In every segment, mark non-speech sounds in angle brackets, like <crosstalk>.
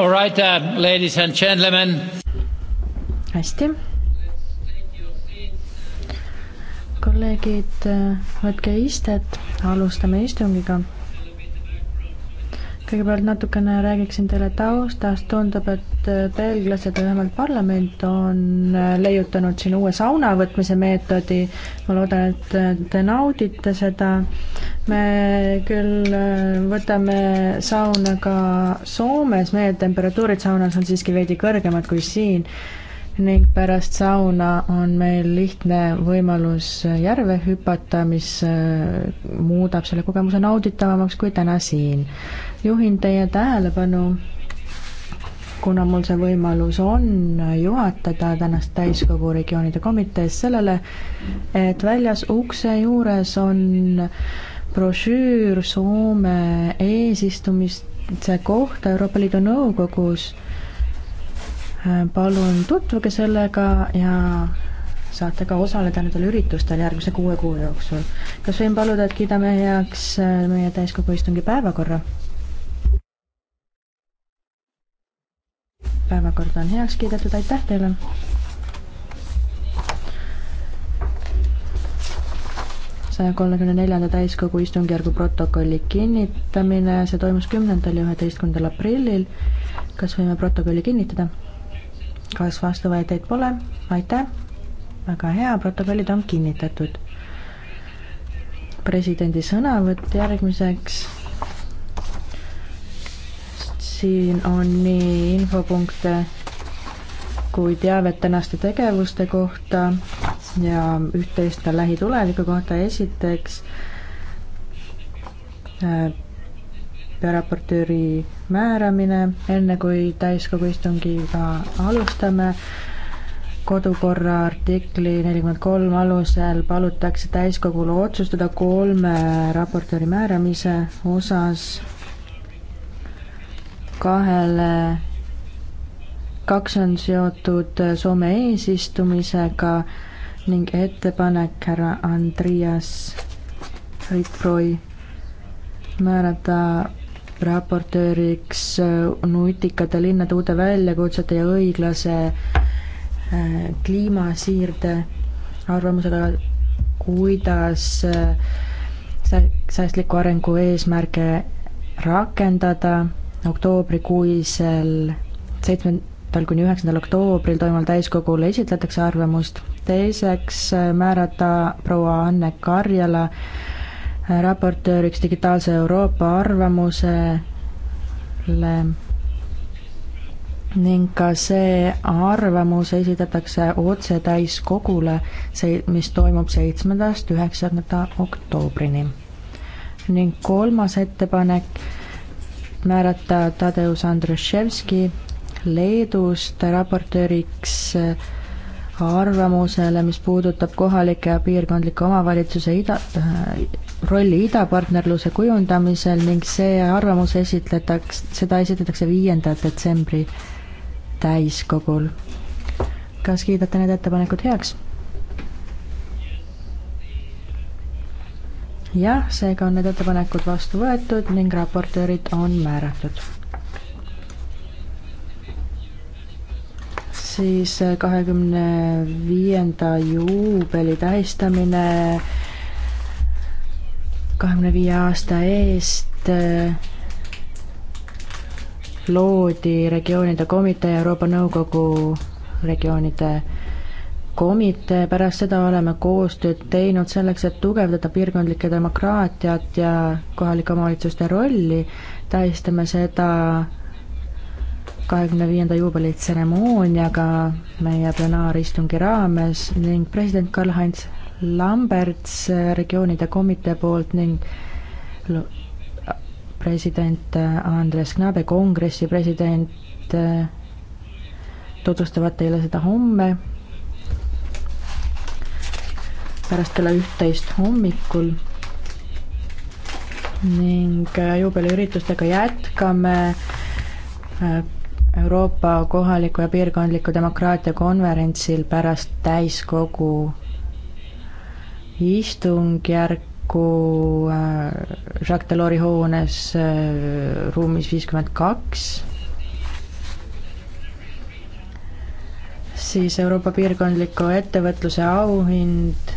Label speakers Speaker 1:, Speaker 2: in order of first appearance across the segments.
Speaker 1: All right, uh, ladies and gentlemen.
Speaker 2: hästi. kolleegid, äh, võtke istet, alustame istungiga kõigepealt natukene räägiksin teile taustast, tundub, et äh, belglased või vähemalt parlament on äh, leiutanud siin uue sauna võtmise meetodi, ma loodan, et äh, te naudite seda. me küll võtame sauna ka Soomes, meie temperatuurid saunas on siiski veidi kõrgemad kui siin ning pärast sauna on meil lihtne võimalus järve hüpata, mis äh, muudab selle kogemuse nauditavamaks kui täna siin. juhin teie tähelepanu, kuna mul see võimalus on juhatada tänast täiskogu regioonide komitees sellele, et väljas ukse juures on brošüür Soome eesistumiste kohta Euroopa Liidu Nõukogus Äh, palun tutvuge sellega ja saate ka osaleda nendel üritustel järgmise kuue kuu jooksul. kas võin paluda, et kiidame heaks äh, meie täiskogu istungi päevakorra? päevakord on heaks kiidetud, aitäh teile! saja kolmekümne neljanda täiskogu istungjärgu protokolli kinnitamine, see toimus kümnendal ja üheteistkümnendal aprillil. kas võime protokolli kinnitada? kas vastuväiteid pole? aitäh, väga hea, protokollid on kinnitatud. presidendi sõnavõtt järgmiseks. siin on nii infopunkte kui teavet tänaste tegevuste kohta ja üht-teist lähituleviku kohta, esiteks äh, ja raportööri määramine, enne kui täiskogu istungiga alustame kodukorra artikli nelikümmend kolm alusel palutakse täiskogul otsustada kolme raportööri määramise osas kahele, kaks on seotud Soome eesistumisega ning ettepanek härra Andreas Riproi määrata raportööriks äh, nutikate linnade uute väljakutsete ja õiglase äh, kliimasiirde arvamusega, kuidas äh, säästliku arengu eesmärke rakendada oktoobrikuisel seitsmendal kuni üheksandal oktoobril toimuval täiskogul esitletakse arvamust. teiseks määrata proua Anne Karjala äh, raportööriks Digitaalse Euroopa arvamusele ning ka see arvamus esitatakse otse täiskogule, see, mis toimub seitsmendast üheksanda oktoobrini. ning kolmas ettepanek, määrata Tadeusz Andruševski Leedust raportööriks arvamusele, mis puudutab kohalike ja piirkondlike omavalitsuse ida, rolli idapartnerluse kujundamisel ning see arvamus esitletakse, seda esitletakse viienda detsembri täiskogul. kas kiidate need ettepanekud heaks? jah, seega on need ettepanekud vastu võetud ning raportöörid on määratud. siis kahekümne viienda juubeli tähistamine kahekümne viie aasta eest äh, loodi regioonide komitee Euroopa Nõukogu regioonide komitee, pärast seda oleme koostööd teinud selleks, et tugevdada piirkondlikke demokraatiat ja kohalike omavalitsuste rolli, tähistame seda kahekümne viienda juubeli tseremooniaga meie plenaaristungi raames ning president Karl-Heinz Lamberts regioonide komitee poolt ning president äh, Andres Knabe, kongressi president, äh, tutvustavad teile seda homme pärast kella üht-teist hommikul ning äh, juubeliüritustega jätkame Euroopa kohaliku ja piirkondliku demokraatia konverentsil pärast täiskogu istungjärku äh, Jacques Delors'i hoones äh, ruumis viiskümmend kaks siis Euroopa piirkondliku ettevõtluse auhind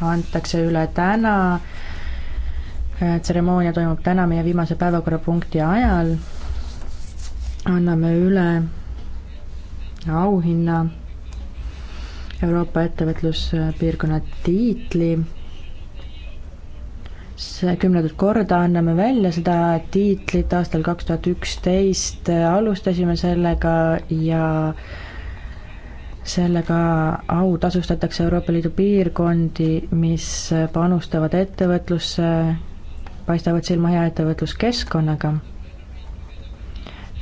Speaker 2: antakse üle täna, äh, tseremoonia toimub täna meie viimase päevakorrapunkti ajal, anname üle auhinna Euroopa ettevõtluspiirkonna tiitli. see kümnendat korda anname välja seda tiitlit, aastal kaks tuhat üksteist alustasime sellega ja sellega autasustatakse Euroopa Liidu piirkondi, mis panustavad ettevõtlusse, paistavad silma hea ettevõtluskeskkonnaga.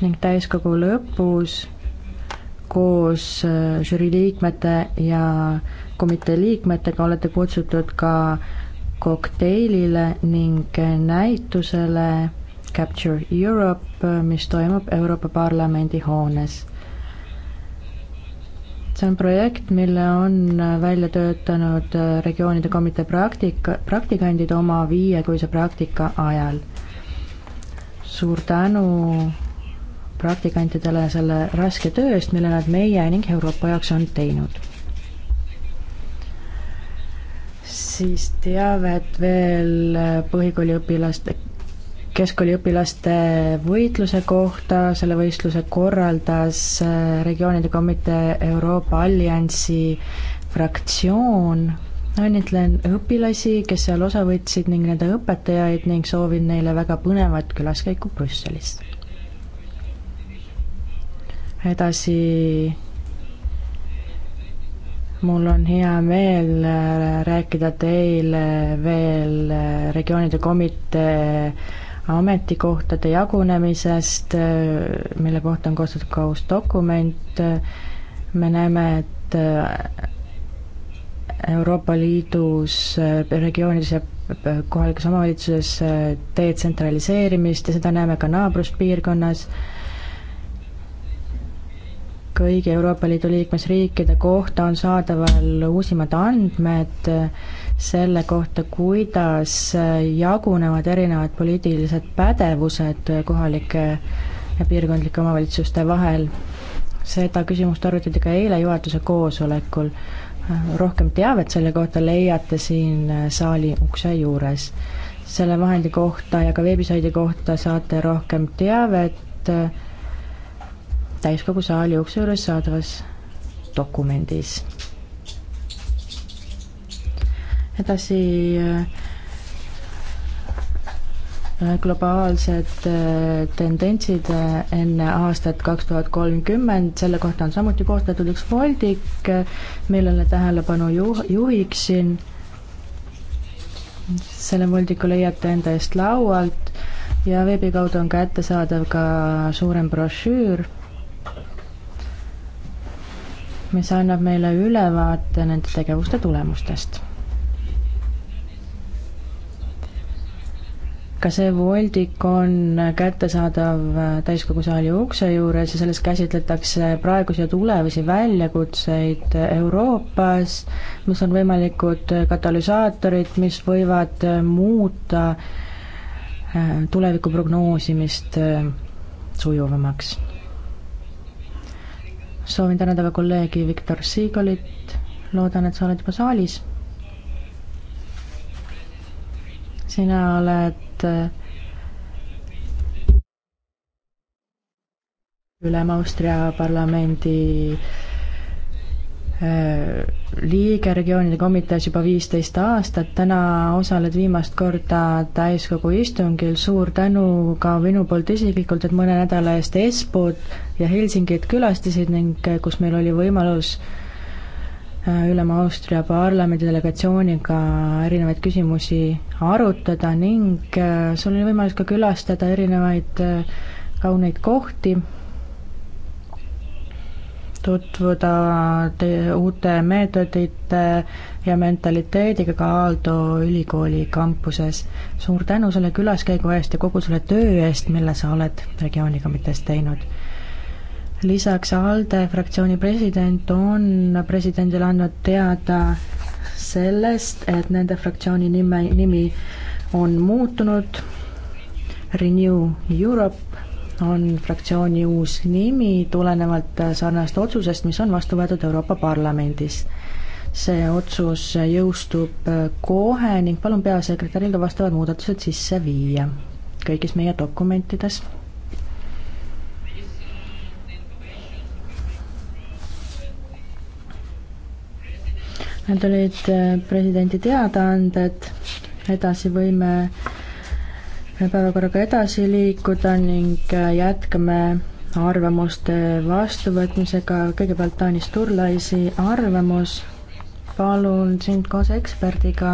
Speaker 2: ning täiskogu lõpus koos äh, žürii liikmete ja komitee liikmetega olete kutsutud ka kokteilile ning näitusele Capture Europe, äh, mis toimub Euroopa Parlamendi hoones see on projekt, mille on äh, välja töötanud regioonide komitee praktika, praktikandid oma viiekuise praktika ajal. suur tänu praktikantidele selle raske töö eest, mille nad meie ning Euroopa jaoks on teinud. siis teavet veel põhikooliõpilaste, keskkooliõpilaste võitluse kohta, selle võistluse korraldas äh, regioonide komitee Euroopa Alliansi fraktsioon, õnnitlen õpilasi, kes seal osa võtsid ning nende õpetajaid ning soovin neile väga põnevat külaskäiku Brüsselisse edasi mul on hea meel äh, rääkida teile veel äh, regioonide komitee ametikohtade jagunemisest, äh, mille kohta on koostatud ka uus dokument, me näeme, et Euroopa Liidus regioonides ja kohalikes omavalitsuses detsentraliseerimist ja seda näeme ka naabruspiirkonnas, kõigi Euroopa Liidu liikmesriikide kohta on saadaval uusimad andmed selle kohta, kuidas jagunevad erinevad poliitilised pädevused kohalike ja piirkondlike omavalitsuste vahel. seda küsimust arutati ka eile juhatuse koosolekul. rohkem teavet selle kohta leiate siin saali ukse juures. selle vahendi kohta ja ka veebisaidi kohta saate rohkem teavet täiskogu saali ukse juures saadavas dokumendis. edasi äh, globaalsed äh, tendentsid äh, enne aastat kaks tuhat kolmkümmend, selle kohta on samuti koostatud üks voldik, millele tähelepanu ju-, juhiksin, selle voldiku leiate enda eest laualt ja veebi kaudu on kättesaadav ka suurem brošüür mis annab meile ülevaate nende tegevuste tulemustest. ka see voldik on kättesaadav täiskogu saali ukse juures ja selles käsitletakse praegusi ja tulevasi väljakutseid Euroopas, mis on võimalikud katalüsaatorid, mis võivad muuta äh, tuleviku prognoosimist äh, sujuvamaks soovin tänada ka kolleegi Viktor Siigalit, loodan, et sa oled juba saalis. sina oled äh, ülem Austria parlamendi Äh, liige regioonide komitees juba viisteist aastat, täna osaled viimast korda täiskogu istungil, suur tänu ka minu poolt isiklikult, et mõne nädala eest Espot ja Helsingit külastasid ning äh, kus meil oli võimalus äh, ülema Austria parlamendi delegatsiooniga erinevaid küsimusi arutada ning sul oli võimalus ka külastada erinevaid kauneid kohti tutvuda te uute meetodite ja mentaliteediga ka Aalto ülikooli kampuses. suur tänu selle külaskäigu eest ja kogu selle töö eest, mille sa oled regioonikomitees teinud. lisaks ALDE fraktsiooni president on presidendile andnud teada sellest, et nende fraktsiooni nime, nimi on muutunud, Renew Europe on fraktsiooni uus nimi tulenevalt äh, sarnasest otsusest, mis on vastu võetud Euroopa Parlamendis. see otsus jõustub äh, kohe ning palun peasekretäril ka vastavad muudatused sisse viia kõigis meie dokumentides. Need olid äh, presidendi teadaanded, edasi võime päevakorraga edasi liikuda ning äh, jätkame arvamuste vastuvõtmisega, kõigepealt Taanis Turlaisi arvamus, palun sind koos eksperdiga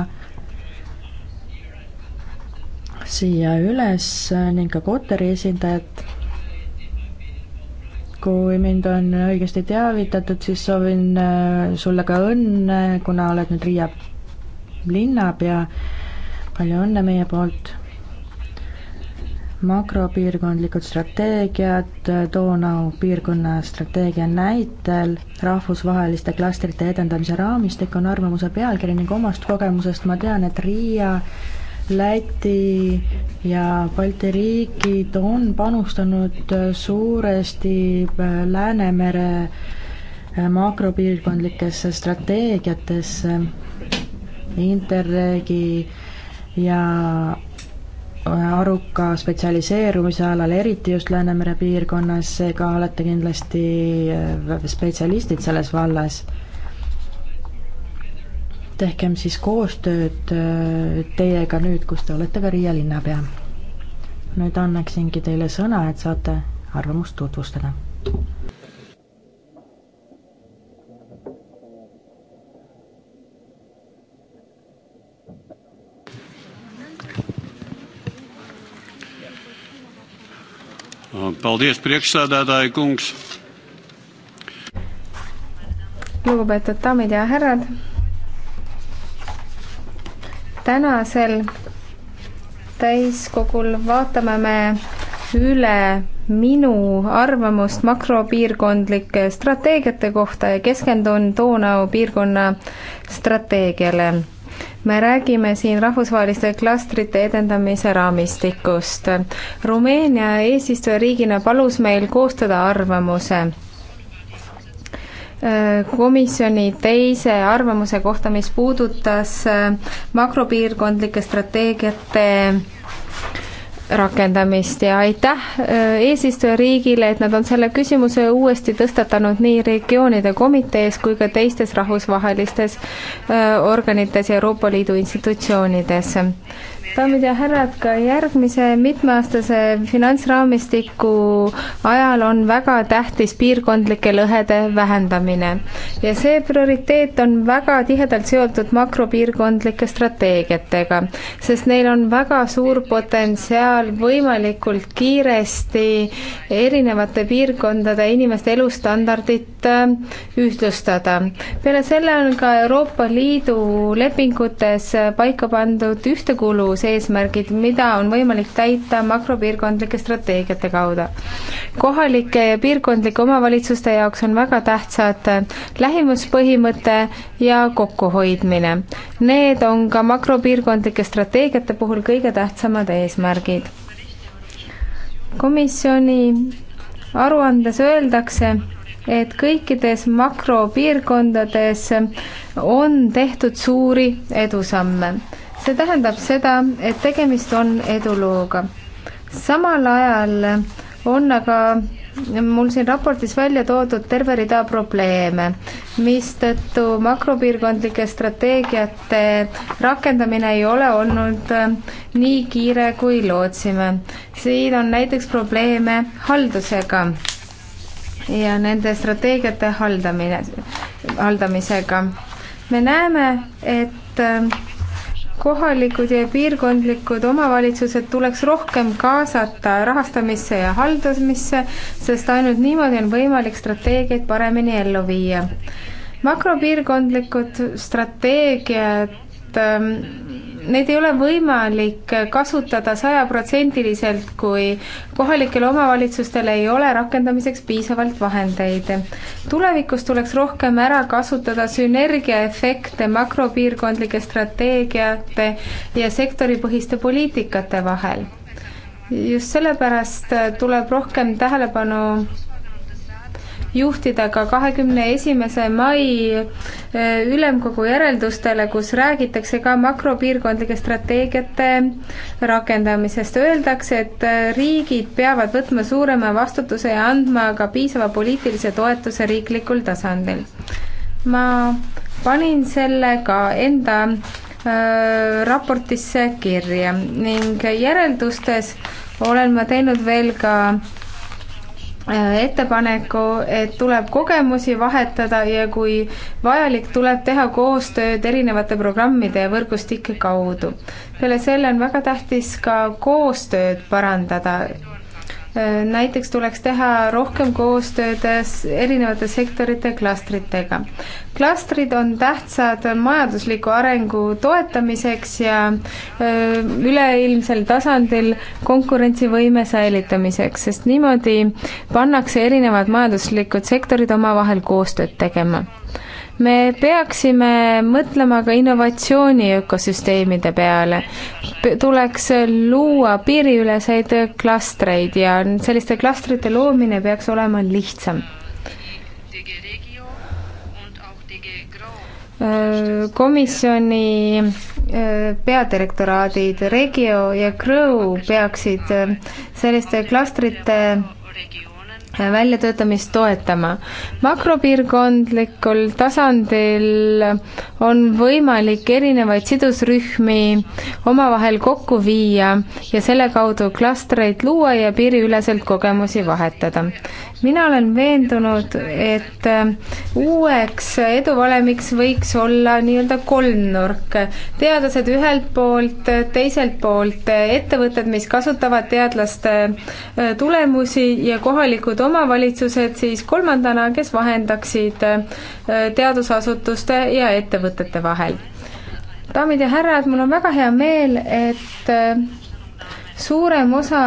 Speaker 2: siia üles ning ka Kotari esindajat. kui mind on õigesti teavitatud, siis soovin äh, sulle ka õnne, kuna oled nüüd Riia linnapea. palju õnne meie poolt makropiirkondlikud strateegiad Donau piirkonna strateegia näitel, rahvusvaheliste klastrite edendamise raamistik on arvamuse pealkiri ning omast kogemusest ma tean, et Riia Läti ja Balti riigid on panustanud suuresti äh, Läänemere äh, makropiirkondlikesse strateegiatesse, Interregi ja aruka spetsialiseerumise alal, eriti just Läänemere piirkonnas, seega olete kindlasti äh, spetsialistid selles vallas. tehkem siis koostööd äh, teiega nüüd, kus te olete ka Riia linnapea. nüüd annaksingi teile sõna, et saate arvamust tutvustada.
Speaker 1: Paldies, priekšsēdētāji kungs!
Speaker 3: lugupeetud daamid ja härrad! tänasel täiskogul vaatame me üle minu arvamust makropiirkondlike strateegiate kohta ja keskendun Donau piirkonna strateegiale me räägime siin rahvusvaheliste klastrite edendamise raamistikust. Rumeenia eesistujariigina palus meil koostada arvamuse äh, komisjoni teise arvamuse kohta, mis puudutas äh, makropiirkondlike strateegiate rakendamist ja aitäh äh, eesistujariigile, et nad on selle küsimuse uuesti tõstatanud nii regioonide komitees kui ka teistes rahvusvahelistes äh, organites ja Euroopa Liidu institutsioonides. daamid ja härrad, ka järgmise mitmeaastase finantsraamistiku ajal on väga tähtis piirkondlike lõhede vähendamine ja see prioriteet on väga tihedalt seotud makropiirkondlike strateegiatega, sest neil on väga suur potentsiaal seal võimalikult kiiresti erinevate piirkondade inimeste elustandardit äh, ühtlustada. peale selle on ka Euroopa Liidu lepingutes paika pandud ühtekuuluvuseesmärgid, mida on võimalik täita makropiirkondlike strateegiate kaudu. kohalike ja piirkondlike omavalitsuste jaoks on väga tähtsad äh, lähimuspõhimõte ja kokkuhoidmine. Need on ka makropiirkondlike strateegiate puhul kõige tähtsamad eesmärgid komisjoni aruandes öeldakse, et kõikides makropiirkondades on tehtud suuri edusamme. see tähendab seda, et tegemist on edulooga. samal ajal on aga mul siin raportis välja toodud terve rida probleeme, mistõttu makropiirkondlike strateegiate rakendamine ei ole olnud äh, nii kiire, kui lootsime. siin on näiteks probleeme haldusega ja nende strateegiate haldamine, haldamisega. me näeme, et äh, kohalikud ja piirkondlikud omavalitsused tuleks rohkem kaasata rahastamisse ja haldamisse, sest ainult niimoodi on võimalik strateegiaid paremini ellu viia. makropiirkondlikud strateegiad ähm, neid ei ole võimalik kasutada sajaprotsendiliselt, kui kohalikel omavalitsustel ei ole rakendamiseks piisavalt vahendeid. tulevikus tuleks rohkem ära kasutada sünergiaefekte makropiirkondlike strateegiate ja sektoripõhiste poliitikate vahel. just sellepärast tuleb rohkem tähelepanu juhtida ka kahekümne esimese mai eh, ülemkogu järeldustele, kus räägitakse ka makropiirkondlike strateegiate rakendamisest. Öeldakse, et eh, riigid peavad võtma suurema vastutuse ja andma ka piisava poliitilise toetuse riiklikul tasandil. ma panin selle ka enda eh, raportisse kirja ning järeldustes olen ma teinud veel ka Äh, ettepaneku, et tuleb kogemusi vahetada ja kui vajalik, tuleb teha koostööd erinevate programmide ja võrgustike kaudu. peale selle on väga tähtis ka koostööd parandada näiteks tuleks teha rohkem koostööd erinevate sektorite klastritega. klastrid on tähtsad majandusliku arengu toetamiseks ja üleilmsel tasandil konkurentsivõime säilitamiseks, sest niimoodi pannakse erinevad majanduslikud sektorid omavahel koostööd tegema me peaksime mõtlema ka innovatsiooni ökosüsteemide peale. tuleks luua piiriüleseid klastreid ja selliste klastrite loomine peaks olema lihtsam. Äh, komisjoni äh, peadirektoraadid Regio ja Grow peaksid äh, selliste klastrite väljatöötamist toetama. makropiirkondlikul tasandil on võimalik erinevaid sidusrühmi omavahel kokku viia ja selle kaudu klastreid luua ja piiriüleselt kogemusi vahetada mina olen veendunud, et äh, uueks eduvalemiks võiks olla nii-öelda kolmnurk. teadlased ühelt poolt, teiselt poolt ettevõtted, mis kasutavad teadlaste äh, tulemusi ja kohalikud omavalitsused siis kolmandana, kes vahendaksid äh, teadusasutuste ja ettevõtete vahel daamid ja härrad, mul on väga hea meel, et suurem osa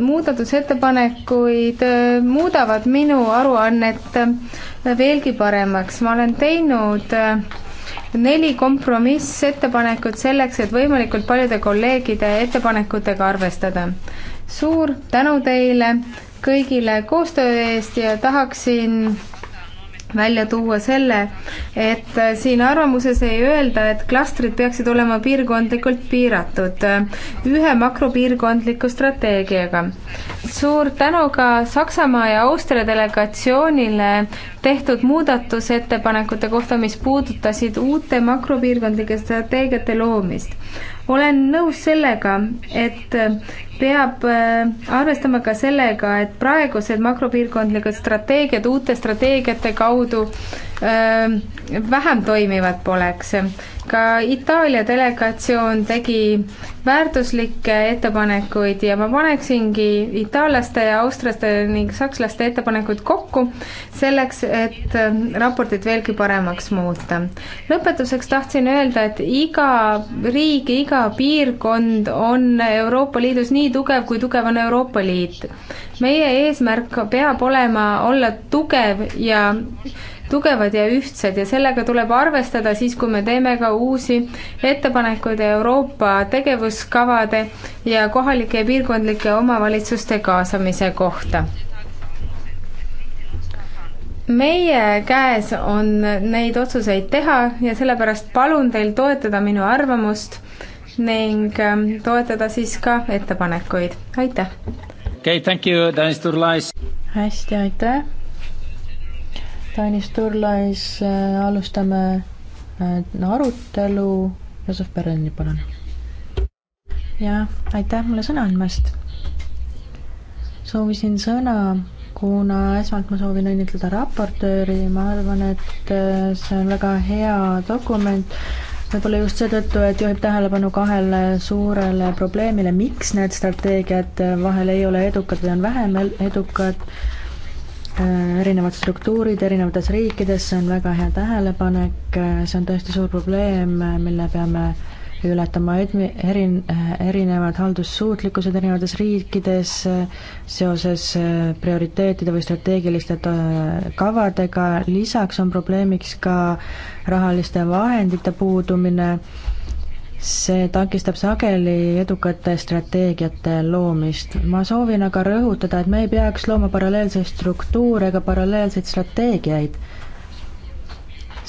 Speaker 3: muudatusettepanekuid äh, muudavad minu aruannet äh, veelgi paremaks. ma olen teinud äh, neli kompromissettepanekut selleks, et võimalikult paljude kolleegide ettepanekutega arvestada. suur tänu teile kõigile koostöö eest ja tahaksin välja tuua selle, et äh, siin arvamuses ei öelda, et klastrid peaksid olema piirkondlikult piiratud äh, ühe makropiirkondliku strateegiaga. suur tänu ka Saksamaa ja Austria delegatsioonile tehtud muudatusettepanekute kohta, mis puudutasid uute makropiirkondlike strateegiate loomist olen nõus sellega, et peab äh, arvestama ka sellega, et praegused makropiirkondlikud strateegiad uute strateegiate kaudu öö, äh, vähem toimivad poleks ka Itaalia delegatsioon tegi väärtuslikke ettepanekuid ja ma paneksingi itaallaste ja austraste ning sakslaste ettepanekud kokku selleks, et raportit veelgi paremaks muuta. lõpetuseks tahtsin öelda, et iga riik, iga piirkond on Euroopa Liidus nii tugev, kui tugev on Euroopa Liit. meie eesmärk peab olema olla tugev ja tugevad ja ühtsed ja sellega tuleb arvestada siis, kui me teeme ka uusi ettepanekuid Euroopa tegevuskavade ja kohalike ja piirkondlike omavalitsuste kaasamise kohta. meie käes on neid otsuseid teha ja sellepärast palun teil toetada minu arvamust ning ähm, toetada siis ka ettepanekuid, aitäh!
Speaker 1: okei okay,, thank you, Dennis Turlais!
Speaker 3: hästi, aitäh! Tainis
Speaker 2: Turlais äh, alustame äh, arutelu. Joosep Pereni, palun. jah, aitäh mulle sõna andmast. soovisin sõna, kuna esmalt ma soovin õnnitleda raportööri, ma arvan, et äh, see on väga hea dokument võib-olla just seetõttu, et juhib tähelepanu kahele suurele probleemile, miks need strateegiad vahel ei ole edukad või on vähem edukad. Äh, erinevad struktuurid erinevates riikides, see on väga hea tähelepanek, äh, see on tõesti suur probleem, äh, mille peame ületama edmi, eri, erinevad haldussuutlikkused erinevates riikides seoses prioriteetide või strateegiliste kavadega, lisaks on probleemiks ka rahaliste vahendite puudumine see takistab sageli edukate strateegiate loomist. ma soovin aga rõhutada, et me ei peaks looma paralleelseid struktuure ega paralleelseid strateegiaid.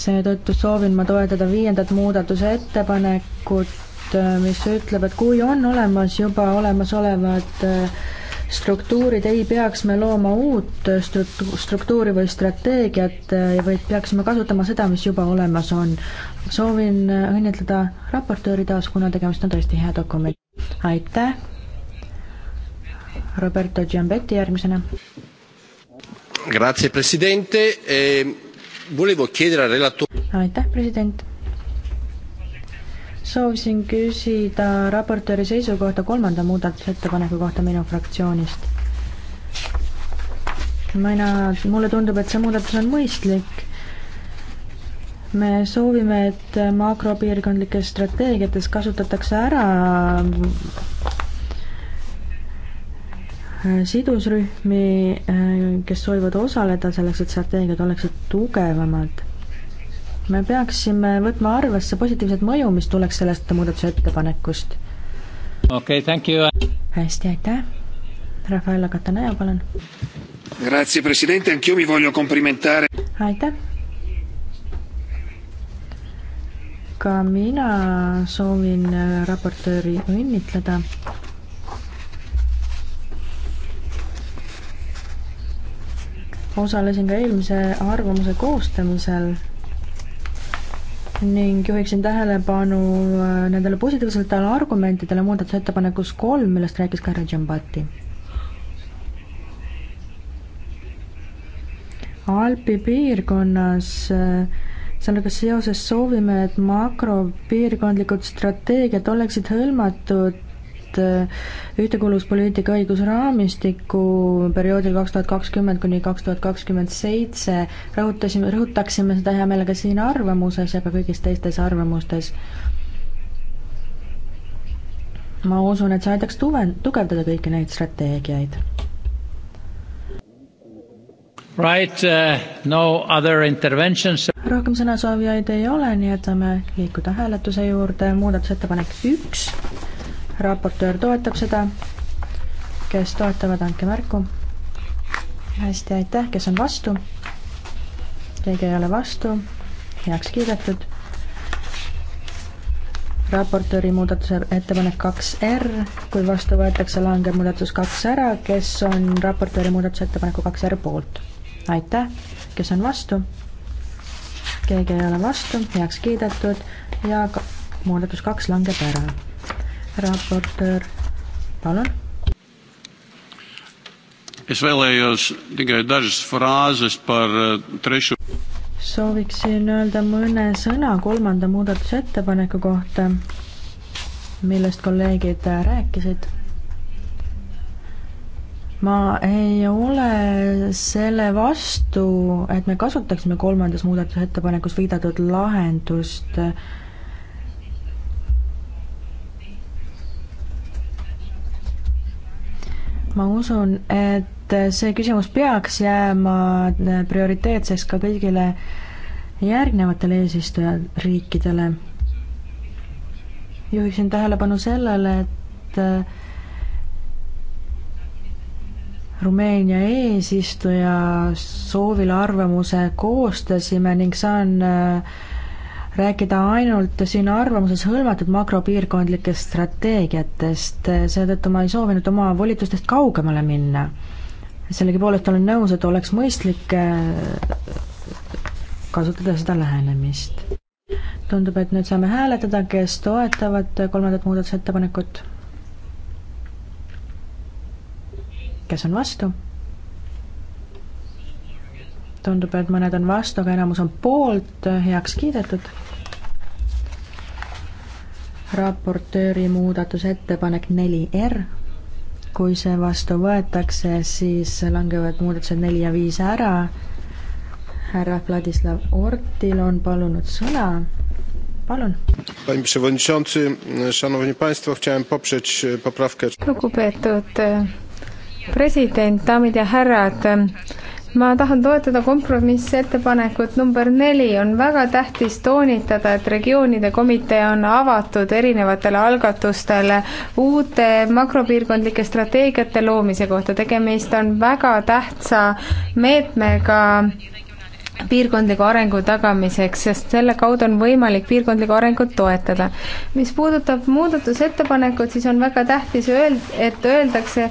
Speaker 2: seetõttu soovin ma toetada viiendat muudatuse ettepanekut, mis ütleb, et kui on olemas juba olemasolevad äh, struktuurid ei peaks me looma uut struktuuri või strateegiat, äh, vaid peaksime kasutama seda, mis juba olemas on. soovin äh, õnnitleda raportööri taas, kuna tegemist on tõesti hea dokumendiga. aitäh! Roberto Giambetti järgmisena.
Speaker 4: Grazie presidente eh,, volevo chiedere al relatore.
Speaker 2: aitäh, president soovisin küsida raportööri seisukohta kolmanda muudatusettepaneku kohta minu fraktsioonist. mina, mulle tundub, et see muudatus on mõistlik. me soovime, et makropiirkondlikes strateegiates kasutatakse ära sidusrühmi, kes soovivad osaleda selleks, et strateegiad oleksid tugevamad me peaksime võtma arvesse positiivset mõju, mis tuleks sellest muudatusettepanekust.
Speaker 5: okei okay,, thank you.
Speaker 2: hästi, aitäh. Rafaela Cataneo, palun.
Speaker 5: Grazie presidente, anch'io mi voglio complimentare.
Speaker 2: aitäh. ka mina soovin äh, raportööri õnnitleda osalesin ka eelmise arvamuse koostamisel ning juhiksin tähelepanu äh, nendele positiivsetele argumentidele muudatusettepanekus kolm, millest rääkis ka härra Džambati. Alpi piirkonnas äh, sellega seoses soovime, et makropiirkondlikud strateegiad oleksid hõlmatud et äh, ühtekuuluvuspoliitika õigusraamistiku perioodil kaks tuhat kakskümmend kuni kaks tuhat kakskümmend seitse rõhutasime, rõhutaksime seda hea meelega siin arvamuses ja ka kõigis teistes arvamustes. ma usun, et see aitaks tuve-, tugevdada kõiki neid strateegiaid.
Speaker 1: Right uh,, no other interventions.
Speaker 2: rohkem sõnasoovijaid ei ole, nii et saame liikuda hääletuse juurde, muudatusettepanek üks raportöör toetab seda, kes toetavad, andke märku. hästi, aitäh, kes on vastu? keegi ei ole vastu, heaks kiidetud. raportööri muudatuse ettepanek kaks R, kui vastu võetakse, langeb muudatus kaks ära, kes on raportööri muudatusettepaneku kaks R poolt? aitäh, kes on vastu? keegi ei ole vastu, heaks kiidetud ja ka muudatus kaks langeb ära raportöör, palun.
Speaker 6: Es vēlējos tikai dažas frāzes par eh, trešo.
Speaker 2: sooviksin öelda mõne sõna kolmanda muudatusettepaneku kohta, millest kolleegid rääkisid ma ei ole selle vastu, et me kasutaksime kolmandas muudatusettepanekus viidatud lahendust äh, ma usun, et see küsimus peaks jääma prioriteetseks ka kõigile järgnevatele eesistujariikidele. juhiksin tähelepanu sellele, et äh, Rumeenia eesistuja soovile arvamuse koostasime ning saan äh, rääkida ainult siin arvamuses hõlmatud makropiirkondlikest strateegiatest, seetõttu ma ei soovinud oma volitustest kaugemale minna. sellegipoolest olen nõus, et oleks mõistlik äh, kasutada seda lähenemist. tundub, et nüüd saame hääletada, kes toetavad kolmandat muudatusettepanekut. kes on vastu? tundub, et mõned on vastu, aga enamus on poolt heaks kiidetud raportööri muudatusettepanek neli R. kui see vastu võetakse, siis langevad muudatused neli ja viis ära. härra Vladislav Ortil on palunud sõna. palun.
Speaker 4: E,
Speaker 3: lugupeetud e, president, daamid ja härrad ma tahan toetada kompromissettepanekut number neli, on väga tähtis toonitada, et regioonide komitee on avatud erinevatele algatustele uute makropiirkondlike strateegiate loomise kohta, tegemist on väga tähtsa meetmega piirkondliku arengu tagamiseks, sest selle kaudu on võimalik piirkondlikku arengut toetada. mis puudutab muudatusettepanekut, siis on väga tähtis öeld-, et öeldakse,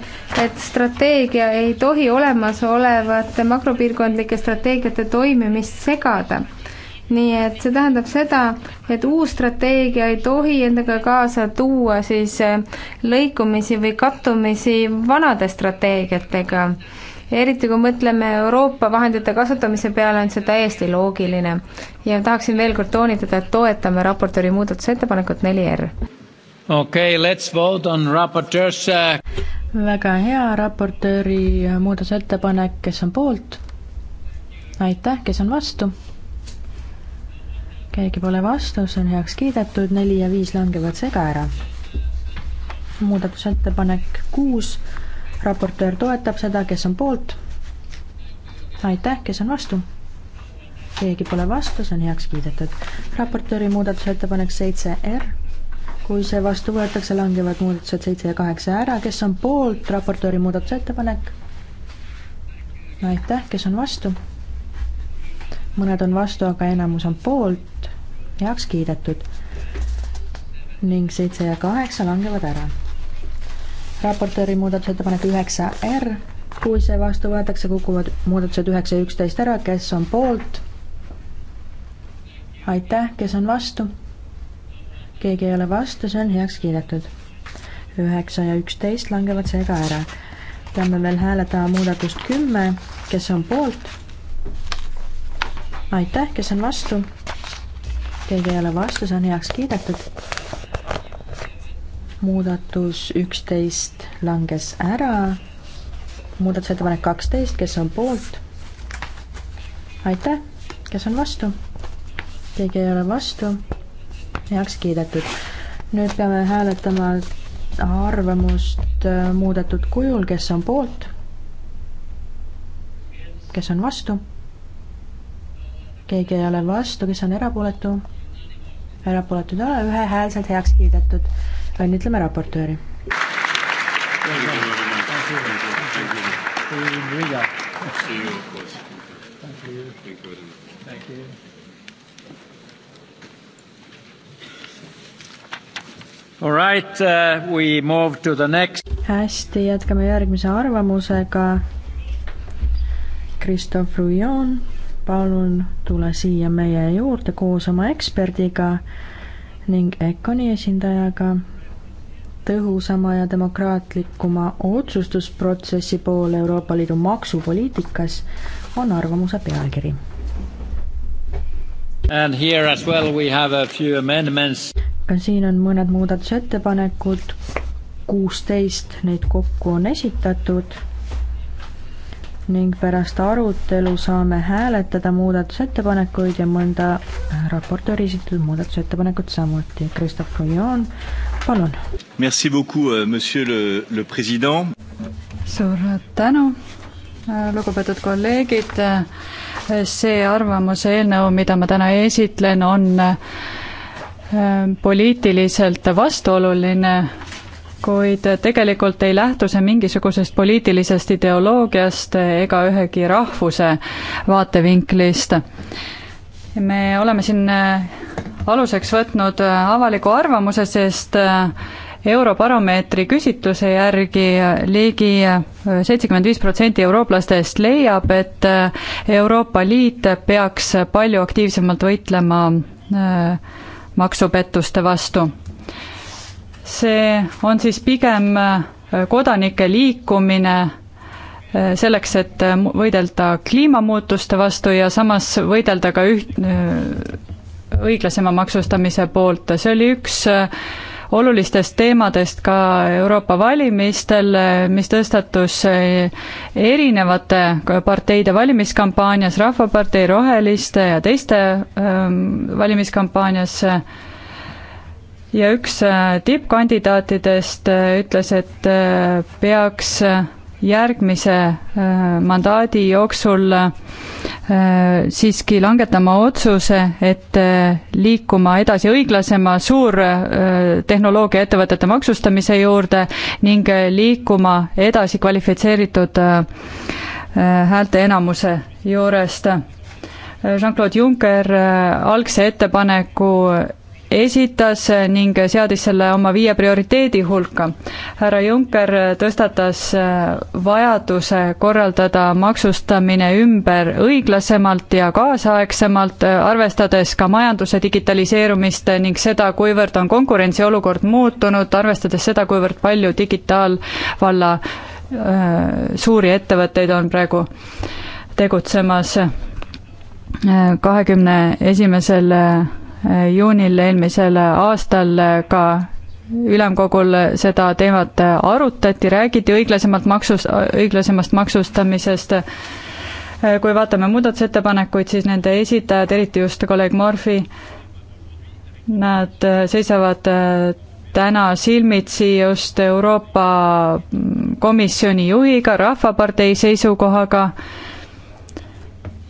Speaker 3: et strateegia ei tohi olemasolevate makropiirkondlike strateegiate toimimist segada nii et see tähendab seda, et uus strateegia ei tohi endaga kaasa tuua siis eh, lõikumisi või kattumisi vanade strateegiatega eriti kui mõtleme Euroopa vahendite kasutamise peale, on see täiesti loogiline. ja tahaksin veel kord toonitada, et toetame raportööri muudatusettepanekut neli R.
Speaker 1: okei okay,, let's vote on raportöörs. Äh,
Speaker 3: väga hea, raportööri
Speaker 2: muudatusettepanek, kes on poolt? aitäh, kes on vastu? keegi pole vastu, see on heaks kiidetud, neli ja viis langevad seega ära. muudatusettepanek kuus raportöör toetab seda, kes on poolt. aitäh, kes on vastu? keegi pole vastu, see on heaks kiidetud. raportööri muudatusettepanek seitse R. kui see vastu võetakse, langevad muudatused seitse ja kaheksa ära, kes on poolt, raportööri muudatusettepanek? aitäh, kes on vastu? mõned on vastu, aga enamus on poolt, heaks kiidetud. ning seitse ja kaheksa langevad ära raportööri muudatusettepanek üheksa R, kui see vastu võetakse, kukuvad muudatused üheksa ja üksteist ära, kes on poolt? aitäh, kes on vastu? keegi ei ole vastu, see on heaks kiidetud. üheksa ja üksteist langevad seega ära. peame veel hääletama muudatust kümme, kes on poolt? aitäh, kes on vastu? keegi ei ole vastu, see on heaks kiidetud muudatus üksteist langes ära, muudatusettepanek kaksteist, kes on poolt? aitäh, kes on vastu? keegi ei ole vastu, heaks kiidetud. nüüd peame hääletama arvamust muudetud kujul, kes on poolt? kes on vastu? keegi ei ole vastu, kes on erapooletu? erapooletuid ei ole, ühehäälselt heaks kiidetud õnnitleme raportööri.
Speaker 1: All right uh,, we move to the next.
Speaker 2: hästi, jätkame järgmise arvamusega. Christophe Rouillon, palun tule siia meie juurde koos oma eksperdiga ning EKONi esindajaga tõhusama ja demokraatlikuma otsustusprotsessi poole Euroopa Liidu maksupoliitikas, on arvamuse pealkiri.
Speaker 1: And here as well we have a few amendments.
Speaker 2: ka siin on mõned muudatusettepanekud, kuusteist neid kokku on esitatud ning pärast arutelu saame hääletada muudatusettepanekuid ja mõnda raportööri esitatud muudatusettepanekut samuti. Kristof Rujon, palun.
Speaker 7: Merci beaucoup, euh, monsieur le, le president.
Speaker 2: suur
Speaker 8: tänu, äh, lugupeetud kolleegid. Äh, see arvamuse eelnõu, mida ma täna esitlen, on äh, poliitiliselt vastuoluline kuid tegelikult ei lähtu see mingisugusest poliitilisest ideoloogiast ega ühegi rahvuse vaatevinklist. me oleme siin äh, aluseks võtnud äh, avaliku arvamuse, sest äh, Eurobaromeetri küsitluse järgi ligi seitsekümmend viis protsenti eurooplastest leiab, et Euroopa Liit peaks palju aktiivsemalt võitlema maksupettuste vastu see on siis pigem äh, kodanike liikumine äh, selleks, et äh, võidelda kliimamuutuste vastu ja samas võidelda ka üht, õiglasema maksustamise poolt, see oli üks olulistest teemadest ka Euroopa valimistel, mis tõstatus erinevate parteide valimiskampaanias, Rahvapartei, Roheliste ja teiste ähm, valimiskampaanias ja üks äh, tippkandidaatidest äh, ütles, et äh, peaks järgmise mandaadi jooksul siiski langetama otsuse, et liikuma edasi õiglasema suurtehnoloogiaettevõtete maksustamise juurde ning liikuma edasi kvalifitseeritud häälteenamuse juurest. Jean-Claude Juncker algse ettepaneku esitas ning seadis selle oma viie prioriteedi hulka. härra Juncker tõstatas äh, vajaduse korraldada maksustamine ümber õiglasemalt ja kaasaegsemalt, äh, arvestades ka majanduse digitaliseerumist ning seda, kuivõrd on konkurentsiolukord muutunud, arvestades seda, kuivõrd palju digitaalvalla äh, suuri ettevõtteid on praegu tegutsemas kahekümne esimesel 21 juunil eelmisel aastal ka ülemkogul seda teemat arutati, räägiti õiglasemalt maksust, õiglasemast maksustamisest. kui vaatame muudatusettepanekuid, siis nende esitajad, eriti just kolleeg Morfi, nad seisavad äh, täna silmitsi just Euroopa mm, Komisjoni juhiga, Rahvapartei seisukohaga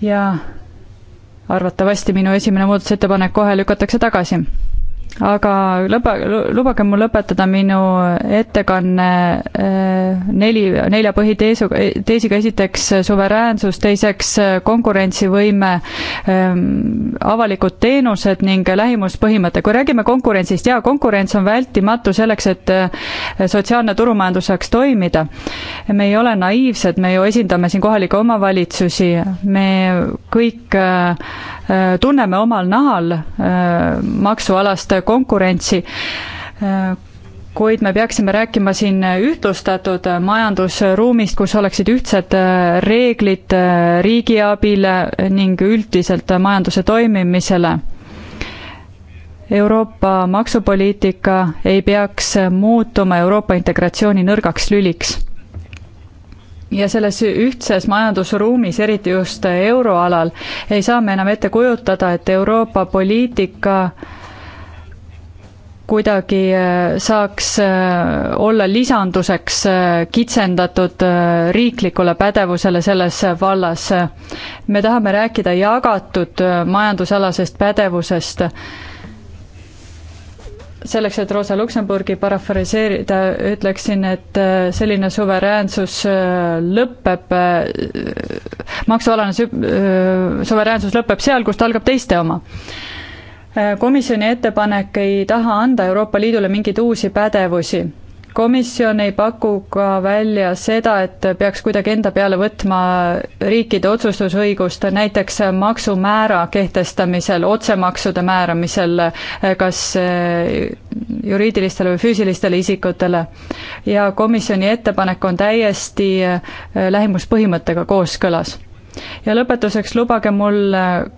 Speaker 8: ja arvatavasti minu esimene muudatusettepanek kohe lükatakse tagasi aga lõpe, lubage mul lõpetada minu ettekanne äh, neli, nelja põhiteesu, teesiga, esiteks äh, suveräänsus, teiseks äh, konkurentsivõime, ähm, avalikud teenused ning lähimuspõhimõte. kui räägime konkurentsist, jaa, konkurents on vältimatu selleks, et sotsiaalne turumajandus saaks toimida. me ei ole naiivsed, me ju esindame siin kohalikke omavalitsusi, me kõik Äh, tunneme omal nahal äh, maksualast konkurentsi, äh, kuid me peaksime rääkima siin ühtlustatud majandusruumist, kus oleksid ühtsed reeglid riigiabile ning üldiselt majanduse toimimisele. Euroopa maksupoliitika ei peaks muutuma Euroopa integratsiooni nõrgaks lüliks ja selles ühtses majandusruumis, eriti just euroalal, ei saa me enam ette kujutada, et Euroopa poliitika kuidagi äh, saaks äh, olla lisanduseks äh, kitsendatud riiklikule pädevusele selles vallas. me tahame rääkida jagatud majandusalasest pädevusest selleks, et Rosa Luxemburgi parafraseerida, ütleksin, et äh, selline suveräänsus äh, lõpeb, äh, maksualane sü-, suveräänsus lõpeb seal, kus ta algab teiste oma. komisjoni ettepanek ei taha anda Euroopa Liidule mingeid uusi pädevusi komisjon ei paku ka välja seda, et peaks kuidagi enda peale võtma riikide otsustusõigust näiteks maksumäära kehtestamisel, otsemaksude määramisel kas eh, juriidilistele või füüsilistele isikutele. ja komisjoni ettepanek on täiesti eh, lähimuspõhimõttega kooskõlas ja lõpetuseks lubage mul eh,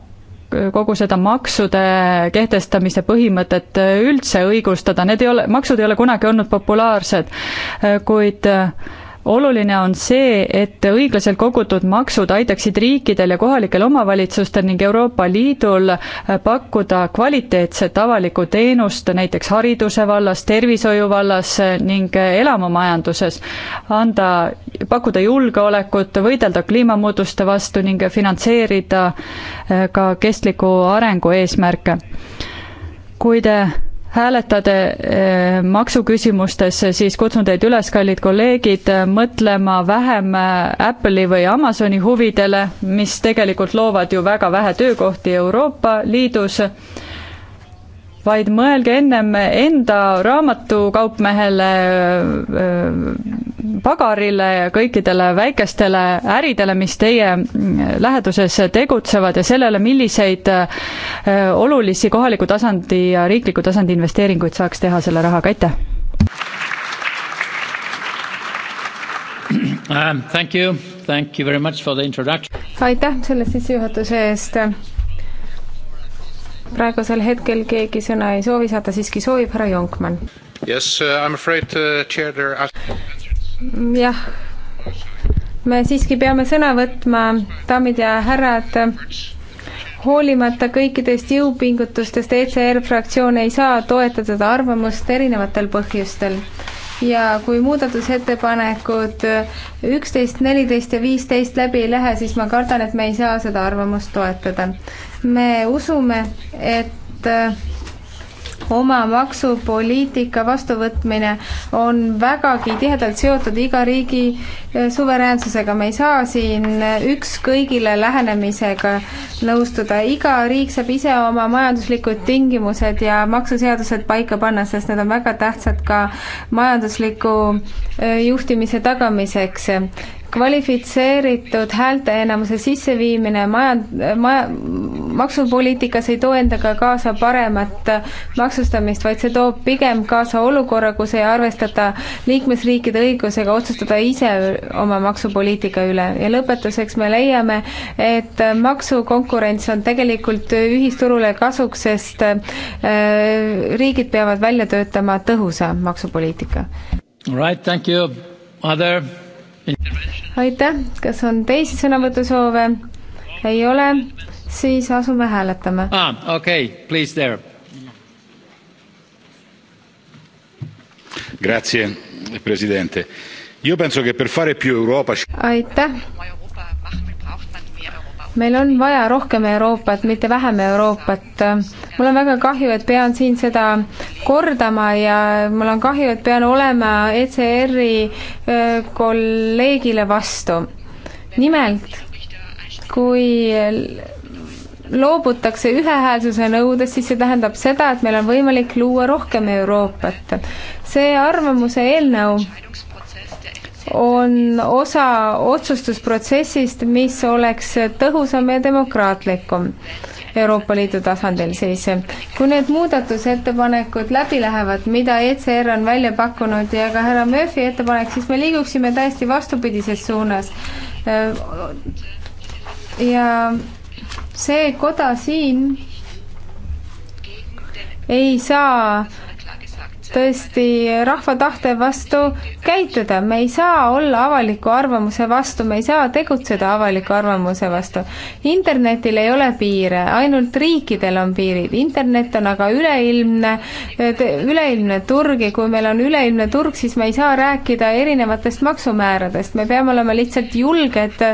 Speaker 8: kogu seda maksude kehtestamise põhimõtet üldse õigustada, need ei ole, maksud ei ole kunagi olnud populaarsed, kuid oluline on see, et õiglaselt kogutud maksud aitaksid riikidel ja kohalikel omavalitsustel ning Euroopa Liidul äh, pakkuda kvaliteetset avalikku teenust näiteks hariduse vallas, tervishoiu vallas äh, ning äh, elamumajanduses, anda, pakkuda julgeolekut, võidelda kliimamuutuste vastu ning finantseerida ka kestliku arengu eesmärke. kui te hääletate eh, maksuküsimustes, eh, siis kutsun teid üles, kallid kolleegid, eh, mõtlema vähem Apple'i või Amazoni huvidele, mis tegelikult loovad ju väga vähe töökohti Euroopa Liidus vaid mõelge ennem enda raamatukaupmehele, pagarile ja kõikidele väikestele äridele, mis teie läheduses tegutsevad ja sellele, milliseid äh, olulisi kohaliku tasandi ja riikliku tasandi investeeringuid saaks teha selle rahaga, aitäh!
Speaker 1: Um, thank you, thank you very much for the introduction.
Speaker 3: aitäh selle sissejuhatuse eest praegusel hetkel keegi sõna ei soovi saada, siiski soovib härra Jonkman. Uh, jah, me siiski peame sõna võtma, daamid ja härrad, hoolimata kõikidest jõupingutustest ECR fraktsioon ei saa toetada seda arvamust erinevatel põhjustel ja kui muudatusettepanekud üksteist, neliteist ja viisteist läbi ei lähe, siis ma kardan, et me ei saa seda arvamust toetada. me usume, et oma maksupoliitika vastuvõtmine on vägagi tihedalt seotud iga riigi eh, suveräänsusega, me ei saa siin eh, üks kõigile lähenemisega nõustuda, iga riik saab ise oma majanduslikud tingimused ja maksuseadused paika panna, sest need on väga tähtsad ka majandusliku eh, juhtimise tagamiseks kvalifitseeritud häälteenamuse sisseviimine maja, maja, maksupoliitikas ei too endaga kaasa paremat maksustamist, vaid see toob pigem kaasa olukorra, kus ei arvestata liikmesriikide õigusega otsustada ise oma maksupoliitika üle. ja lõpetuseks me leiame, et maksukonkurents on tegelikult ühisturule kasuks, sest äh, riigid peavad välja töötama tõhusa maksupoliitika.
Speaker 1: Right, thank you. Other
Speaker 3: aitäh, kas on teisi sõnavõtusoove? ei ole, siis asume hääletama.
Speaker 1: aa, ah, okei okay., please there.
Speaker 5: Grazie, president. Io penso che per fare più Euroopa
Speaker 3: aitäh meil on vaja rohkem Euroopat, mitte vähem Euroopat. mul on väga kahju, et pean siin seda kordama ja mul on kahju, et pean olema ECR-i kolleegile vastu. nimelt, kui loobutakse ühehäälsuse nõudest, siis see tähendab seda, et meil on võimalik luua rohkem Euroopat. see arvamuse eelnõu on osa otsustusprotsessist, mis oleks tõhusam ja demokraatlikum Euroopa Liidu tasandil siis. kui need muudatusettepanekud läbi lähevad, mida ECR on välja pakkunud ja ka härra Murphy ettepanek, siis me liiguksime täiesti vastupidises suunas. ja see koda siin ei saa tõesti rahva tahte vastu käituda, me ei saa olla avaliku arvamuse vastu, me ei saa tegutseda avaliku arvamuse vastu. internetil ei ole piire, ainult riikidel on piirid, internet on aga üleilmne, üleilmne turg ja kui meil on üleilmne turg, siis me ei saa rääkida erinevatest maksumääradest, me peame olema lihtsalt julged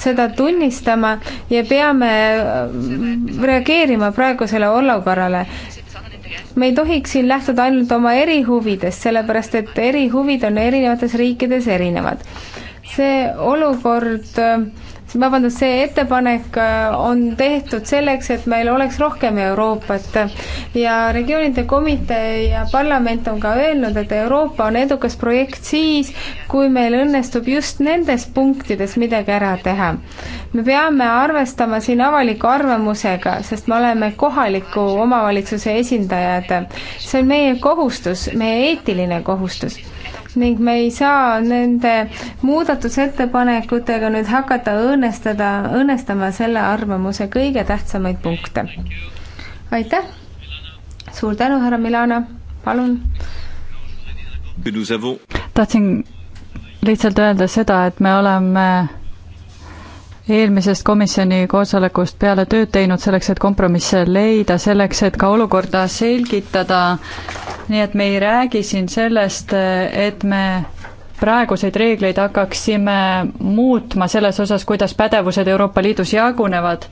Speaker 3: seda tunnistama ja peame reageerima praegusele olukorrale me ei tohiks siin lähtuda ainult oma erihuvidest, sellepärast et erihuvid on erinevates riikides erinevad. see olukord äh, vabandust, see ettepanek äh, on tehtud selleks, et meil oleks rohkem Euroopat ja regioonide komitee ja parlament on ka öelnud, et Euroopa on edukas projekt siis, kui meil õnnestub just nendes punktides midagi ära teha. me peame arvestama siin avaliku arvamusega, sest me oleme kohaliku omavalitsuse esindajad. see on meie kohustus, meie eetiline kohustus ning me ei saa nende muudatusettepanekutega nüüd hakata õõnestada, õõnestama selle arvamuse kõige tähtsamaid punkte. aitäh, suur tänu, härra Milana, palun.
Speaker 8: tahtsin lihtsalt öelda seda, et me oleme eelmisest komisjoni koosolekust peale tööd teinud selleks, et kompromisse leida, selleks, et ka olukorda selgitada. nii et me ei räägi siin sellest, et me praeguseid reegleid hakkaksime muutma selles osas, kuidas pädevused Euroopa Liidus jagunevad.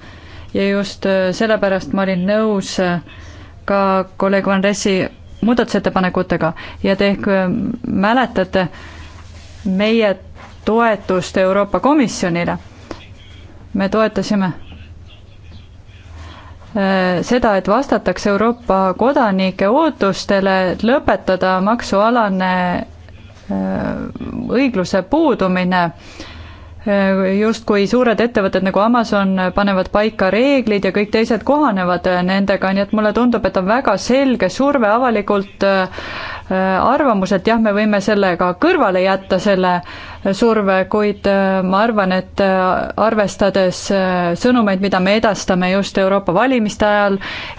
Speaker 8: ja just äh, sellepärast ma olin nõus äh, ka kolleeg Van Ressi muudatusettepanekutega ja te ehk äh, mäletate meie toetust Euroopa Komisjonile me toetasime äh, seda, et vastatakse Euroopa kodanike ootustele, et lõpetada maksualane äh, õigluse puudumine, äh, justkui suured ettevõtted nagu Amazon panevad paika reeglid ja kõik teised kohanevad nendega, nii et mulle tundub, et on väga selge surve avalikult äh, Äh, arvamus, et jah, me võime sellega kõrvale jätta, selle äh, surve, kuid äh, ma arvan, et arvestades sõnumeid, mida me edastame just Euroopa valimiste ajal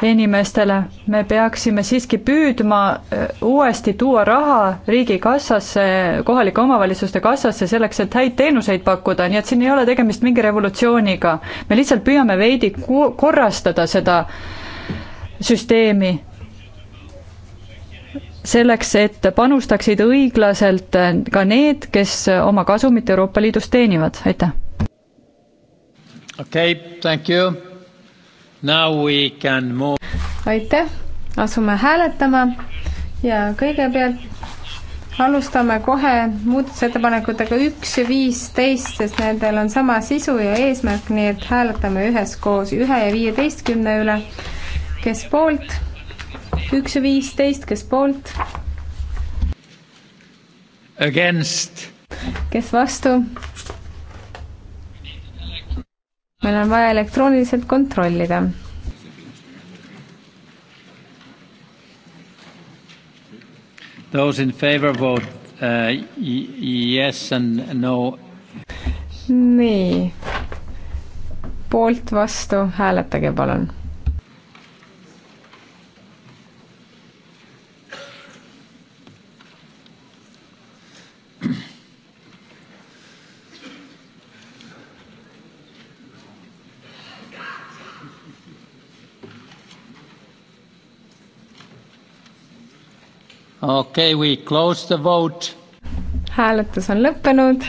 Speaker 8: inimestele, me peaksime siiski püüdma uuesti tuua raha riigikassasse, kohalike omavalitsuste kassasse, selleks et häid teenuseid pakkuda, nii et siin ei ole tegemist mingi revolutsiooniga. me lihtsalt püüame veidi korrastada seda süsteemi selleks, et panustaksid õiglaselt äh, ka need, kes äh, oma kasumit Euroopa Liidus teenivad,
Speaker 1: aitäh. okei okay,, thank you. Now we can move.
Speaker 3: aitäh, asume hääletama ja kõigepealt alustame kohe muudatusettepanekutega üks ja viisteist, sest nendel on sama sisu ja eesmärk, nii et hääletame üheskoos ühe ja viieteistkümne üle. kes poolt? üks ja viisteist, kes poolt?
Speaker 1: Against.
Speaker 3: kes vastu? meil on vaja elektrooniliselt kontrollida.
Speaker 1: Those in favor vote uh, yes and no.
Speaker 3: nii, poolt, vastu, hääletage palun
Speaker 1: Okay, we close the vote.
Speaker 3: hääletus on lõppenud.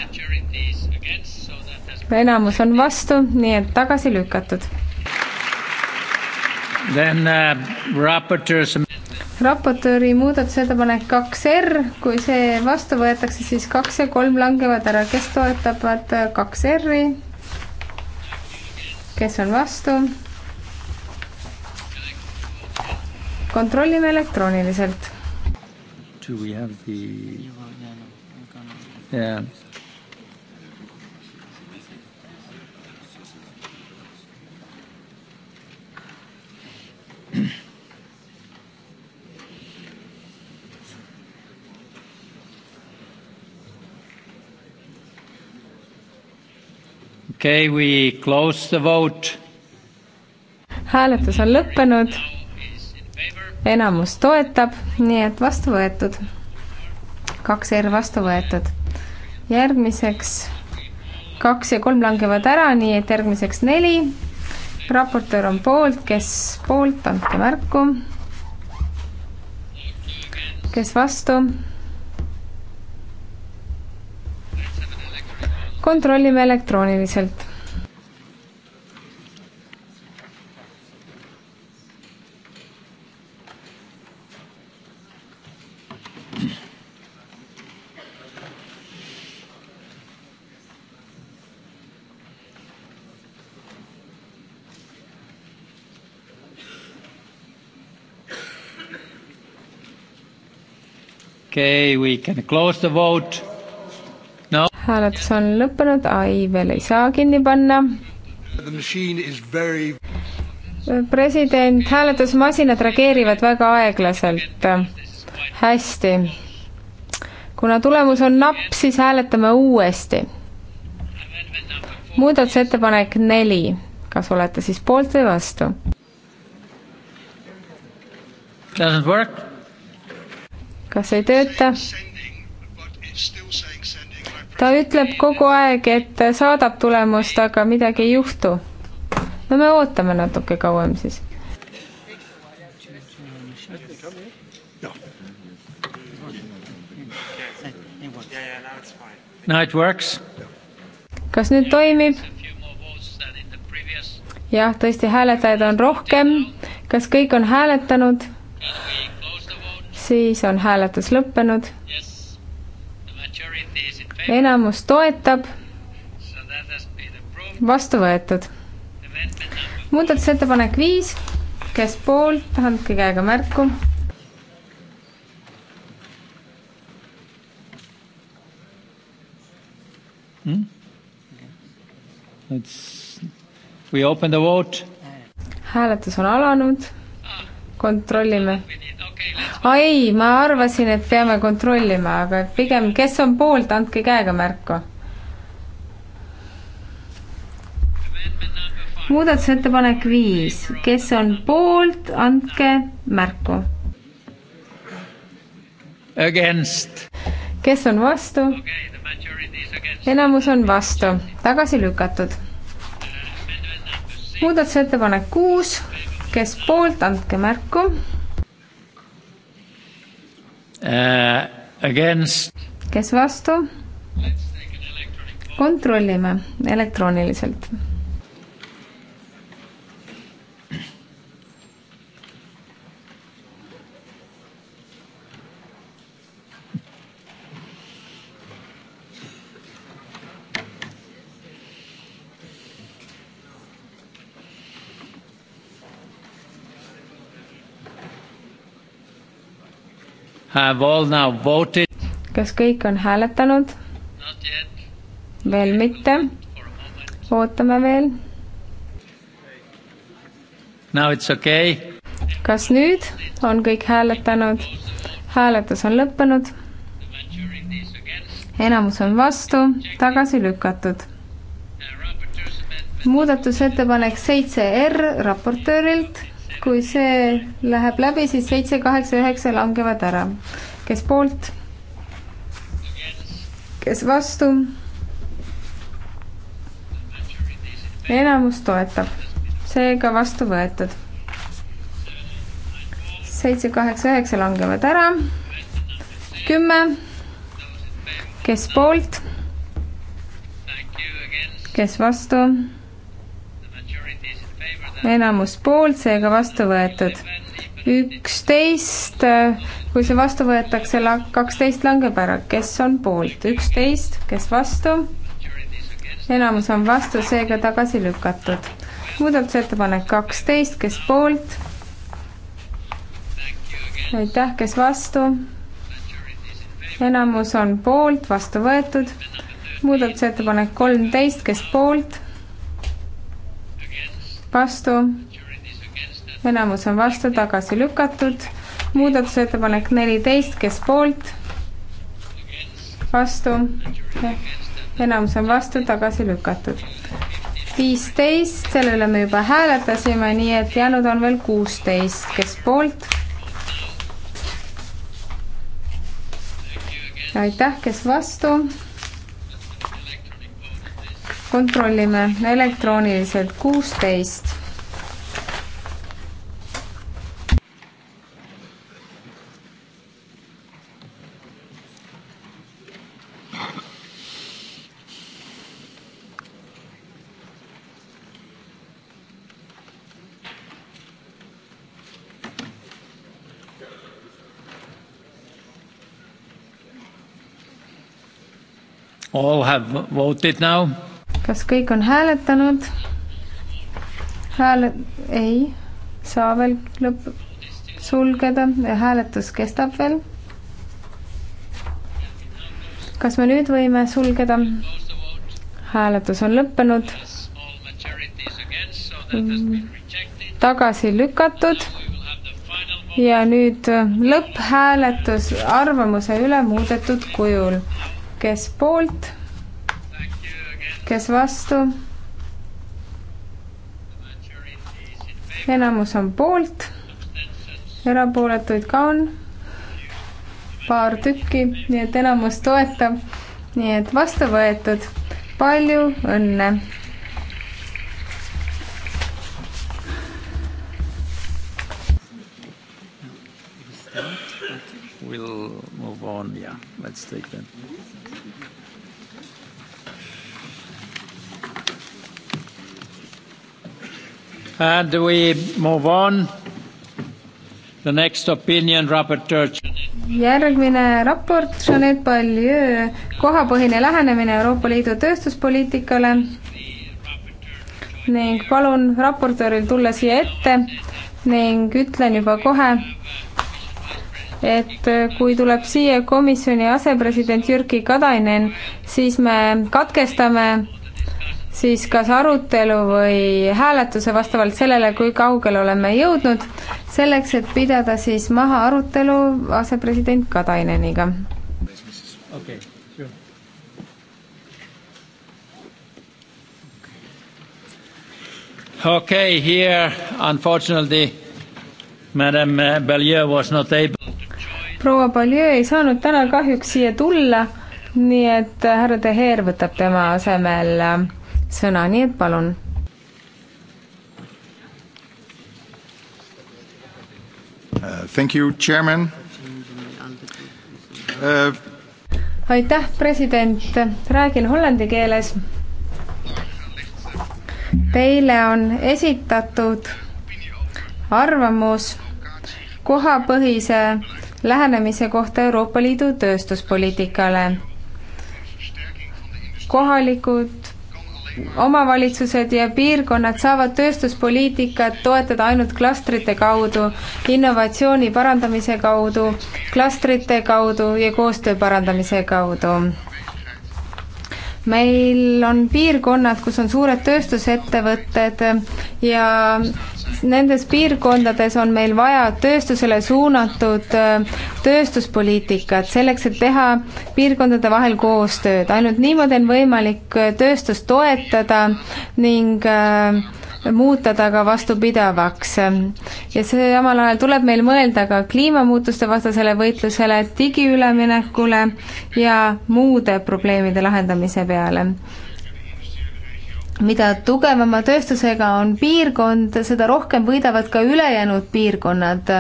Speaker 3: enamus on vastu, nii et tagasi lükatud.
Speaker 1: Then uh, rapporteurs
Speaker 3: raportööri muudatusettepanek kaks R, kui see vastu võetakse, siis kaks ja kolm langevad ära, kes toetavad kaks R-i? kes on vastu? kontrollime elektrooniliselt.
Speaker 1: Do we have the yeah. okay,. We close the vote.
Speaker 3: hääletus on lõppenud. enamus toetab, nii et vastu võetud. kaks R vastu võetud. järgmiseks kaks ja kolm langevad ära, nii et järgmiseks neli. raportöör on poolt, kes poolt, andke märku. kes vastu? kontrollime elektrooniliselt.
Speaker 1: Okay, we can close the vote
Speaker 3: hääletus on lõppenud, ai, veel ei saa kinni panna. Very... president, hääletusmasinad reageerivad väga aeglaselt. hästi. kuna tulemus on napp, siis hääletame uuesti. muudatusettepanek neli, kas olete siis poolt või vastu? kas ei tööta? ta ütleb kogu aeg, et saadab tulemust, aga midagi ei juhtu. no me ootame natuke kauem siis. kas nüüd toimib? jah, tõesti, hääletajaid on rohkem. kas kõik on hääletanud? siis on hääletus lõppenud yes enamus toetab, vastu võetud. muudatusettepanek viis, kes poolt, andke käega märku.
Speaker 1: Hmm? It's, we open the vote.
Speaker 3: hääletus on alanud, kontrollime ai, ma arvasin, et peame kontrollima, aga pigem, kes on poolt, andke käega märku. muudatusettepanek viis, kes on poolt, andke märku. Against. kes on vastu? enamus on vastu, tagasi lükatud. muudatusettepanek kuus, kes poolt, andke märku
Speaker 1: Uh, against.
Speaker 3: kes vastu? kontrollime elektrooniliselt kas kõik on hääletanud? veel mitte. ootame veel. Okay. kas nüüd on kõik hääletanud? hääletus on lõppenud. enamus on vastu, tagasi lükatud. muudatusettepanek seitse R raportöörilt kui see läheb läbi, siis seitse, kaheksa, üheksa langevad ära. kes poolt? kes vastu? enamus toetab, seega vastu võetud. seitse, kaheksa, üheksa langevad ära. kümme, kes poolt? kes vastu? enamus poolt, seega vastu võetud. üksteist, kui see vastu võetakse, kaksteist langeb ära, kes on poolt, üksteist, kes vastu, enamus on vastu, seega tagasi lükatud. muudatusettepanek kaksteist, kes poolt, aitäh, kes vastu, enamus on poolt, vastu võetud, muudatusettepanek kolmteist, kes poolt vastu, enamus on vastu, tagasi lükatud, muudatusettepanek neliteist, kes poolt, vastu, enamus on vastu, tagasi lükatud. viisteist, selle üle me juba hääletasime, nii et jäänud on veel kuusteist, kes poolt, aitäh, kes vastu kontrollime elektrooniliselt kuusteist.
Speaker 1: All have voted now
Speaker 3: kas kõik on hääletanud? hääle, ei, saa veel lõpp sulgeda ja hääletus kestab veel. kas me nüüd võime sulgeda? hääletus on lõppenud. tagasi lükatud ja nüüd lõpphääletus arvamuse üle muudetud kujul. kes poolt? kes vastu? enamus on poolt, erapooletuid ka on paar tükki, nii et enamus toetab. nii et vastu võetud, palju õnne.
Speaker 1: We'll move on, yeah, let's take them. And we move on. The next opinion raportöör.
Speaker 3: järgmine raport, Jeanette Paljö, kohapõhine lähenemine Euroopa Liidu tööstuspoliitikale ning palun raportööril tulla siia ette ning ütlen juba kohe, et kui tuleb siia komisjoni asepresident Jyrki Katainen, siis me katkestame siis kas arutelu või hääletuse vastavalt sellele, kui kaugele oleme jõudnud, selleks, et pidada siis maha arutelu asepresident Kataineniga.
Speaker 9: okei okay..
Speaker 1: Okay, here unfortunately Madam uh, Bellier was not able
Speaker 3: proua Bellier ei saanud täna kahjuks siia tulla, nii et härra De Heer võtab tema asemel uh, sõna, nii et palun.
Speaker 9: Uh, thank you, chairman uh....
Speaker 3: aitäh, president, räägin hollandi keeles. Teile on esitatud arvamus kohapõhise lähenemise kohta Euroopa Liidu tööstuspoliitikale kohalikud omavalitsused ja piirkonnad saavad tööstuspoliitikat toetada ainult klastrite kaudu, innovatsiooni parandamise kaudu, klastrite kaudu ja koostöö parandamise kaudu meil on piirkonnad, kus on suured tööstusettevõtted ja nendes piirkondades on meil vaja tööstusele suunatud äh, tööstuspoliitikat, selleks et teha piirkondade vahel koostööd, ainult niimoodi on võimalik äh, tööstust toetada ning äh, muuta ta ka vastupidavaks. ja see samal ajal tuleb meil mõelda ka kliimamuutuste vastasele võitlusele, digiüleminekule ja muude probleemide lahendamise peale mida tugevama tööstusega on piirkond, seda rohkem võidavad ka ülejäänud piirkonnad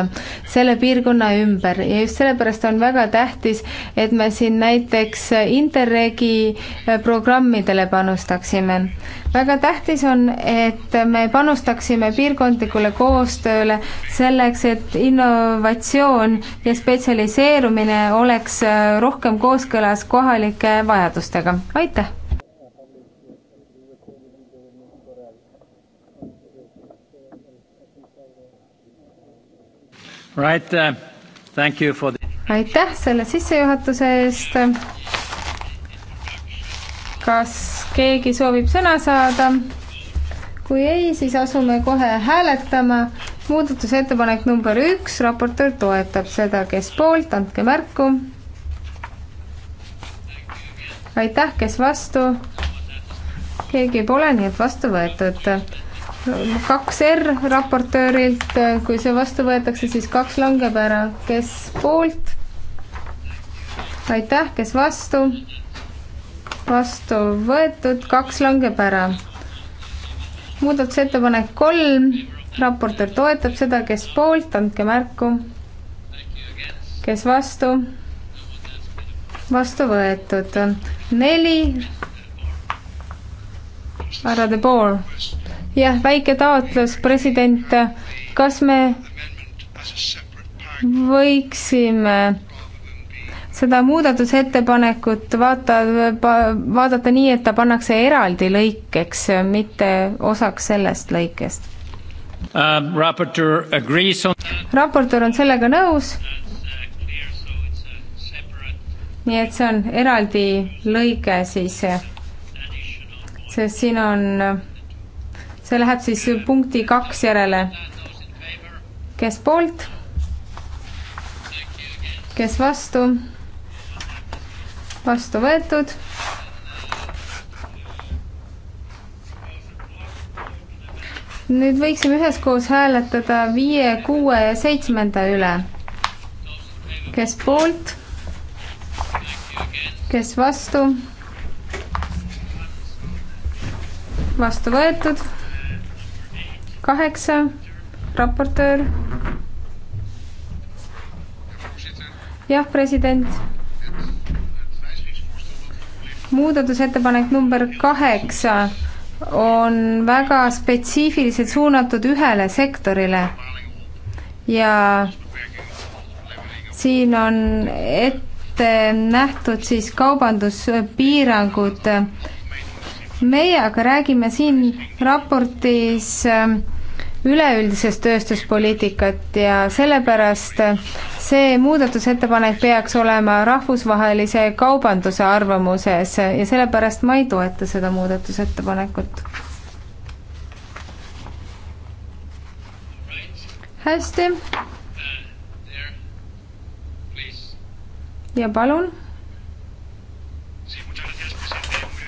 Speaker 3: selle piirkonna ümber ja just sellepärast on väga tähtis, et me siin näiteks Interregi programmidele panustaksime. väga tähtis on, et me panustaksime piirkondlikule koostööle selleks, et innovatsioon ja spetsialiseerumine oleks rohkem kooskõlas kohalike vajadustega. aitäh!
Speaker 1: Right, uh, thank you for the...
Speaker 3: aitäh selle sissejuhatuse eest. kas keegi soovib sõna saada? kui ei, siis asume kohe hääletama. muudatusettepanek number üks, raportöör toetab seda, kes poolt, andke märku. aitäh, kes vastu? keegi pole, nii et vastu võetud kaks R raportöörilt, kui see vastu võetakse, siis kaks langeb ära, kes poolt? aitäh, kes vastu? vastu võetud, kaks langeb ära. muudatusettepanek kolm, raportöör toetab seda, kes poolt, andke märku. kes vastu? vastu võetud, neli. Ära de Boer jah, väike taotlus, president, kas me võiksime seda muudatusettepanekut vaata, vaadata nii, et ta pannakse eraldi lõikeks, mitte osaks sellest lõikest
Speaker 1: um,. raportöör on...
Speaker 3: on sellega nõus. nii et see on eraldi lõige siis, sest siin on see läheb siis punkti kaks järele. kes poolt? kes vastu? vastu võetud. nüüd võiksime üheskoos hääletada viie, kuue ja seitsmenda üle. kes poolt? kes vastu? vastu võetud kaheksa, raportöör. jah, president. muudatusettepanek number kaheksa on väga spetsiifiliselt suunatud ühele sektorile ja siin on ette nähtud siis kaubanduspiirangud äh, meie aga räägime siin raportis ähm, üleüldisest tööstuspoliitikat ja sellepärast äh, see muudatusettepanek peaks olema rahvusvahelise kaubanduse arvamuses ja sellepärast ma ei toeta seda muudatusettepanekut. hästi. ja palun.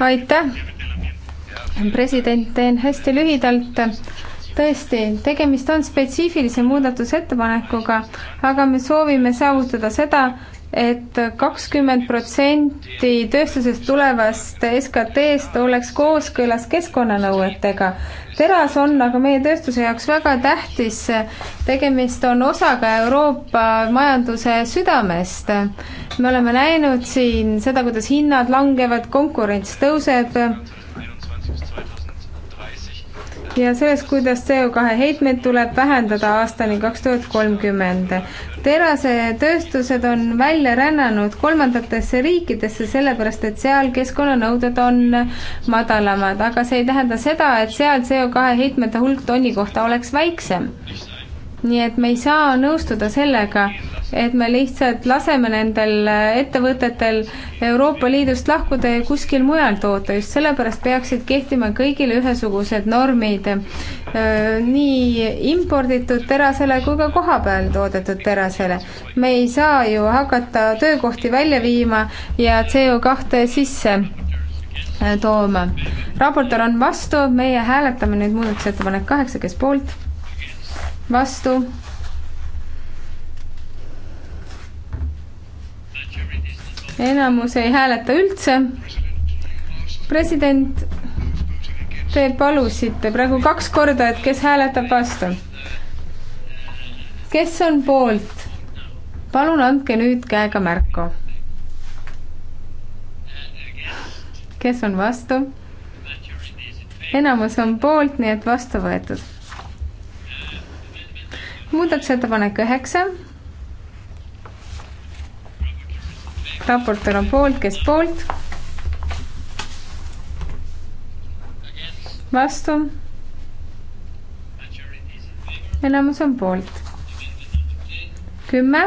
Speaker 3: aitäh president, teen hästi lühidalt. tõesti, tegemist on spetsiifilise muudatusettepanekuga, aga me soovime saavutada seda, et kakskümmend protsenti tööstusest tulevast SKT-st oleks kooskõlas keskkonnanõuetega. teras on aga meie tööstuse jaoks väga tähtis, tegemist on osaga Euroopa majanduse südamest. me oleme näinud siin seda, kuidas hinnad langevad, konkurents tõuseb ja sellest, kuidas CO2 heitmeid tuleb vähendada aastani kaks tuhat kolmkümmend. terasetööstused on välja rännanud kolmandatesse riikidesse, sellepärast et seal keskkonnanõuded on madalamad, aga see ei tähenda seda, et seal CO2 heitmete hulk tonni kohta oleks väiksem nii et me ei saa nõustuda sellega, et me lihtsalt laseme nendel ettevõtetel Euroopa Liidust lahkuda ja kuskil mujal toota, just sellepärast peaksid kehtima kõigile ühesugused normid nii imporditud terasele kui ka kohapeal toodetud terasele. me ei saa ju hakata töökohti välja viima ja CO kahte sisse tooma. raportöör on vastu, meie hääletame nüüd muudatusettepanek kaheksa, kes poolt vastu. enamus ei hääleta üldse. president, te palusite praegu kaks korda, et kes hääletab vastu. kes on poolt? palun andke nüüd käega märku. kes on vastu? enamus on poolt, nii et vastu võetud muudatusettepanek üheksa. raportöör on poolt, kes poolt? vastu? enamus on poolt. kümme.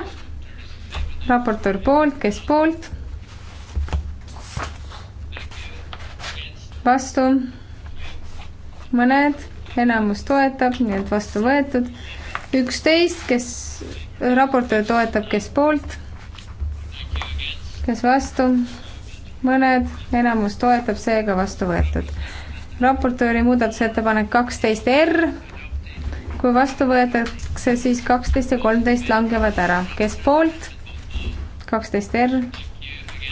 Speaker 3: raportöör poolt, kes poolt? vastu? mõned, enamus toetab, nii et vastu võetud üksteist, kes raportöör toetab, kes poolt, kes vastu, mõned, enamus toetab, seega vastu võetud. raportööri muudatusettepanek kaksteist R, kui vastu võetakse, siis kaksteist ja kolmteist langevad ära, kes poolt, kaksteist R,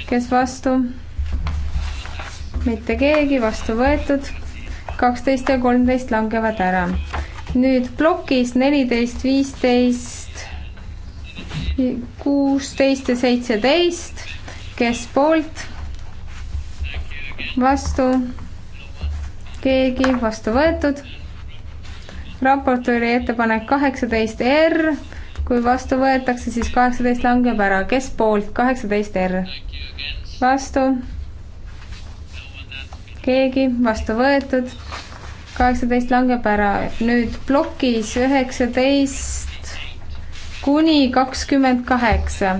Speaker 3: kes vastu, mitte keegi, vastu võetud, kaksteist ja kolmteist langevad ära nüüd plokis neliteist, viisteist, kuusteist ja seitseteist, kes poolt, vastu, keegi vastu võetud. raportööri ettepanek kaheksateist R, kui vastu võetakse, siis kaheksateist langeb ära, kes poolt, kaheksateist R, vastu, keegi vastu võetud kaheksateist langeb ära, nüüd plokis üheksateist kuni kakskümmend kaheksa.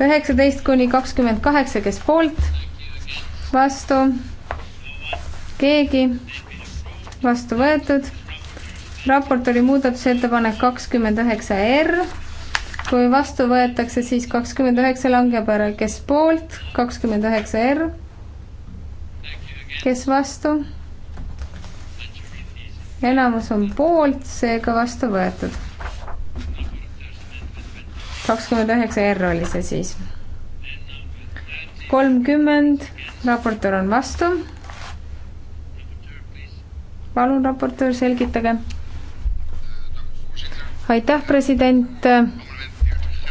Speaker 3: üheksateist kuni kakskümmend kaheksa, kes poolt, vastu, keegi, vastu võetud. raport oli muudatusettepanek kakskümmend üheksa R. kui vastu võetakse, siis kakskümmend üheksa langeb ära, kes poolt, kakskümmend üheksa R. kes vastu enamus on poolt, seega vastu võetud. kakskümmend üheksa R oli see siis. kolmkümmend, raportöör on vastu. palun, raportöör, selgitage. aitäh, president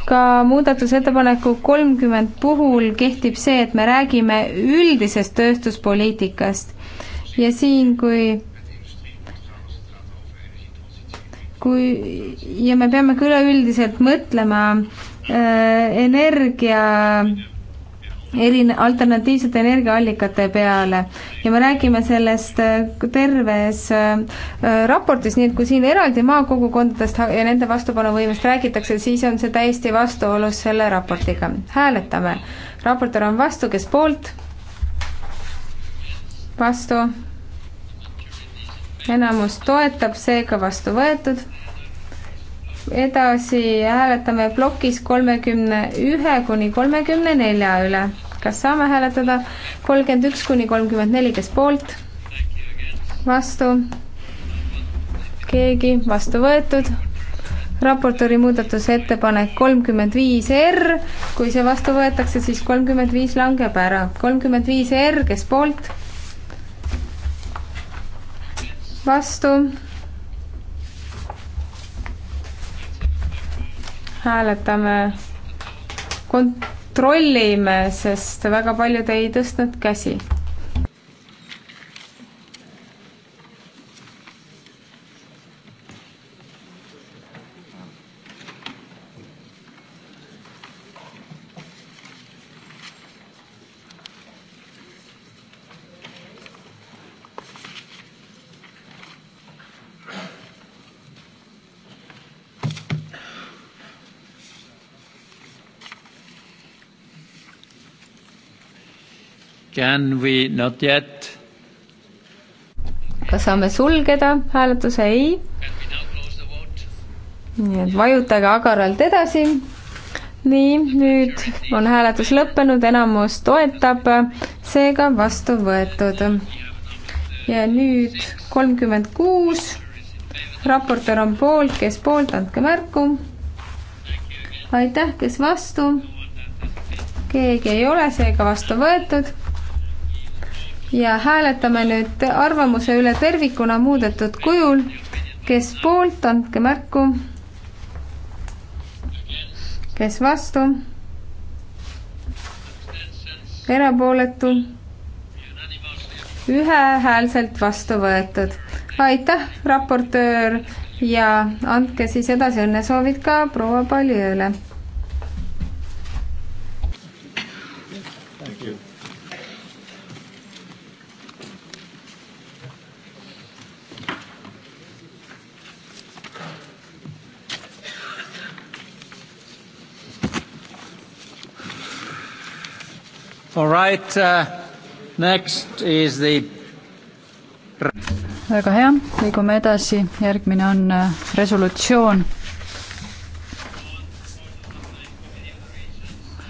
Speaker 3: ka muudatusettepaneku kolmkümmend puhul kehtib see, et me räägime üldisest tööstuspoliitikast ja siin, kui kui ja me peame ka üleüldiselt mõtlema äh, energia erine-, alternatiivsete energiaallikate peale ja me räägime sellest äh, terves äh, äh, raportis, nii et kui siin eraldi maakogukondadest ja nende vastupanuvõimest räägitakse, siis on see täiesti vastuolus selle raportiga. hääletame. raportöör on vastu, kes poolt? vastu enamus toetab, seega vastu võetud. edasi hääletame plokis kolmekümne ühe kuni kolmekümne nelja üle. kas saame hääletada kolmkümmend üks kuni kolmkümmend neli, kes poolt? vastu? keegi? vastu võetud? raportööri muudatusettepanek kolmkümmend viis R, kui see vastu võetakse, siis kolmkümmend viis langeb ära. kolmkümmend viis R, kes poolt? vastu. hääletame, kontrollime, sest väga paljud ei tõstnud käsi
Speaker 1: Can we not yet?
Speaker 3: kas saame sulgeda hääletuse? ei. nii et vajutage agaralt edasi. nii, nüüd on hääletus lõppenud, enamus toetab, seega vastu võetud. ja nüüd kolmkümmend kuus, raportöör on poolt, kes poolt, andke märku. aitäh, kes vastu? keegi ei ole, seega vastu võetud ja hääletame nüüd arvamuse üle tervikuna muudetud kujul. kes poolt, andke märku. kes vastu? erapooletu? ühehäälselt vastu võetud. aitäh, raportöör ja andke siis edasi õnnesoovid ka proua Paljõõle
Speaker 1: All right uh,, next is the
Speaker 8: väga hea, liigume edasi, järgmine on äh, resolutsioon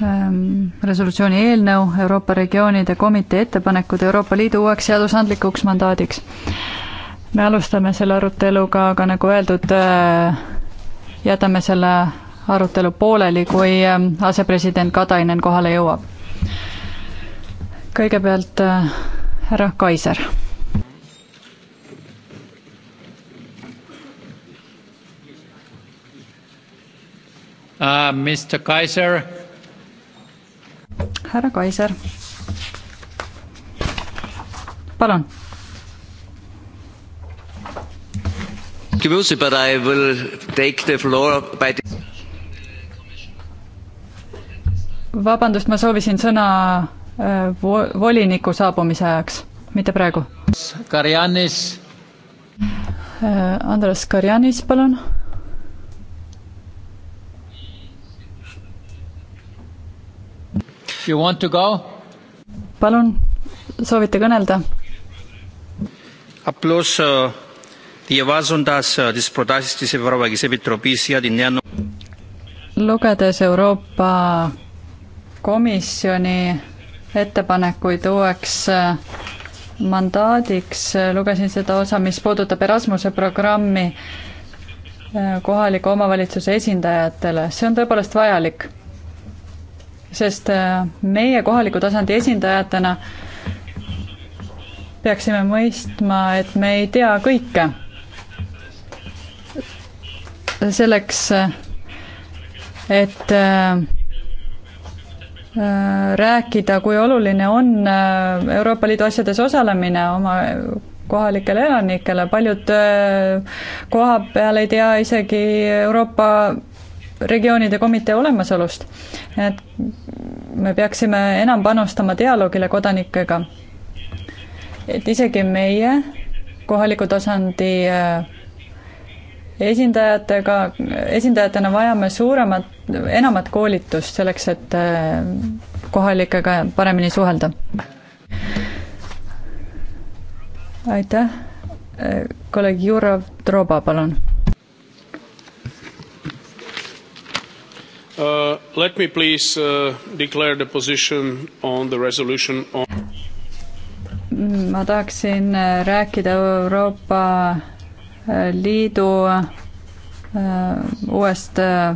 Speaker 8: ähm, resolutsiooni eelnõu Euroopa regioonide komitee ettepanekud Euroopa Liidu uueks seadusandlikuks mandaadiks. me alustame selle aruteluga, aga nagu öeldud, äh, jätame selle arutelu pooleli, kui ähm, asepresident Katainen kohale jõuab kõigepealt äh, härra Kaiser.
Speaker 1: Uh, Mr. Kaiser. härra
Speaker 8: Kaiser. palun.
Speaker 1: But I will take the floor by the
Speaker 8: vabandust, ma soovisin sõna vo-, voliniku saabumise ajaks, mitte praegu.
Speaker 1: Karjanis.
Speaker 8: Äh, Andres Karjanis, palun. You want to go? palun, soovite kõnelda?
Speaker 1: Απλώς διαβάζοντας τις προτάσεις της Ευρωπαϊκής Επιτροπής για την νέα
Speaker 8: Lugedes Euroopa Komisjoni ettepanekuid uueks äh, mandaadiks, lugesin seda osa, mis puudutab Erasmuse programmi äh, kohaliku omavalitsuse esindajatele, see on tõepoolest vajalik. sest äh, meie kohaliku tasandi esindajatena peaksime mõistma, et me ei tea kõike. selleks, et äh, Äh, rääkida, kui oluline on äh, Euroopa Liidu asjades osalemine oma kohalikele elanikele, paljud äh, koha peal ei tea isegi Euroopa regioonide komitee olemasolust. et me peaksime enam panustama dialoogile kodanikega. et isegi meie kohaliku tasandi esindajatega, esindajatena vajame suuremat, enamat koolitust selleks, et äh, kohalikega paremini suhelda. aitäh, kolleeg Jurov Droba, palun
Speaker 1: Uh, let me please uh, declare the position on the resolution on
Speaker 8: ma tahaksin äh, rääkida Euroopa Liidu äh, uuest äh,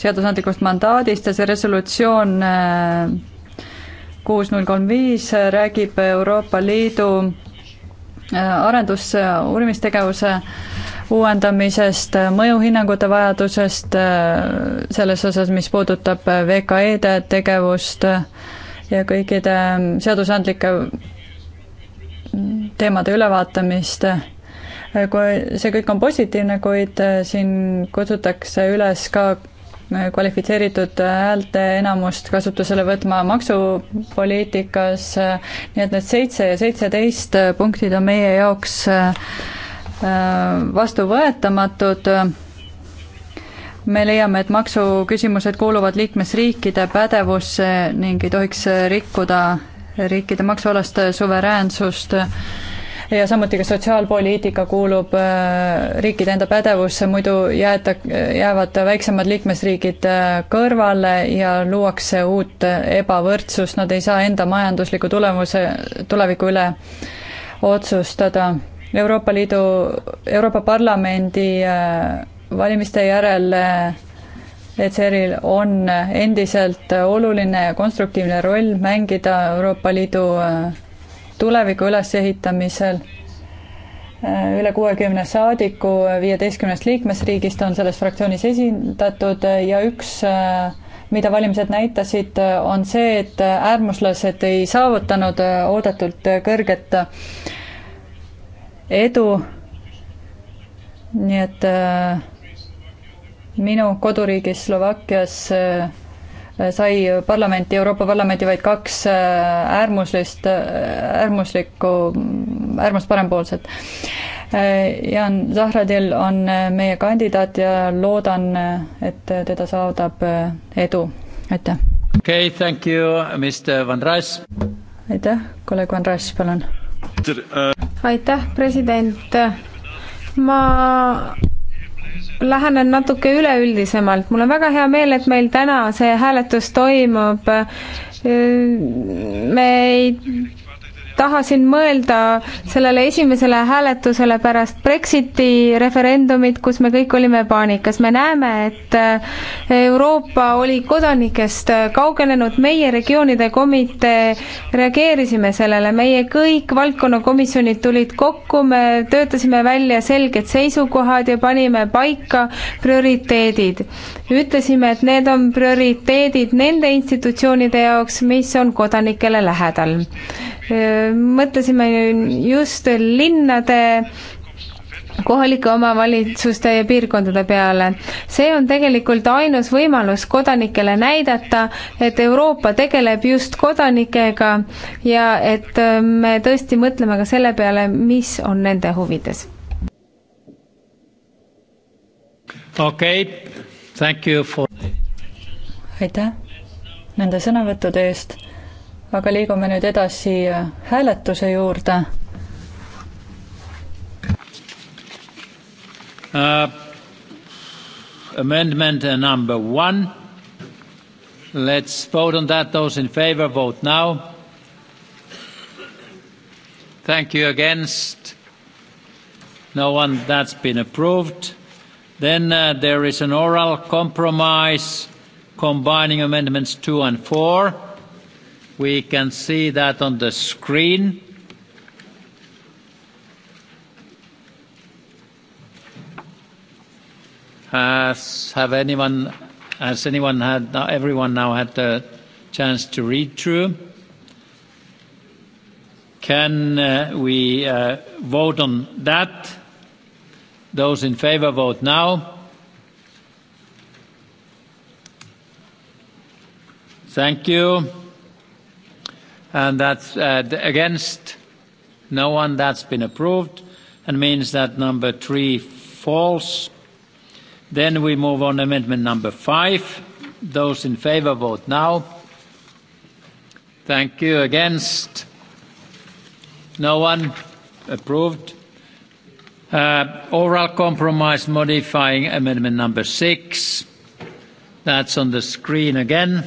Speaker 8: seadusandlikust mandaadist ja see resolutsioon äh, kuus null kolm viis räägib Euroopa Liidu arendus- ja uurimistegevuse uuendamisest, mõjuhinnangute vajadusest selles osas, mis puudutab VKE-de tegevust ja kõikide seadusandlike mm, teemade ülevaatamist Äh, see kõik on positiivne, kuid äh, siin kutsutakse üles ka äh, kvalifitseeritud häälte enamust kasutusele võtma maksupoliitikas, nii et need seitse ja seitseteist punktid on meie jaoks vastuvõetamatud me leiame, et maksuküsimused kuuluvad liikmesriikide pädevusse ning ei tohiks rikkuda riikide maksualast suveräänsust ja samuti ka sotsiaalpoliitika kuulub äh, riikide enda pädevusse, muidu jääda, jäävad väiksemad liikmesriigid äh, kõrvale ja luuakse uut ebavõrdsust, nad ei saa enda majandusliku tulemuse, tuleviku üle otsustada. Euroopa Liidu, Euroopa Parlamendi äh, valimiste järel ECR-il on endiselt oluline ja konstruktiivne roll mängida Euroopa Liidu tuleviku ülesehitamisel. Äh, üle kuuekümne saadiku viieteistkümnest liikmesriigist on selles fraktsioonis esindatud äh, ja üks äh, mida valimised näitasid, on see, et äärmuslased ei saavutanud oodatult kõrget edu. nii et minu koduriigis Slovakkias sai parlamenti, Euroopa Parlamenti vaid kaks äh, äärmuslist, äh, äärmuslikku, äärmusparempoolset. Äh, Jan Zahradil on meie kandidaat ja loodan, et teda saadab edu, aitäh.
Speaker 1: okei okay,, thank you, Mr Van Rass.
Speaker 3: aitäh, kolleeg Van Rass, palun. aitäh, president. ma lähenen natuke üleüldisemalt. mul on väga hea meel, et meil täna see hääletus toimub. Äh, me ei tahasin mõelda sellele esimesele hääletusele pärast Brexiti referendumit, kus me kõik olime paanikas. me näeme, et äh, Euroopa oli kodanikest äh, kaugenenud, meie regioonide komitee reageerisime sellele, meie kõik valdkonnakomisjonid tulid kokku, me töötasime välja selged seisukohad ja panime paika prioriteedid. ütlesime, et need on prioriteedid nende institutsioonide jaoks, mis on kodanikele lähedal mõtlesime just linnade kohalike omavalitsuste ja piirkondade peale. see on tegelikult ainus võimalus kodanikele näidata, et Euroopa tegeleb just kodanikega ja et ähm, me tõesti mõtleme ka selle peale, mis on nende huvides.
Speaker 1: okei okay., thank you for
Speaker 8: aitäh nende sõnavõttude eest aga liigume nüüd edasi äh, hääletuse juurde
Speaker 1: uh,. Amendment uh, number one. Let's vote on that. Those in favor, vote now. Thank you. Against? No one. That's been approved. Then uh, there is an oral compromise combining amendments two and four. We can see that on the screen. Has, have anyone, has anyone had, uh, everyone now had the chance to read through? Can uh, we uh, vote on that? Those in favor vote now. Thank you and that's uh, against no one that's been approved and means that number three falls then we move on amendment number five those in favor vote now thank you against no one approved uh, oral compromise modifying amendment number six that's on the screen again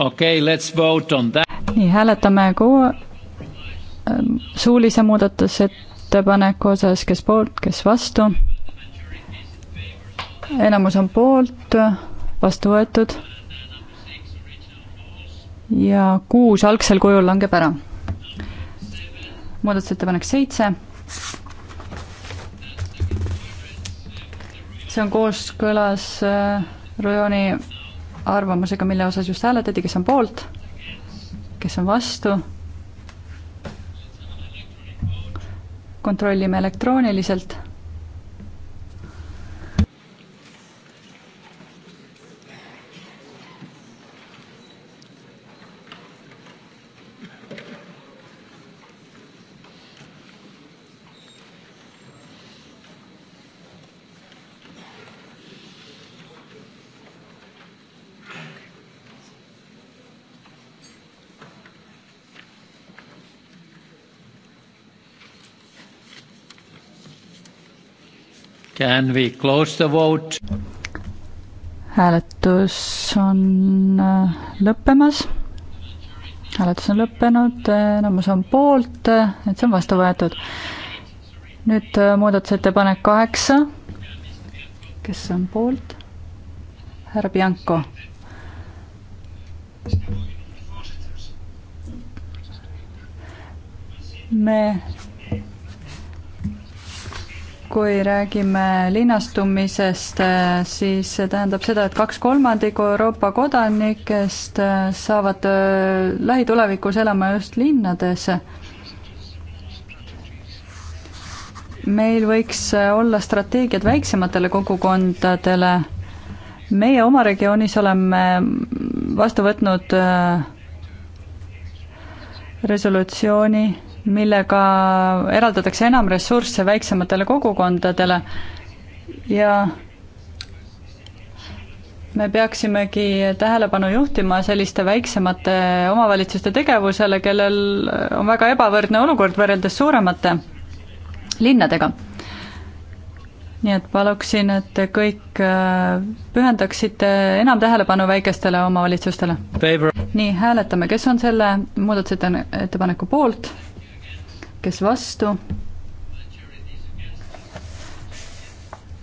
Speaker 1: okay,.
Speaker 8: nii, hääletame kohe ähm, suulise muudatusettepaneku osas, kes poolt, kes vastu. enamus on poolt, vastu võetud. ja kuus algsel kujul langeb ära. muudatusettepanek seitse. see on kooskõlas äh, rajooni arvamusega, mille osas just hääletati, kes on poolt, kes on vastu. kontrollime elektrooniliselt
Speaker 1: Can we close the vote?
Speaker 8: hääletus on äh, lõppemas. hääletus on lõppenud, enamus on poolt, et see on vastu võetud. nüüd äh, muudatusettepanek kaheksa. kes on poolt? härra Bianco. me kui räägime linnastumisest, siis see tähendab seda, et kaks kolmandikku Euroopa kodanikest saavad äh, lähitulevikus elama just linnades. meil võiks äh, olla strateegiad väiksematele kogukondadele. meie oma regioonis oleme vastu võtnud äh, resolutsiooni millega eraldatakse enam ressursse väiksematele kogukondadele ja me peaksimegi tähelepanu juhtima selliste väiksemate omavalitsuste tegevusele, kellel on väga ebavõrdne olukord võrreldes suuremate linnadega. nii et paluksin, et kõik äh, pühendaksite enam tähelepanu väikestele omavalitsustele. nii, hääletame, kes on selle muudatusettepaneku poolt? kes vastu?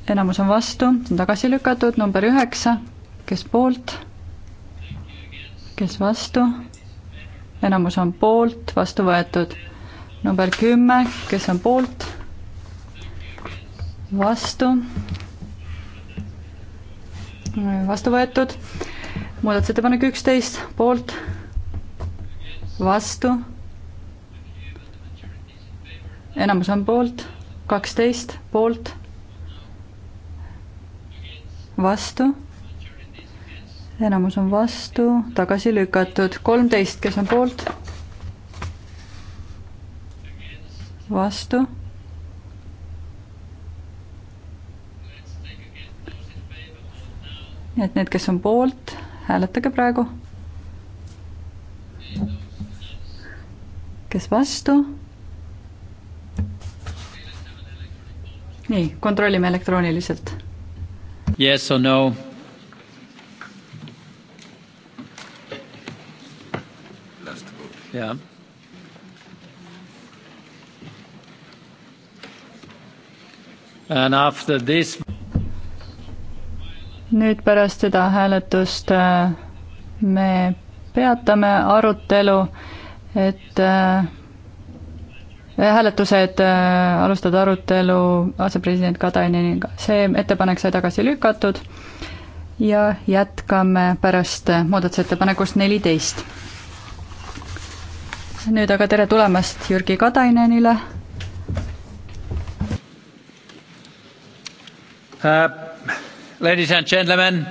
Speaker 8: enamus on vastu, see on tagasi lükatud, number üheksa, kes poolt? kes vastu? enamus on poolt, vastu võetud. number kümme, kes on poolt? vastu. vastu võetud. muudatusettepanek üksteist, poolt, vastu enamus on poolt, kaksteist poolt, vastu, enamus on vastu, tagasi lükatud, kolmteist, kes on poolt, vastu nii et need, kes on poolt, hääletage praegu. kes vastu? nii, kontrollime elektrooniliselt.
Speaker 1: Yes or no? jaa. And after this
Speaker 8: nüüd pärast seda hääletust äh, me peatame arutelu, et äh, hääletused, äh, alustada arutelu asepresident Kataininiga, see ettepanek sai tagasi lükatud ja jätkame pärast muudatusettepanekust neliteist. nüüd aga tere tulemast Jürgi Katainenile
Speaker 1: uh,. Ladies and gentlemen.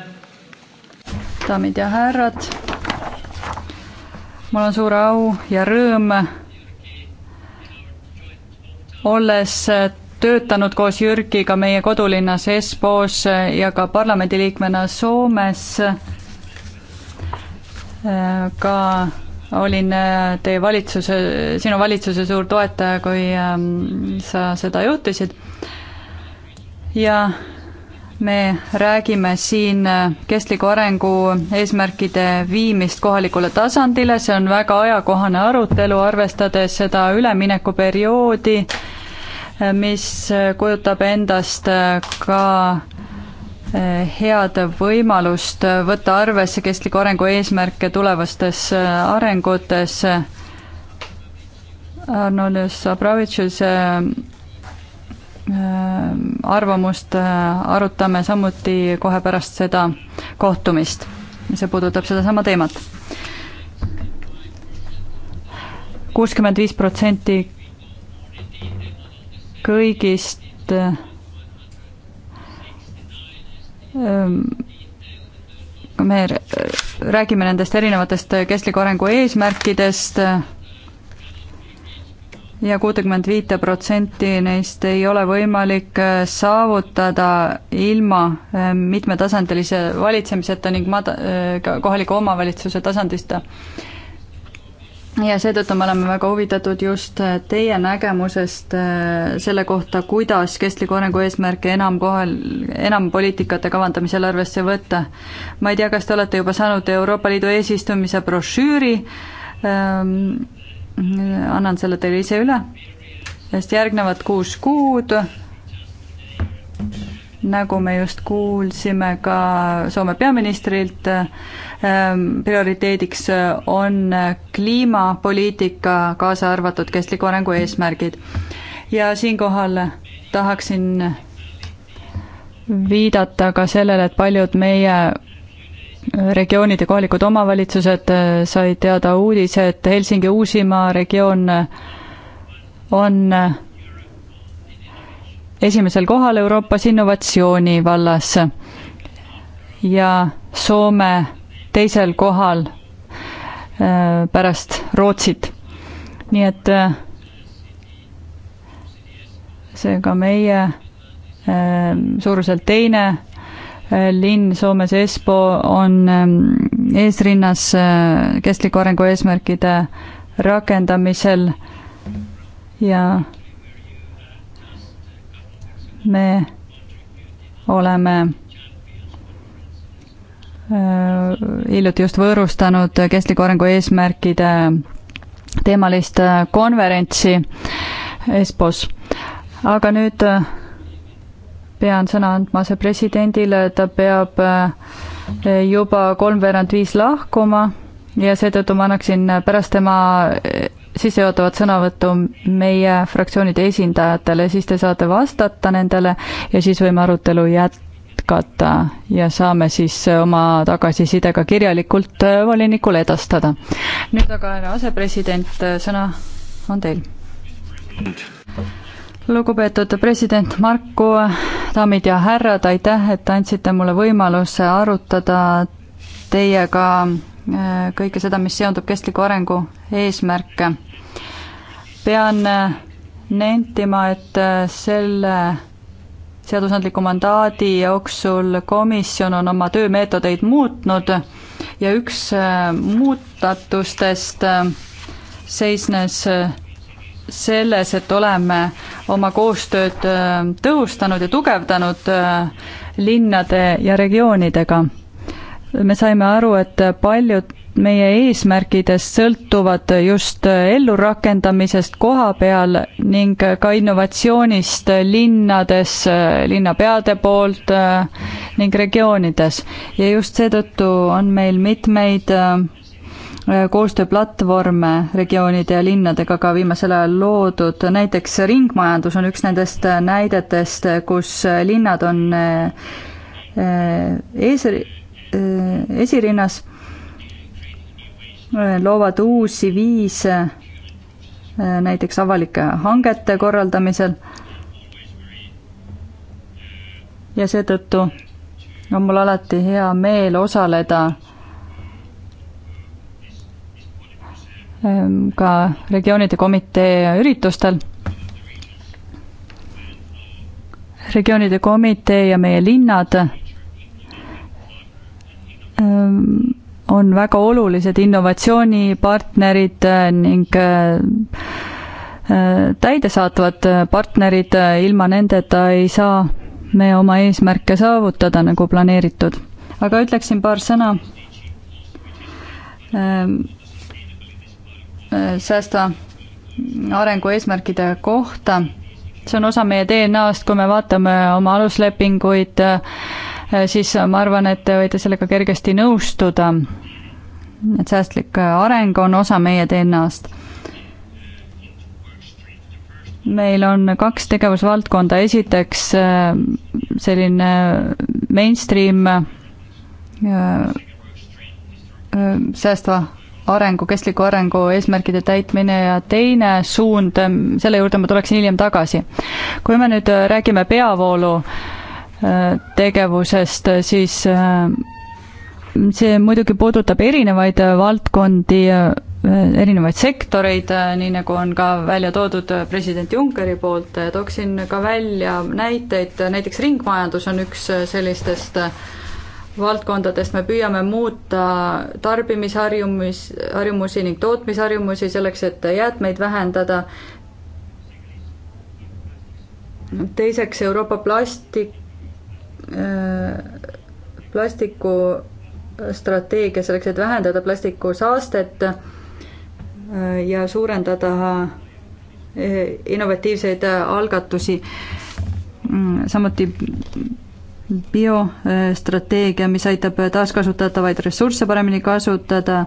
Speaker 8: daamid ja härrad, mul on suur au ja rõõm olles töötanud koos Jürgiga meie kodulinnas Espoos ja ka parlamendiliikmena Soomes, ka olin teie valitsuse, sinu valitsuse suur toetaja, kui ähm, sa seda juhtisid. ja me räägime siin kestliku arengu eesmärkide viimist kohalikule tasandile, see on väga ajakohane arutelu, arvestades seda üleminekuperioodi, mis kujutab endast ka eh, head võimalust võtta arvesse kestliku arengu eesmärke tulevastes eh, arengutes. Arnoldus Abravitšus eh, arvamust arutame samuti kohe pärast seda kohtumist, see puudutab sedasama teemat. kuuskümmend viis protsenti kõigist äh, ähm, me räägime nendest erinevatest kestliku arengu eesmärkidest ja kuutekümmet viite protsenti neist ei ole võimalik äh, saavutada ilma äh, mitmetasandilise valitsemiseta ning mad-, kohaliku omavalitsuse tasandist ja seetõttu me oleme väga huvitatud just äh, teie nägemusest äh, selle kohta, kuidas kestliku arengu eesmärke enam kohal, enam poliitikate kavandamisel arvesse võtta. ma ei tea, kas te olete juba saanud Euroopa Liidu eesistumise brošüüri, ähm, annan selle teile ise üle, sest järgnevad kuus kuud nagu me just kuulsime ka Soome peaministrilt, ehm, prioriteediks on kliimapoliitika, kaasa arvatud kestliku arengu eesmärgid. ja siinkohal tahaksin viidata ka sellele, et paljud meie regioonid ja kohalikud omavalitsused eh, said teada uudise, et Helsingi Uusimaa regioon on esimesel kohal Euroopas innovatsiooni vallas ja Soome teisel kohal äh, pärast Rootsit. nii et äh, seega meie äh, suuruselt teine linn Soomes, Espoo on eesrinnas kestliku arengu eesmärkide rakendamisel ja me oleme äh, hiljuti just võõrustanud kestliku arengu eesmärkide teemalist äh, konverentsi Espos. aga nüüd äh, pean sõna andma asepresidendile, ta peab juba kolmveerand viis lahkuma ja seetõttu ma annaksin pärast tema sissejuhatavat sõnavõttu meie fraktsioonide esindajatele, siis te saate vastata nendele ja siis võime arutelu jätkata ja saame siis oma tagasiside ka kirjalikult äh, volinikule edastada. nüüd aga, härra asepresident, äh, sõna on teil. lugupeetud president Marku, daamid ja härrad, aitäh, et andsite mulle võimaluse arutada teiega äh, kõike seda, mis seondub kestliku arengu eesmärke pean äh, nentima, et äh, selle seadusandliku mandaadi jooksul komisjon on oma töömeetodeid muutnud ja üks äh, muudatustest seisnes selles, et oleme oma koostööd tõhustanud ja tugevdanud linnade ja regioonidega. me saime aru, et paljud meie eesmärkidest sõltuvad just ellurakendamisest koha peal ning ka innovatsioonist linnades, linnapeade poolt äh, ning regioonides. ja just seetõttu on meil mitmeid äh, koostööplatvorme regioonide ja linnadega ka viimasel ajal loodud, näiteks ringmajandus on üks nendest äh, näidetest, kus linnad on ees, esirinnas Äh, loovad uusi viise äh, näiteks avalike hangete korraldamisel. ja seetõttu on mul alati hea meel osaleda ähm, ka regioonide komitee üritustel. regioonide komitee ja meie linnad ähm, on väga olulised innovatsioonipartnerid äh, ning äh, äh, täidesaatvad partnerid, ilma nendeta ei saa me oma eesmärke saavutada nagu planeeritud. aga ütleksin paar sõna ähm, säästva arengu eesmärkide kohta. see on osa meie DNA-st, kui me vaatame oma aluslepinguid äh,, Äh, siis äh, ma arvan, et te võite sellega kergesti nõustuda. et säästlik äh, areng on osa meie DNA-st. meil on kaks tegevusvaldkonda, esiteks selline mainstream säästva arengu, kestliku arengu eesmärkide täitmine ja teine suund, selle juurde ma tuleksin hiljem tagasi. kui me nüüd räägime peavoolu äh, tegevusest, siis äh, see muidugi puudutab erinevaid äh, valdkondi, äh, erinevaid sektoreid, nii nagu on ka välja toodud president Junckeri poolt, tooksin ka välja näiteid, näiteks ringmajandus on üks sellistest valdkondadest me püüame muuta tarbimisharjumus, harjumusi ning tootmisharjumusi selleks, et jäätmeid vähendada. teiseks Euroopa plastik Äh, plastikustrateegia selleks, et vähendada plastikusaastet äh, ja suurendada äh, innovatiivseid algatusi. Mm, samuti biostrateegia, mis aitab taaskasutatavaid ressursse paremini kasutada.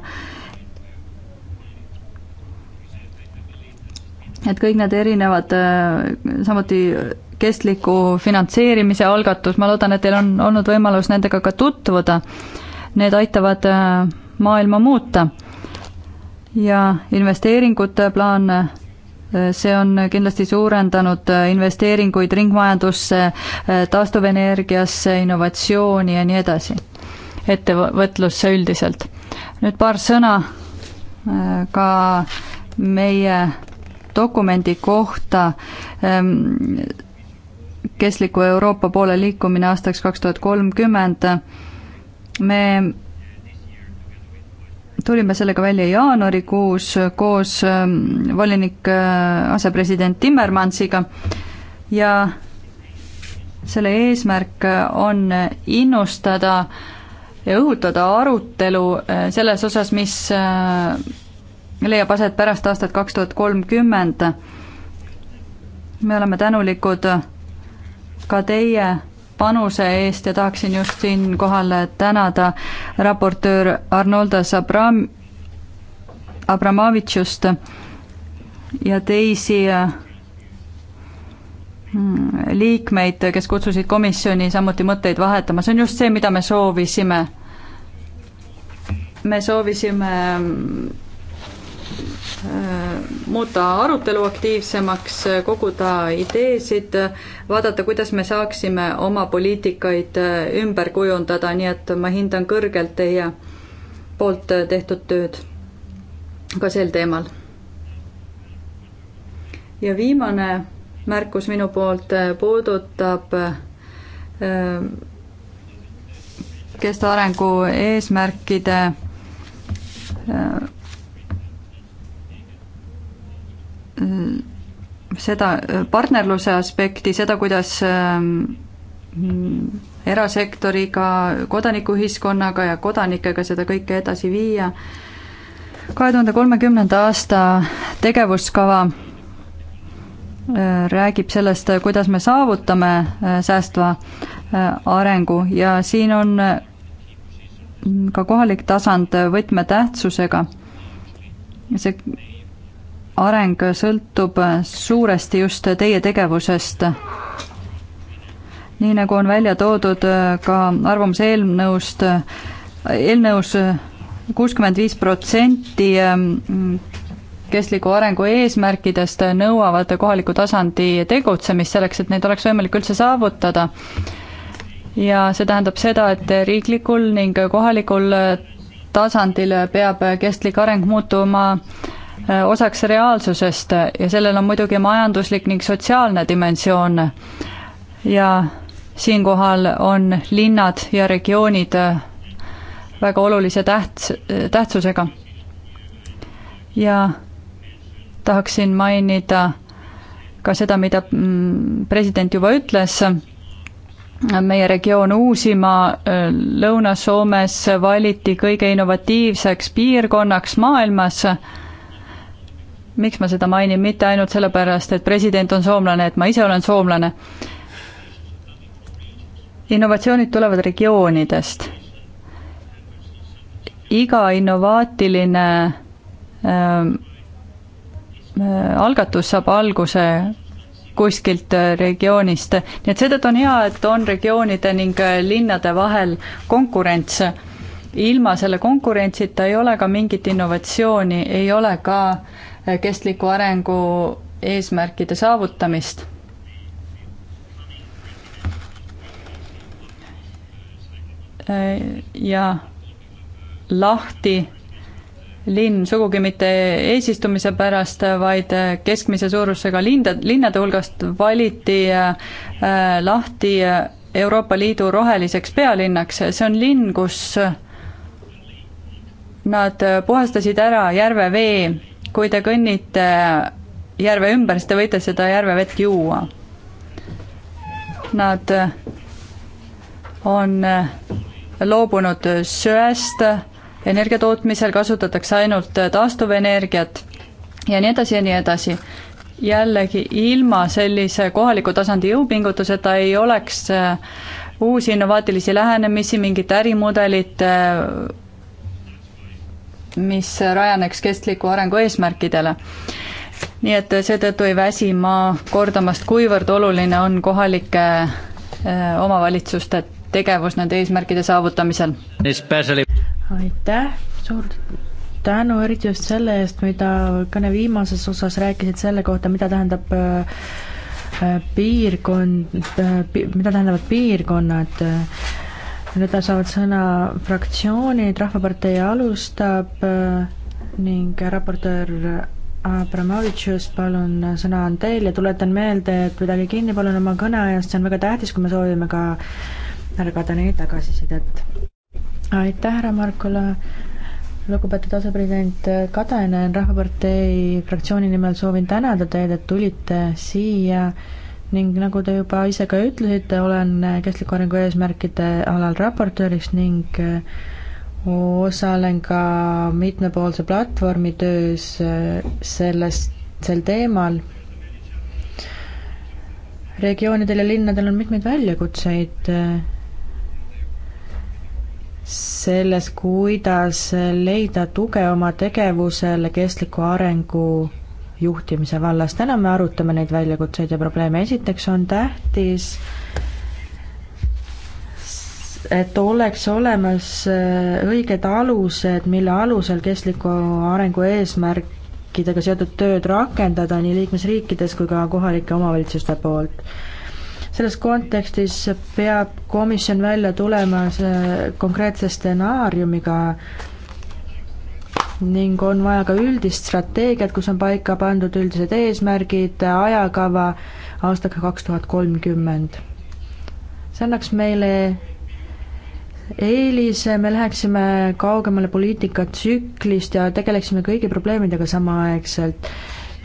Speaker 8: et kõik need erinevad, samuti kestliku finantseerimise algatus, ma loodan, et teil on olnud võimalus nendega ka tutvuda. Need aitavad äh, maailma muuta. ja investeeringute plaan, äh, see on kindlasti suurendanud äh, investeeringuid ringmajandusse, taastuvenergiasse, innovatsiooni ja nii edasi, ettevõtlusse üldiselt. nüüd paar sõna ka meie dokumendi kohta ehm, kestliku Euroopa poole liikumine aastaks kaks tuhat kolmkümmend. me tulime sellega välja jaanuarikuus koos ähm, volinik äh, asepresident Timmermansiga ja selle eesmärk on innustada ja õhutada arutelu äh, selles osas, mis äh, leiab aset pärast aastat kaks tuhat kolmkümmend. me oleme tänulikud ka teie panuse eest ja tahaksin just siinkohal tänada raportöör Arnoldas Abram-, Abramavitšust ja teisi mm, liikmeid, kes kutsusid komisjoni samuti mõtteid vahetama, see on just see, mida me soovisime. me soovisime mm, Äh, muuta arutelu aktiivsemaks, koguda ideesid, vaadata, kuidas me saaksime oma poliitikaid äh, ümber kujundada, nii et ma hindan kõrgelt teie poolt äh, tehtud tööd ka sel teemal. ja viimane märkus minu poolt puudutab kestva arengu eesmärkide Mm, seda äh, partnerluse aspekti, seda, kuidas ähm, mm, erasektoriga, kodanikuühiskonnaga ja kodanikega seda kõike edasi viia. kahe tuhande kolmekümnenda aasta tegevuskava äh, räägib sellest, äh, kuidas me saavutame säästva arengu ja siin on ka kohalik tasand võtmetähtsusega. see areng sõltub suuresti just teie tegevusest. nii nagu on välja toodud ka arvamuse eelnõust, eelnõus kuuskümmend viis protsenti mm, kestliku arengu eesmärkidest nõuavad kohaliku tasandi tegutsemist selleks, et neid oleks võimalik üldse saavutada. ja see tähendab seda, et riiklikul ning kohalikul tasandil peab kestlik areng muutuma äh, Äh, osaks reaalsusest ja sellel on muidugi majanduslik ning sotsiaalne dimensioon. ja siinkohal on linnad ja regioonid äh, väga olulise täht-, tähtsusega. ja tahaksin mainida ka seda, mida mm, president juba ütles, meie regioon Uusimaa äh, Lõuna-Soomes valiti kõige innovatiivseks piirkonnaks maailmas miks ma seda mainin, mitte ainult sellepärast, et president on soomlane, et ma ise olen soomlane. innovatsioonid tulevad regioonidest. iga innovaatiline ähm, äh, algatus saab alguse kuskilt äh, regioonist, nii et seetõttu on hea, et on regioonide ning äh, linnade vahel konkurents. ilma selle konkurentsita ei ole ka mingit innovatsiooni, ei ole ka kestliku arengu eesmärkide saavutamist. ja lahti linn sugugi mitte eesistumise pärast, vaid keskmise suurusega linde, linnade hulgast valiti äh, lahti Euroopa Liidu roheliseks pealinnaks, see on linn, kus nad puhastasid ära järve vee kui te kõnnite järve ümber, siis te võite seda järvevett juua. Nad on loobunud söest, energia tootmisel kasutatakse ainult taastuvenergiat ja nii edasi ja nii edasi. jällegi ilma sellise kohaliku tasandi jõupingutuseta ei oleks uusi innovaatilisi lähenemisi, mingit ärimudelit mis rajaneks kestliku arengu eesmärkidele nii et seetõttu ei väsi ma kordamast, kuivõrd oluline on kohalike eh, omavalitsuste tegevus nende eesmärkide saavutamisel. aitäh,
Speaker 2: suur tänu eriti just selle eest, mida kõne viimases osas rääkisid selle kohta, mida tähendab eh, eh, piirkond, mida tähendavad piirkonnad nüüd saavad sõna fraktsioonid, Rahvapartei alustab äh, ning raportöör Abramovitšus, palun, äh, sõna on teil ja tuletan meelde, et pidage kinni palun oma kõneajast, see on väga tähtis, kui me soovime ka härra Kadani tagasisidet. aitäh, härra Markula, lugupeetud asepresident Kadanen, Rahvapartei fraktsiooni nimel soovin tänada teid, et tulite siia ning nagu te juba ise ka ütlesite, olen kestliku arengu eesmärkide alal raportööriks ning äh, osalen ka mitmepoolse platvormi töös äh, sellest, sel teemal. regioonidel ja linnadel on mitmeid väljakutseid äh, selles, kuidas leida tuge oma tegevusele kestliku arengu juhtimise vallas, täna me arutame neid väljakutseid ja probleeme, esiteks on tähtis et oleks olemas äh, õiged alused, mille alusel kestliku arengu eesmärkidega seotud tööd rakendada nii liikmesriikides kui ka kohalike omavalitsuste poolt. selles kontekstis peab komisjon välja tulema äh, konkreetse stsenaariumiga, ning on vaja ka üldist strateegiat, kus on paika pandud üldised eesmärgid, ajakava aastaks kaks tuhat kolmkümmend. see annaks meile eelise, me läheksime kaugemale poliitikatsüklist ja tegeleksime kõigi probleemidega samaaegselt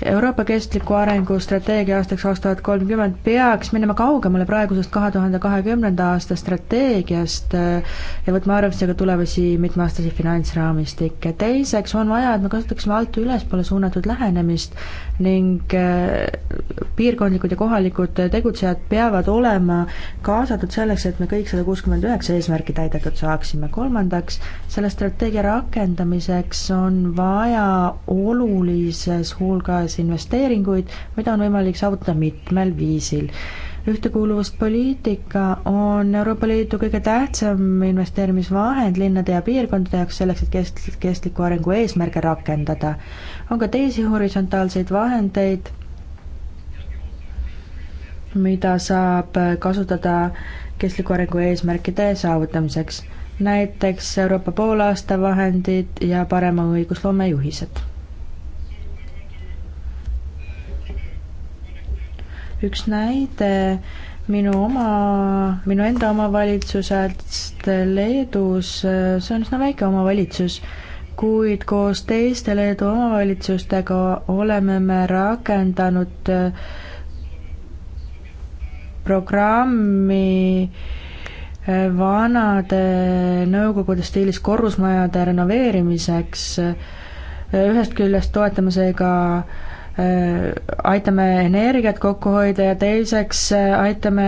Speaker 2: Euroopa kestliku arengu strateegia aastaks kaks tuhat kolmkümmend peaks minema kaugemale praegusest kahe tuhande kahekümnenda aasta strateegiast äh, ja võtma arvesse ka tulevasi mitmeaastasi finantsraamistikke. teiseks on vaja, et me kasutaksime alt ülespoole suunatud lähenemist ning äh, piirkondlikud ja kohalikud tegutsejad peavad olema kaasatud selleks, et me kõik sada kuuskümmend üheksa eesmärki täidetud saaksime. kolmandaks, selle strateegia rakendamiseks on vaja olulises hulgas tehes investeeringuid, mida on võimalik saavutada mitmel viisil ühtekuuluvuspoliitika on Euroopa Liidu kõige tähtsam investeerimisvahend linnade ja piirkondade jaoks selleks, et kest-, kestliku arengu eesmärge rakendada. on ka teisi horisontaalseid vahendeid, mida saab kasutada kestliku arengu eesmärkide saavutamiseks, näiteks Euroopa poolaasta vahendid ja parema õigusloome juhised üks näide minu oma, minu enda omavalitsusest Leedus, see on üsna väike omavalitsus, kuid koos teiste Leedu omavalitsustega oleme me rakendanud eh, programmi eh, vanade nõukogude stiilis korrusmajade renoveerimiseks, eh, ühest küljest toetame seega Äh, aitame energiat kokku hoida ja teiseks äh, aitame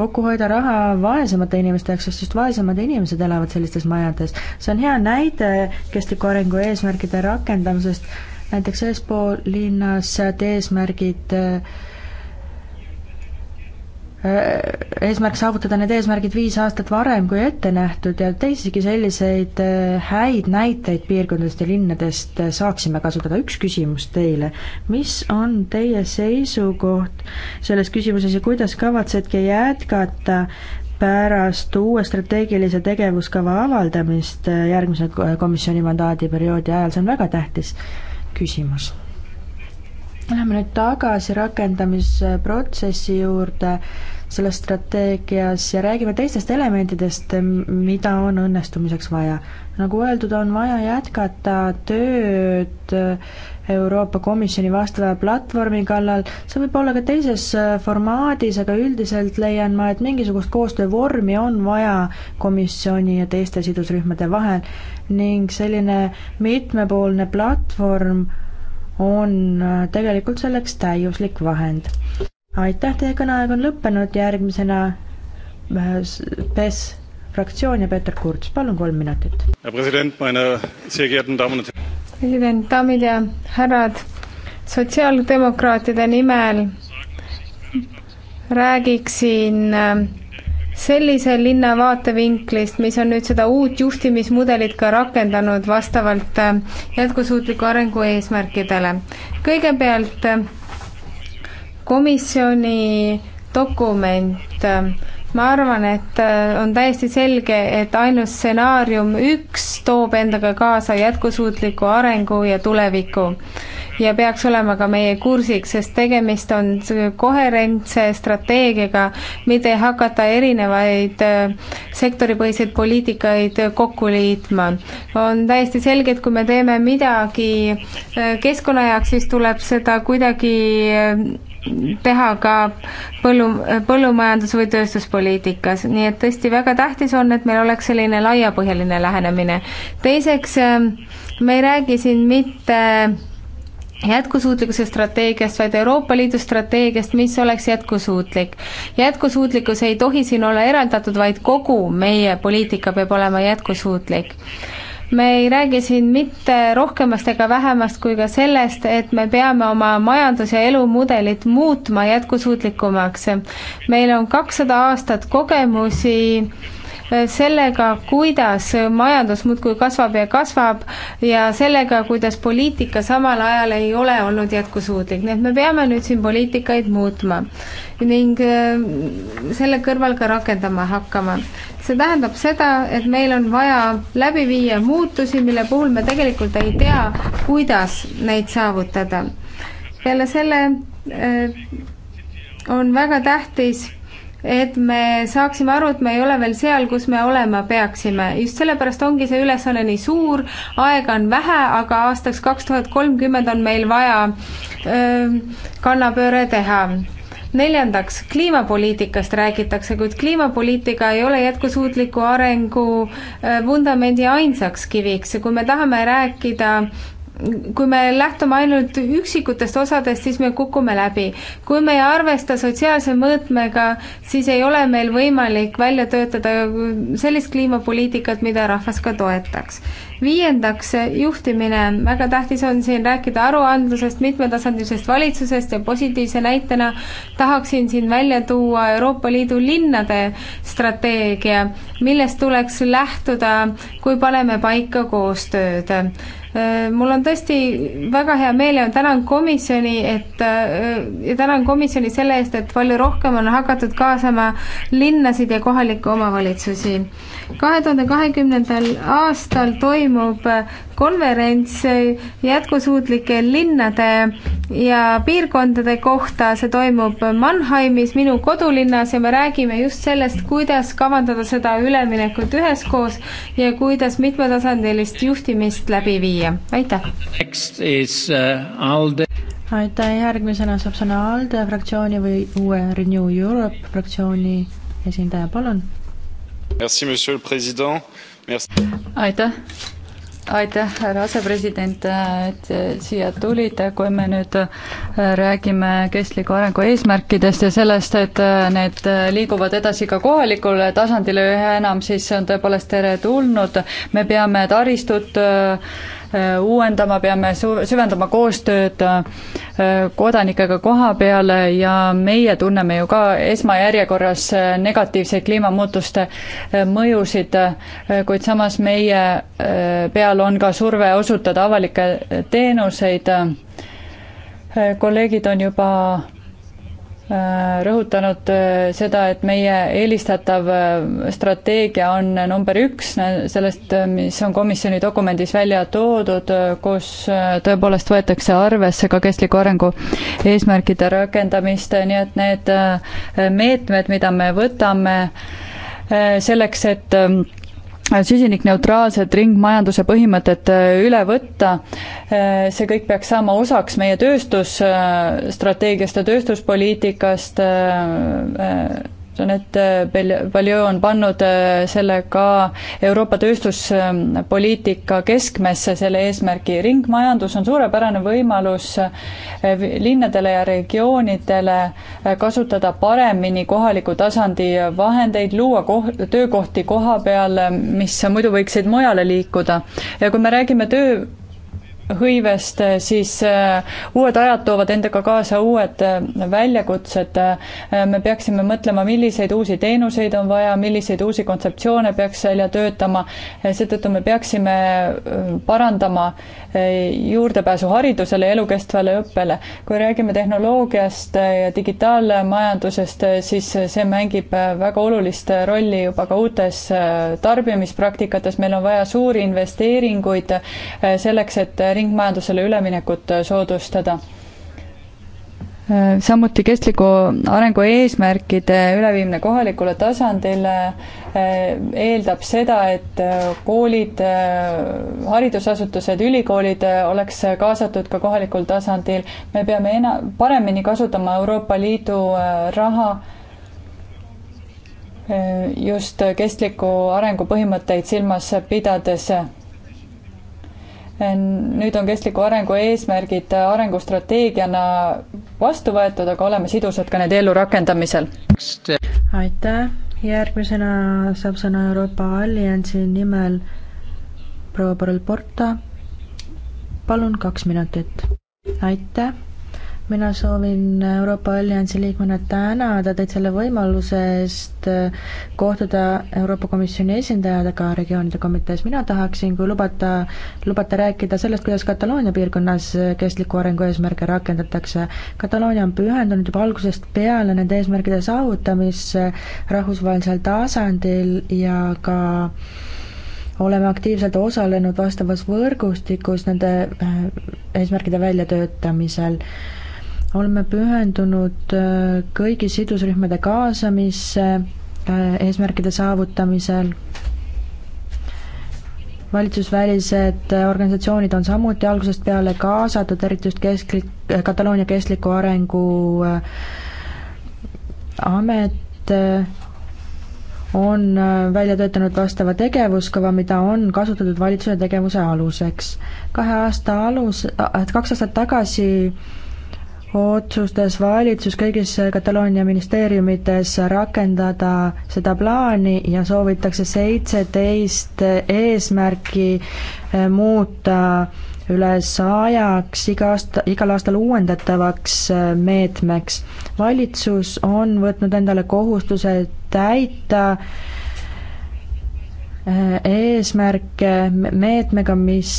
Speaker 2: kokku hoida raha vaesemate inimeste jaoks, sest just vaesemad inimesed elavad sellistes majades. see on hea näide kestliku arengu eesmärkide rakendamisest, näiteks eespool linnas seati eesmärgid äh, Äh, eesmärk saavutada need eesmärgid viis aastat varem kui ette nähtud ja teisigi selliseid äh, häid näiteid piirkondadest ja linnadest äh, saaksime kasutada. üks küsimus teile, mis on teie seisukoht selles küsimuses ja kuidas kavatsetke jätkata pärast uue strateegilise tegevuskava avaldamist järgmise komisjoni mandaadiperioodi ajal, see on väga tähtis küsimus Läheme nüüd tagasi rakendamisprotsessi juurde selles strateegias ja räägime teistest elementidest, mida on õnnestumiseks vaja. nagu öeldud, on vaja jätkata tööd Euroopa Komisjoni vastava platvormi kallal, see võib olla ka teises formaadis, aga üldiselt leian ma, et mingisugust koostöövormi on vaja komisjoni ja teiste sidusrühmade vahel ning selline mitmepoolne platvorm on äh, tegelikult selleks täiuslik vahend. aitäh, teie kõneaeg on lõppenud, järgmisena PES äh, e fraktsioon ja Peeter Kurts, palun kolm minutit.
Speaker 6: president,
Speaker 3: daamid ja härrad, sotsiaaldemokraatide nimel räägiksin äh, sellise linna vaatevinklist, mis on nüüd seda uut juhtimismudelit ka rakendanud vastavalt äh, jätkusuutliku arengu eesmärkidele. kõigepealt äh, komisjoni dokument äh, ma arvan, et äh, on täiesti selge, et ainus stsenaarium üks toob endaga kaasa jätkusuutliku arengu ja tuleviku. ja peaks olema ka meie kursiks, sest tegemist on koherentse strateegiaga, mitte ei hakata erinevaid äh, sektoripõhiseid poliitikaid kokku liitma. on täiesti selge, et kui me teeme midagi äh, keskkonna jaoks, siis tuleb seda kuidagi teha ka põllu, põllumajandus- või tööstuspoliitikas, nii et tõesti väga tähtis on, et meil oleks selline laiapõhjaline lähenemine. teiseks, ähm, me ei räägi siin mitte jätkusuutlikkuse strateegiast, vaid Euroopa Liidu strateegiast, mis oleks jätkusuutlik. jätkusuutlikkus ei tohi siin olla eraldatud, vaid kogu meie poliitika peab olema jätkusuutlik me ei räägi siin mitte rohkemast ega vähemast kui ka sellest, et me peame oma majandus- ja elumudelit muutma jätkusuutlikumaks. meil on kakssada aastat kogemusi eh, sellega, kuidas majandus muudkui kasvab ja kasvab ja sellega, kuidas poliitika samal ajal ei ole olnud jätkusuutlik, nii et me peame nüüd siin poliitikaid muutma ning eh, selle kõrval ka rakendama hakkama see tähendab seda, et meil on vaja läbi viia muutusi, mille puhul me tegelikult ei tea, kuidas neid saavutada. peale selle äh, on väga tähtis, et me saaksime aru, et me ei ole veel seal, kus me olema peaksime. just sellepärast ongi see ülesanne nii suur, aega on vähe, aga aastaks kaks tuhat kolmkümmend on meil vaja öö, äh, kannapööre teha neljandaks, kliimapoliitikast räägitakse, kuid kliimapoliitika ei ole jätkusuutliku arengu äh, vundamendi ainsaks kiviks ja kui me tahame rääkida kui me lähtume ainult üksikutest osadest, siis me kukume läbi. kui me ei arvesta sotsiaalse mõõtmega, siis ei ole meil võimalik välja töötada sellist kliimapoliitikat, mida rahvas ka toetaks. viiendaks, juhtimine. väga tähtis on siin rääkida aruandlusest, mitmetasandilisest valitsusest ja positiivse näitena tahaksin siin välja tuua Euroopa Liidu linnade strateegia, millest tuleks lähtuda, kui paneme paika koostööd Äh, mul on tõesti väga hea meel ja tänan komisjoni, et äh, ja tänan komisjoni selle eest, et palju rohkem on hakatud kaasama linnasid ja kohalikke omavalitsusi. kahe tuhande kahekümnendal aastal toimub äh, konverents jätkusuutlike linnade ja piirkondade kohta, see toimub Mannheimis, minu kodulinnas ja me räägime just sellest, kuidas kavandada seda üleminekut üheskoos ja kuidas mitmetasandilist juhtimist läbi viia, aitäh!
Speaker 1: Uh,
Speaker 2: aitäh, järgmisena saab sõna ALDE fraktsiooni või uue Renew Europe fraktsiooni esindaja, palun! aitäh!
Speaker 8: aitäh, härra asepresident, et äh, siia tulite, kui me nüüd äh, räägime kestliku arengu eesmärkidest ja sellest, et äh, need liiguvad edasi ka kohalikule tasandile üha enam, siis see on tõepoolest teretulnud. me peame taristut Äh, uuendama, peame su-, süvendama koostööd äh, kodanikega koha peal ja meie tunneme ju ka esmajärjekorras äh, negatiivseid kliimamuutuste mõjusid, kuid samas meie peal on ka surve osutada avalikke teenuseid, kolleegid on juba Äh, rõhutanud äh, seda, et meie eelistatav äh, strateegia on number üks sellest, mis on komisjoni dokumendis välja toodud, kus tõepoolest võetakse arvesse ka kestliku arengu eesmärkide rakendamist, nii et need meetmed, mida me võtame selleks, et süsinikneutraalset ringmajanduse põhimõtet äh, üle võtta. Äh, see kõik peaks saama osaks meie tööstusstrateegiast ja tööstuspoliitikast äh, Anett äh, Paljoo on pannud äh, selle ka Euroopa tööstuspoliitika keskmesse, selle eesmärgi. ringmajandus on suurepärane võimalus äh, linnadele ja regioonidele kasutada paremini kohaliku tasandi vahendeid, luua koh-, töökohti koha peal, mis muidu võiksid mujale liikuda. ja kui me räägime töö hõivest, eh, siis eh, uued ajad toovad endaga kaasa uued eh, väljakutsed. me peaksime mõtlema, milliseid uusi teenuseid on vaja, milliseid uusi kontseptsioone peaks välja töötama, seetõttu me peaksime parandama juurdepääsu haridusele ja elukestvale õppele. kui räägime tehnoloogiast ja digitaalmajandusest, siis see mängib väga olulist rolli juba ka uutes tarbimispraktikates, meil on vaja suuri investeeringuid selleks, et ringmajandusele üleminekut äh, soodustada äh, samuti kestliku arengu eesmärkide üleviimine kohalikule tasandile äh, eeldab seda, et koolid, haridusasutused, ülikoolid oleks kaasatud ka kohalikul tasandil. me peame ena-, paremini kasutama Euroopa Liidu raha just kestliku arengu põhimõtteid silmas pidades nüüd on kestliku arengu eesmärgid arengustrateegiana vastu võetud, aga oleme sidusad ka nende ellurakendamisel.
Speaker 2: aitäh, järgmisena saab sõna Euroopa Alliansi nimel proua Borrell Porta, palun kaks minutit. aitäh mina soovin Euroopa Alliansi liikmena tänada teid selle võimaluse eest äh, kohtuda Euroopa Komisjoni esindajatega regioonide komitees. mina tahaksin, kui lubata, lubate rääkida sellest, kuidas Kataloonia piirkonnas äh, kestliku arengu eesmärke rakendatakse. Kataloonia on pühendunud juba algusest peale nende eesmärkide saavutamisse rahvusvahelisel tasandil ja ka oleme aktiivselt osalenud vastavas võrgustikus nende äh, eesmärkide väljatöötamisel oleme pühendunud äh, kõigi sidusrühmade kaasamisse äh, eesmärkide saavutamisel. valitsusvälised äh, organisatsioonid on samuti algusest peale kaasatud, eriti just kesklik, Kataloonia kestliku arengu amet on välja töötanud vastava tegevuskava, mida on kasutatud valitsuse tegevuse aluseks. kahe aasta alus, kaks aastat tagasi otsustas valitsus kõigis Kataloonia ministeeriumites rakendada seda plaani ja soovitakse seitseteist eesmärki eh, muuta üle sajaks iga aasta, igal aastal uuendatavaks eh, meetmeks. valitsus on võtnud endale kohustuse täita eh, eesmärke meetmega, mis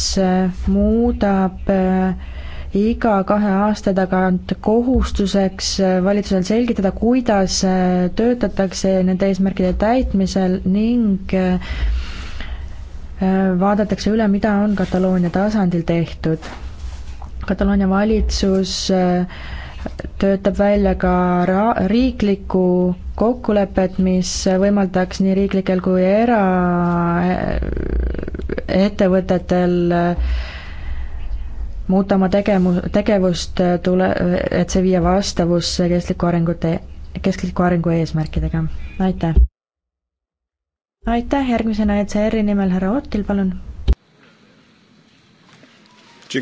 Speaker 2: muudab iga kahe aasta tagant kohustuseks äh, valitsusel selgitada, kuidas äh, töötatakse nende eesmärkide täitmisel ning äh, vaadatakse üle, mida on Kataloonia tasandil tehtud. Kataloonia valitsus töötab välja ka ra-, riiklikku kokkulepet, mis võimaldaks nii riiklikel kui eraettevõtetel äh, muuta oma tegemu-, tegevust äh, tule, et see viia vastavusse kestliku arengute, kestliku arengu eesmärkidega. aitäh! aitäh, järgmisena ECR-i nimel härra Ottil, palun!
Speaker 4: E,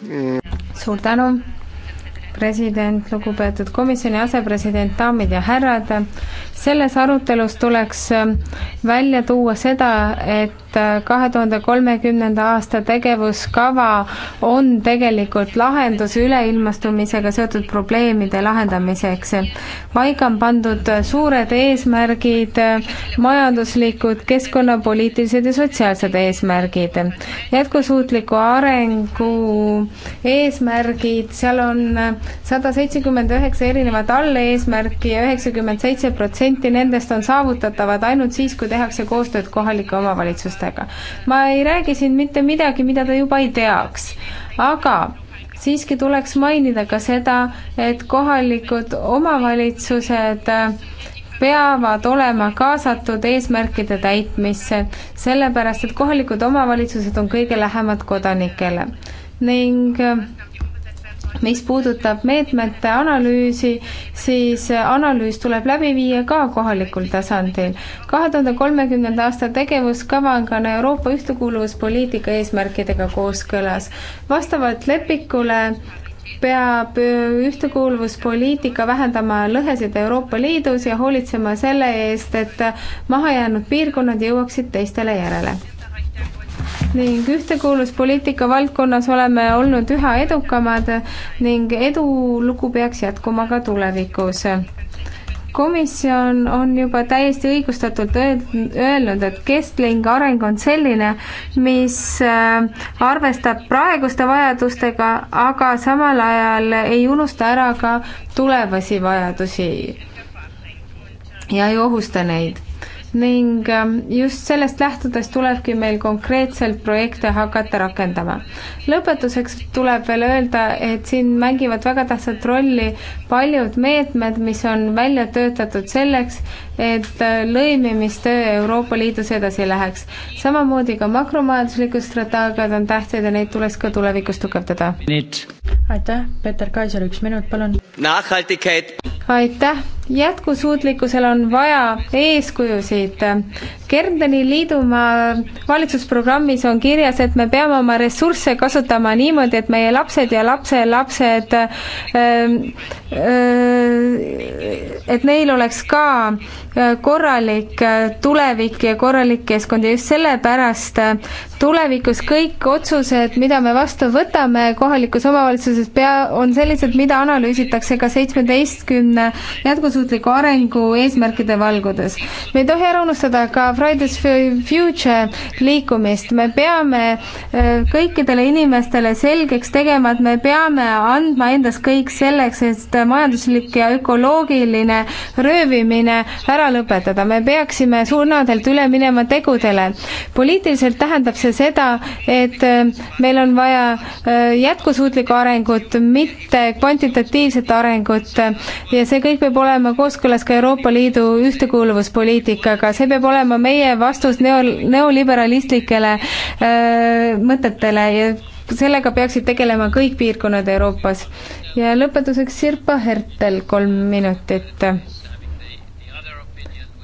Speaker 4: mm.
Speaker 3: suur tänu, president, lugupeetud komisjoni asepresident, daamid ja härrad, selles arutelus tuleks ähm, välja tuua seda, et äh, kahe tuhande kolmekümnenda aasta tegevuskava on tegelikult lahendus üleilmastumisega seotud probleemide lahendamiseks. paika on pandud äh, suured eesmärgid, äh, majanduslikud, keskkonnapoliitilised ja sotsiaalsed eesmärgid. jätkusuutliku arengu eesmärgid, seal on sada seitsekümmend üheksa erinevat alleesmärki ja üheksakümmend seitse protsenti protsenti nendest on saavutatavad ainult siis, kui tehakse koostööd kohalike omavalitsustega. ma ei räägi siin mitte midagi, mida te juba ei teaks, aga siiski tuleks mainida ka seda, et kohalikud omavalitsused peavad olema kaasatud eesmärkide täitmisse, sellepärast et kohalikud omavalitsused on kõige lähemad kodanikele ning mis puudutab meetmete analüüsi, siis analüüs tuleb läbi viia ka kohalikul tasandil. kahe tuhande kolmekümnenda aasta tegevuskava on ka Euroopa ühtekuuluvuspoliitika eesmärkidega kooskõlas. vastavalt lepikule peab ühtekuuluvuspoliitika vähendama lõhesid Euroopa Liidus ja hoolitsema selle eest, et mahajäänud piirkonnad jõuaksid teistele järele ning ühtekuuluvuspoliitika valdkonnas oleme olnud üha edukamad ning edulugu peaks jätkuma ka tulevikus komisjon on juba täiesti õigustatult öelnud, et kestlik areng on selline, mis äh, arvestab praeguste vajadustega, aga samal ajal ei unusta ära ka tulevasi vajadusi ja ei ohusta neid ning ähm, just sellest lähtudes tulebki meil konkreetselt projekte hakata rakendama. lõpetuseks tuleb veel öelda, et siin mängivad väga tähtsat rolli paljud meetmed, mis on välja töötatud selleks, et äh, lõimimistöö Euroopa Liidus edasi läheks. samamoodi ka makromajanduslikud strateegiad on tähtsad ja neid tuleks ka tulevikus tugevdada. aitäh, Peeter Kaisel, üks minut, palun. aitäh, jätkusuutlikkusel on vaja eeskujusid. Kerdeni liidumaa valitsusprogrammis on kirjas, et me peame oma ressursse kasutama niimoodi, et meie lapsed ja lapselapsed äh,, äh, et neil oleks ka korralik äh, tulevik ja korralik keskkond ja just sellepärast äh, tulevikus kõik otsused, mida me vastu võtame kohalikus omavalitsuses, pea, on sellised, mida analüüsitakse ka seitsmeteistkümne jätkusuutliku arengu eesmärkide valgudes. me ei tohi ära unustada ka Fridays for Future liikumist, me peame äh, kõikidele inimestele selgeks tegema, et me peame andma endast kõik selleks, et majanduslik ja ökoloogiline röövimine ära ära lõpetada, me peaksime sõnadelt üle minema tegudele. poliitiliselt tähendab see seda, et äh, meil on vaja äh, jätkusuutlikku arengut, mitte kvantitatiivset arengut ja see kõik peab olema kooskõlas ka Euroopa Liidu ühtekuuluvuspoliitikaga, see peab olema meie vastus neo, neoliberalistlikele öö, äh, mõtetele ja sellega peaksid tegelema kõik piirkonnad Euroopas. ja lõpetuseks Sirpa Hertel, kolm minutit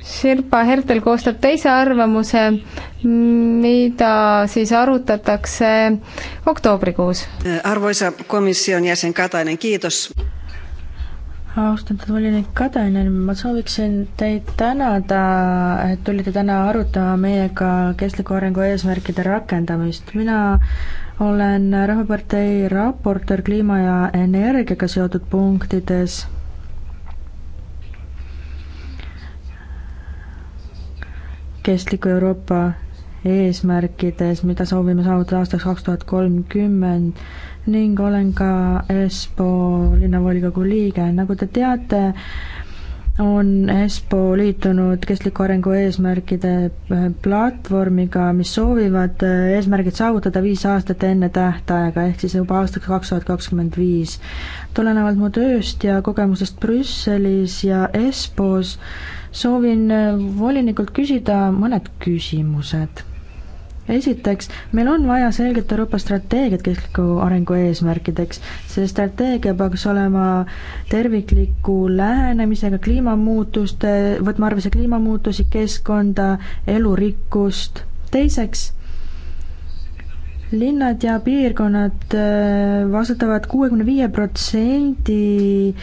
Speaker 3: Sirpa Hertel koostab teise arvamuse, mida siis arutatakse oktoobrikuus.
Speaker 6: arvoisa komisjoni jäsen Katainen, kiitos.
Speaker 3: austatud volinik Katainen,
Speaker 2: ma sooviksin teid tänada, et tulite täna arutama meiega kestliku arengu eesmärkide rakendamist. mina olen Rahvapartei raportöör kliima ja energiaga seotud punktides kestliku Euroopa eesmärkides, mida soovime saavutada aastaks kaks tuhat kolmkümmend ning olen ka Espoo linnavolikogu liige, nagu te teate, on Espoo liitunud kestliku arengu eesmärkide eh, platvormiga, mis soovivad eh, eesmärgid saavutada viis aastat enne tähtaega, ehk siis juba aastaks kaks tuhat kakskümmend viis. tulenevalt mu tööst ja kogemusest Brüsselis ja Espoos soovin äh, volinikult küsida mõned küsimused esiteks, meil on vaja selget Euroopa strateegiat kestliku arengu eesmärkideks. see strateegia peaks olema tervikliku lähenemisega kliimamuutuste, võtma arvesse kliimamuutusi, keskkonda, elurikkust. teiseks, linnad ja piirkonnad äh, vastutavad kuuekümne viie protsendi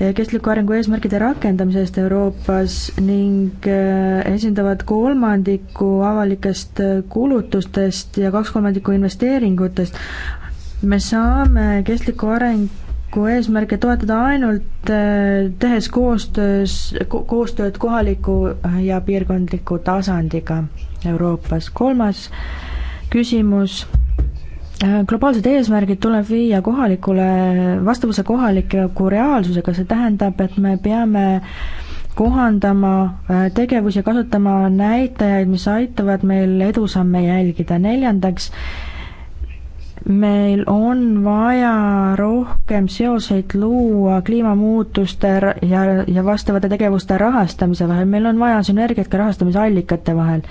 Speaker 2: Eh, kestliku arengu eesmärkide rakendamisest Euroopas ning eh, esindavad kolmandiku avalikest eh, kulutustest ja kaks kolmandikku investeeringutest. me saame kestliku arengu eesmärke toetada ainult tehes koostöös, koostööd kohaliku ja piirkondliku tasandiga Euroopas. kolmas küsimus Äh, globaalsed eesmärgid tuleb viia kohalikule, vastavuse kohaliku reaalsusega, see tähendab, et me peame kohandama äh, tegevusi ja kasutama näitajaid, mis aitavad meil edusamme jälgida, neljandaks, meil on vaja rohkem seoseid luua kliimamuutuste ja, ja vastavate tegevuste rahastamise vahel, meil on vaja sünergiat ka rahastamisallikate vahel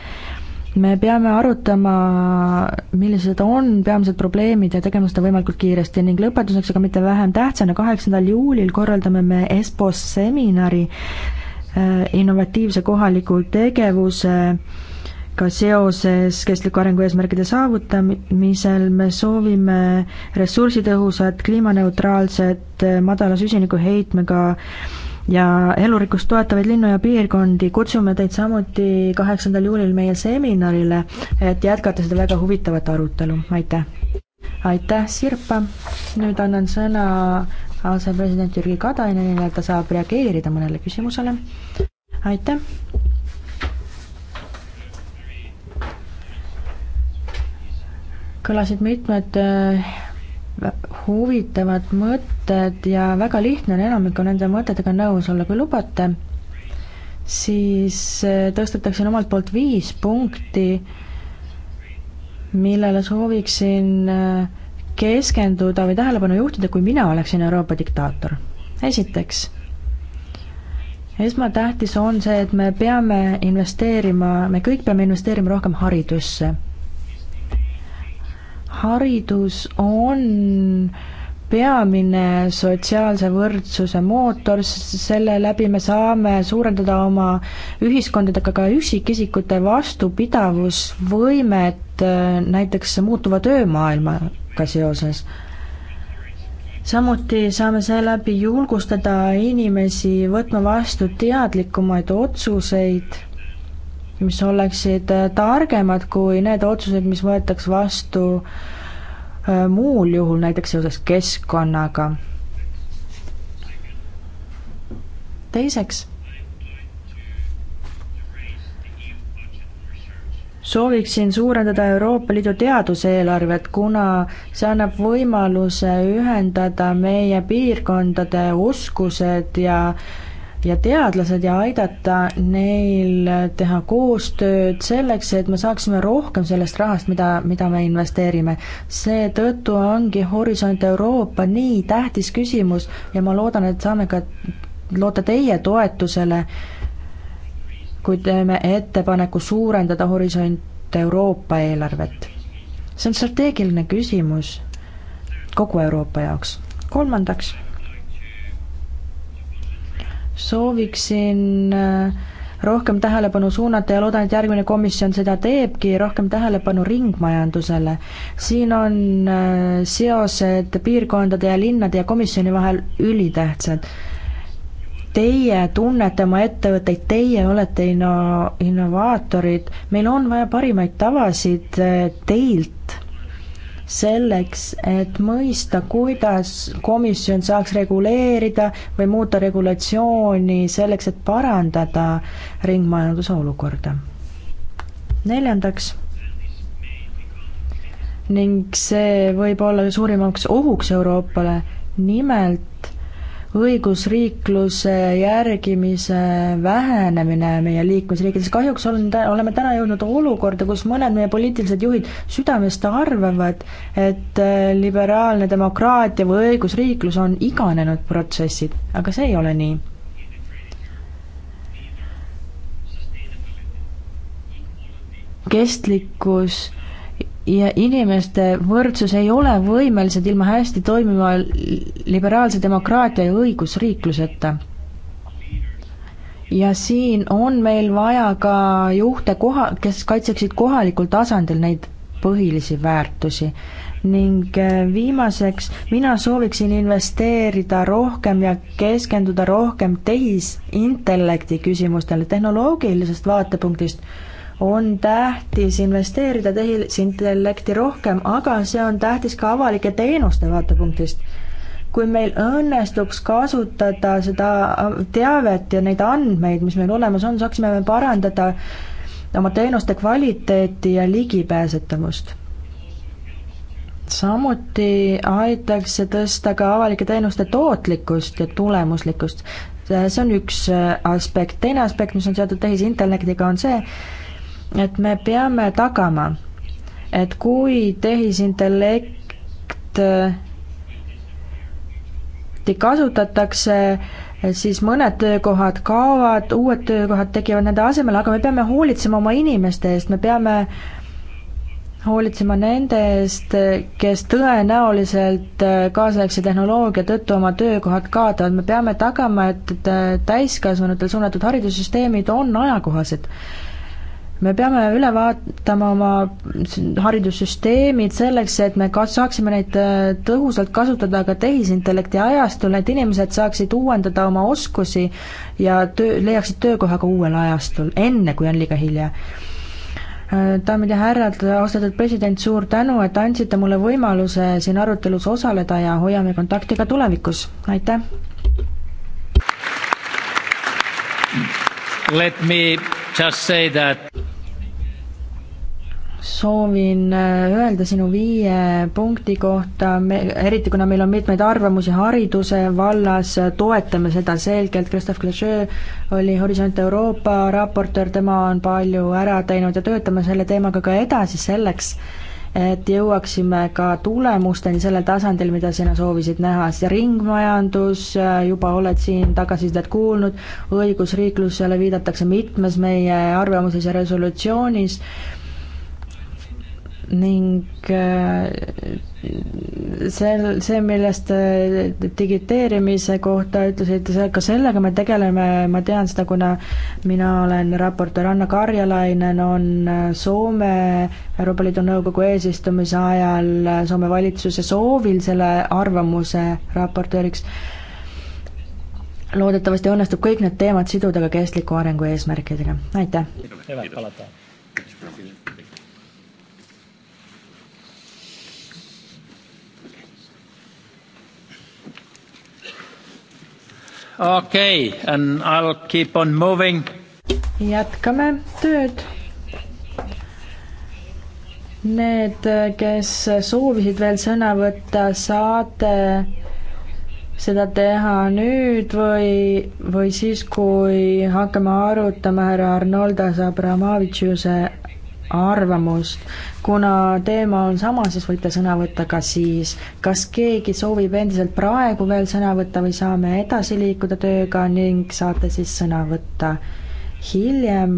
Speaker 2: me peame arutama, millised on peamised probleemid ja tegema seda võimalikult kiiresti ning lõpetuseks, aga mitte vähem tähtsana, kaheksandal juulil korraldame me ESPOS seminari äh, innovatiivse kohaliku tegevuse ka seoses kestliku arengu eesmärkide saavutamisel me soovime ressursitõhusat, kliimaneutraalset, äh, madala süsinikuheitmega ja elurikkust toetavaid linnu ja piirkondi kutsume teid samuti kaheksandal juulil meie seminarile, et jätkata seda väga huvitavat arutelu, aitäh! aitäh, Sirpa, nüüd annan sõna asepresident Jürgi Katainenile, ta saab reageerida mõnele küsimusele, aitäh! kõlasid mitmed äh, huvitavad mõtted ja väga lihtne on enamiku nende mõtetega nõus olla, kui lubate, siis eh, tõstetaksin omalt poolt viis punkti, millele sooviksin eh, keskenduda või tähelepanu juhtida, kui mina oleksin Euroopa diktaator. esiteks, esmatähtis on see, et me peame investeerima, me kõik peame investeerima rohkem haridusse haridus on peamine sotsiaalse võrdsuse mootor, selle läbi me saame suurendada oma ühiskondadega ka üksikisikute vastupidavusvõimet äh, näiteks muutuva töömaailmaga seoses. samuti saame seeläbi julgustada inimesi võtma vastu teadlikumaid otsuseid mis oleksid äh, targemad kui need otsused, mis võetaks vastu äh, muul juhul, näiteks seoses keskkonnaga. teiseks, sooviksin suurendada Euroopa Liidu teaduseelarvet, kuna see annab võimaluse ühendada meie piirkondade oskused ja äh, ja teadlased ja aidata neil teha koostööd selleks, et me saaksime rohkem sellest rahast, mida, mida me investeerime. seetõttu ongi Horisont Euroopa nii tähtis küsimus ja ma loodan, et saame ka loota teie toetusele, kui teeme ettepaneku suurendada Horisont Euroopa eelarvet. see on strateegiline küsimus kogu Euroopa jaoks. kolmandaks sooviksin äh, rohkem tähelepanu suunata ja loodan, et järgmine komisjon seda teebki, rohkem tähelepanu ringmajandusele. siin on äh, seosed piirkondade ja linnade ja komisjoni vahel ülitähtsad. Teie tunnete oma ettevõtteid, teie olete inno-, innovaatorid, meil on vaja parimaid tavasid äh, teilt selleks, et mõista, kuidas komisjon saaks reguleerida või muuta regulatsiooni selleks, et parandada ringmajanduse olukorda. neljandaks ning see võib olla suurimaks ohuks Euroopale, nimelt õigusriikluse järgimise vähenemine meie liikmesriikides, kahjuks on, oleme täna jõudnud olukorda, kus mõned meie poliitilised juhid südamest arvavad, et äh, liberaalne demokraatia või õigusriiklus on iganenud protsessid, aga see ei ole nii. kestlikkus ja inimeste võrdsus ei ole võimelised ilma hästi toimiva liberaalse demokraatia ja õigusriikluseta. ja siin on meil vaja ka juhte koha, kes kaitseksid kohalikul tasandil neid põhilisi väärtusi. ning äh, viimaseks, mina sooviksin investeerida rohkem ja keskenduda rohkem tehisintellekti küsimustele tehnoloogilisest vaatepunktist on tähtis investeerida tehisintellekti rohkem, aga see on tähtis ka avalike teenuste vaatepunktist. kui meil õnnestuks kasutada seda teavet ja neid andmeid, mis meil olemas on, saaksime me parandada oma teenuste kvaliteeti ja ligipääsetavust samuti aitaks see tõsta ka avalike teenuste tootlikkust ja tulemuslikkust. see on üks aspekt, teine aspekt, mis on seotud tehisintellektiga, on see, et me peame tagama, et kui tehisintellekt äh, kasutatakse, siis mõned töökohad kaovad, uued töökohad tekivad nende asemel, aga me peame hoolitsema oma inimeste eest, me peame hoolitsema nende eest, kes tõenäoliselt äh, kaasaegse tehnoloogia tõttu oma töökohad kaotavad, me peame tagama, et äh, täiskasvanutel suunatud haridussüsteemid on ajakohased me peame üle vaatama oma haridussüsteemid selleks, et me kas-, saaksime neid äh, tõhusalt kasutada ka tehisintellekti ajastul, et inimesed saaksid uuendada oma oskusi ja töö, leiaksid töökoha ka uuel ajastul, enne kui on liiga hilja äh, daamid ja härrad, austatud president, suur tänu, et andsite mulle võimaluse siin arutelus osaleda ja hoiame kontakti ka tulevikus, aitäh!
Speaker 1: Let me just say that
Speaker 2: soovin äh, öelda sinu viie punkti kohta, me, eriti kuna meil on mitmeid arvamusi hariduse vallas, toetame seda selgelt, Christophe Clichet oli Horisont Euroopa raportöör, tema on palju ära teinud ja töötame selle teemaga ka edasi selleks, et jõuaksime ka tulemusteni sellel tasandil, mida sina soovisid näha, see ringmajandus, äh, juba oled siin tagasisidet kuulnud, õigusriiklusele viidatakse mitmes meie arvamuses ja resolutsioonis, ning äh, sel, see, millest digiteerimise kohta ütlesite, ka sellega me tegeleme, ma tean seda, kuna mina olen raportöör, Anna Karjalainen on äh, Soome Euroopa Liidu Nõukogu eesistumise ajal äh, Soome valitsuse soovil selle arvamuse raportööriks loodetavasti õnnestub kõik need teemad siduda ka kestliku arengu eesmärkidega,
Speaker 9: aitäh!
Speaker 1: okei okay,, and I will keep on moving.
Speaker 2: jätkame tööd. Need, kes soovisid veel sõna võtta, saate seda teha nüüd või, või siis, kui hakkame arutama härra Arnoldas Abramovitšuse arvamust. kuna teema on sama, siis võite sõna võtta ka siis. kas keegi soovib endiselt praegu veel sõna võtta või saame edasi liikuda tööga ning saate siis sõna võtta hiljem,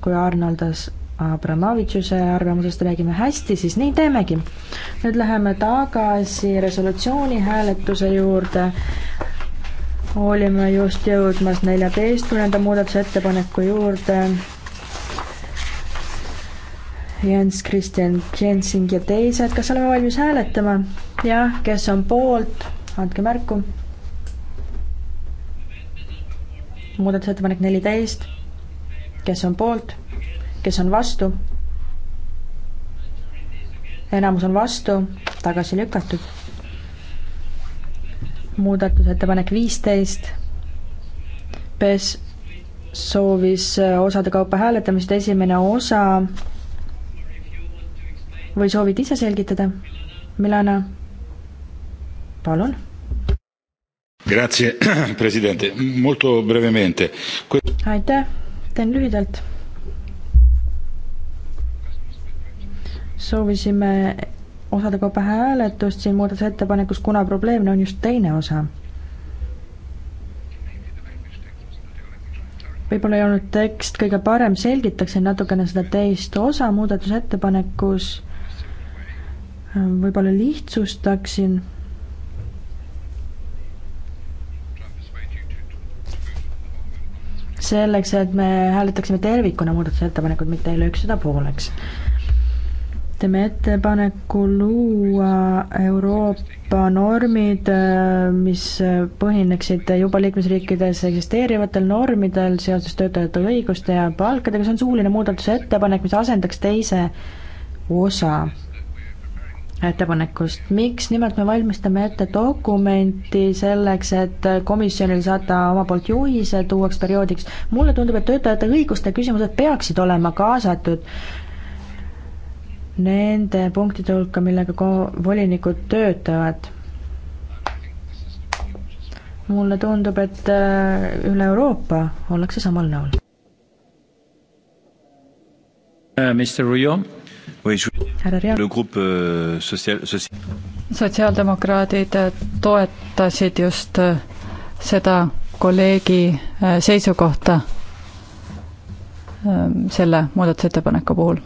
Speaker 2: kui Arnoldas Abramovitšuse arvamusest räägime hästi, siis nii teemegi. nüüd läheme tagasi resolutsiooni hääletuse juurde. olime just jõudmas neljateistkümnenda muudatusettepaneku juurde Jens Christian Jensen ja teised, kas oleme valmis hääletama? jah, kes on poolt, andke märku. muudatusettepanek neliteist, kes on poolt, kes on vastu? enamus on vastu, tagasi lükatud. muudatusettepanek viisteist, PES soovis äh, osade kaupa hääletamist, esimene osa või soovid ise selgitada? Milana, palun.
Speaker 8: Grazie, <clears throat> president, molto brevemente.
Speaker 2: aitäh, teen lühidalt. soovisime osade kaupa hääletust siin muudatusettepanekus, kuna probleemne on just teine osa võib-olla ei olnud tekst kõige parem, selgitaksin natukene seda teist osa muudatusettepanekus võib-olla lihtsustaksin. selleks, et me hääletaksime tervikuna muudatusettepanekut, mitte ei lööks seda pooleks. teeme ettepaneku luua Euroopa normid, mis põhineksid juba liikmesriikides eksisteerivatel normidel seoses töötajate õiguste ja palkadega, see on suuline muudatusettepanek, mis asendaks teise osa ettepanekust, miks nimelt me valmistame ette dokumenti selleks, et komisjonil saada oma poolt juhised uueks perioodiks. mulle tundub, et töötajate õiguste küsimused peaksid olema kaasatud nende punktide hulka, millega ko-, volinikud töötavad mulle tundub, et äh, üle Euroopa ollakse samal nõul härra Rea-. Euh,
Speaker 8: sotsiaaldemokraadid äh, toetasid just äh, seda kolleegi äh, seisukohta ähm, selle muudatusettepaneku puhul.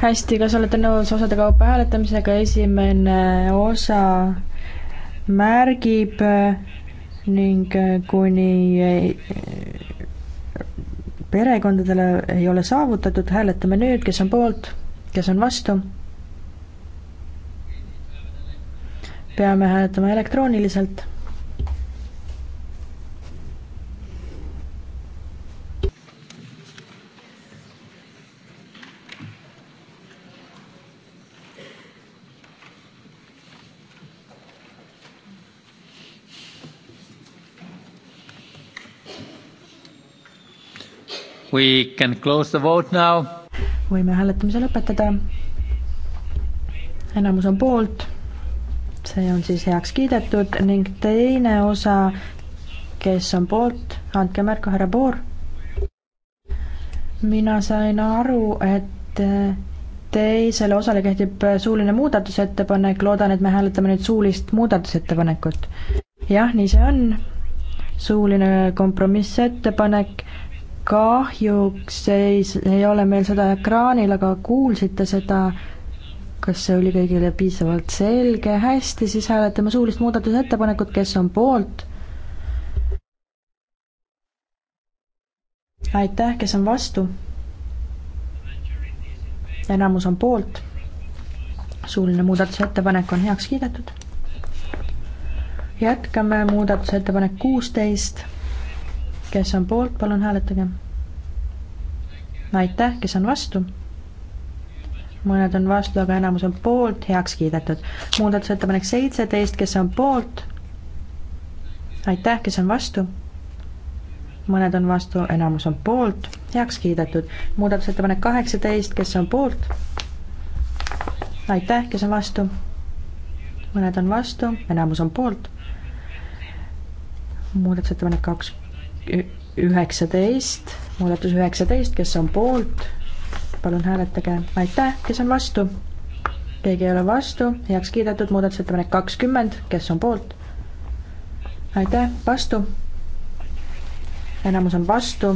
Speaker 2: hästi, kas olete nõus osade kaupa hääletamisega, esimene osa märgib ning kuni perekondadele ei ole saavutatud, hääletame nüüd, kes on poolt, kes on vastu. peame hääletama elektrooniliselt
Speaker 1: We can close the vote now.
Speaker 2: võime hääletamise lõpetada. enamus on poolt, see on siis heaks kiidetud ning teine osa, kes on poolt, andke märku, härra Boor. mina sain aru, et teisele osale kehtib suuline muudatusettepanek, loodan, et me hääletame nüüd suulist muudatusettepanekut. jah, nii see on, suuline kompromissettepanek kahjuks ei, ei ole meil seda ekraanil, aga kuulsite seda, kas see oli kõigile piisavalt selge, hästi, siis hääletame suulist muudatusettepanekut, kes on poolt? aitäh, kes on vastu? enamus on poolt. suuline muudatusettepanek on heaks kiidetud. jätkame muudatusettepanek kuusteist kes on poolt, palun hääletage. aitäh, kes on vastu? mõned on vastu, aga enamus on poolt, heaks kiidetud. muudatusettepanek seitseteist, kes on poolt? aitäh, kes on vastu? mõned on vastu, enamus on poolt, heaks kiidetud. muudatusettepanek kaheksateist, kes on poolt? aitäh, kes on vastu? mõned on vastu, enamus on poolt. muudatusettepanek kaks üheksateist, muudatus üheksateist, kes on poolt, palun hääletage, aitäh, kes on vastu? keegi ei ole vastu, heaks kiidetud muudatusettepanek kakskümmend, kes on poolt? aitäh, vastu? enamus on vastu,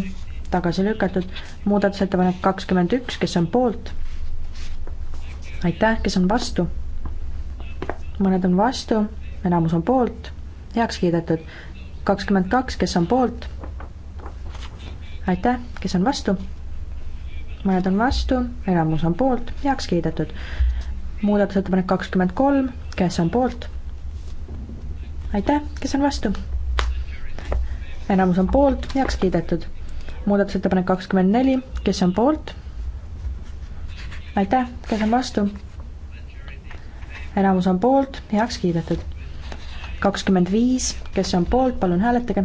Speaker 2: tagasi lükatud, muudatusettepanek kakskümmend üks, kes on poolt? aitäh, kes on vastu? mõned on vastu, enamus on poolt, heaks kiidetud kakskümmend kaks, kes on poolt? aitäh, kes on vastu? mõned on vastu, enamus on poolt, heaks kiidetud. muudatusettepanek kakskümmend kolm, kes on poolt? aitäh, kes on vastu? enamus on poolt, heaks kiidetud. muudatusettepanek kakskümmend neli, kes on poolt? aitäh, kes on vastu? enamus on poolt, heaks kiidetud kakskümmend viis, kes on poolt, palun hääletage.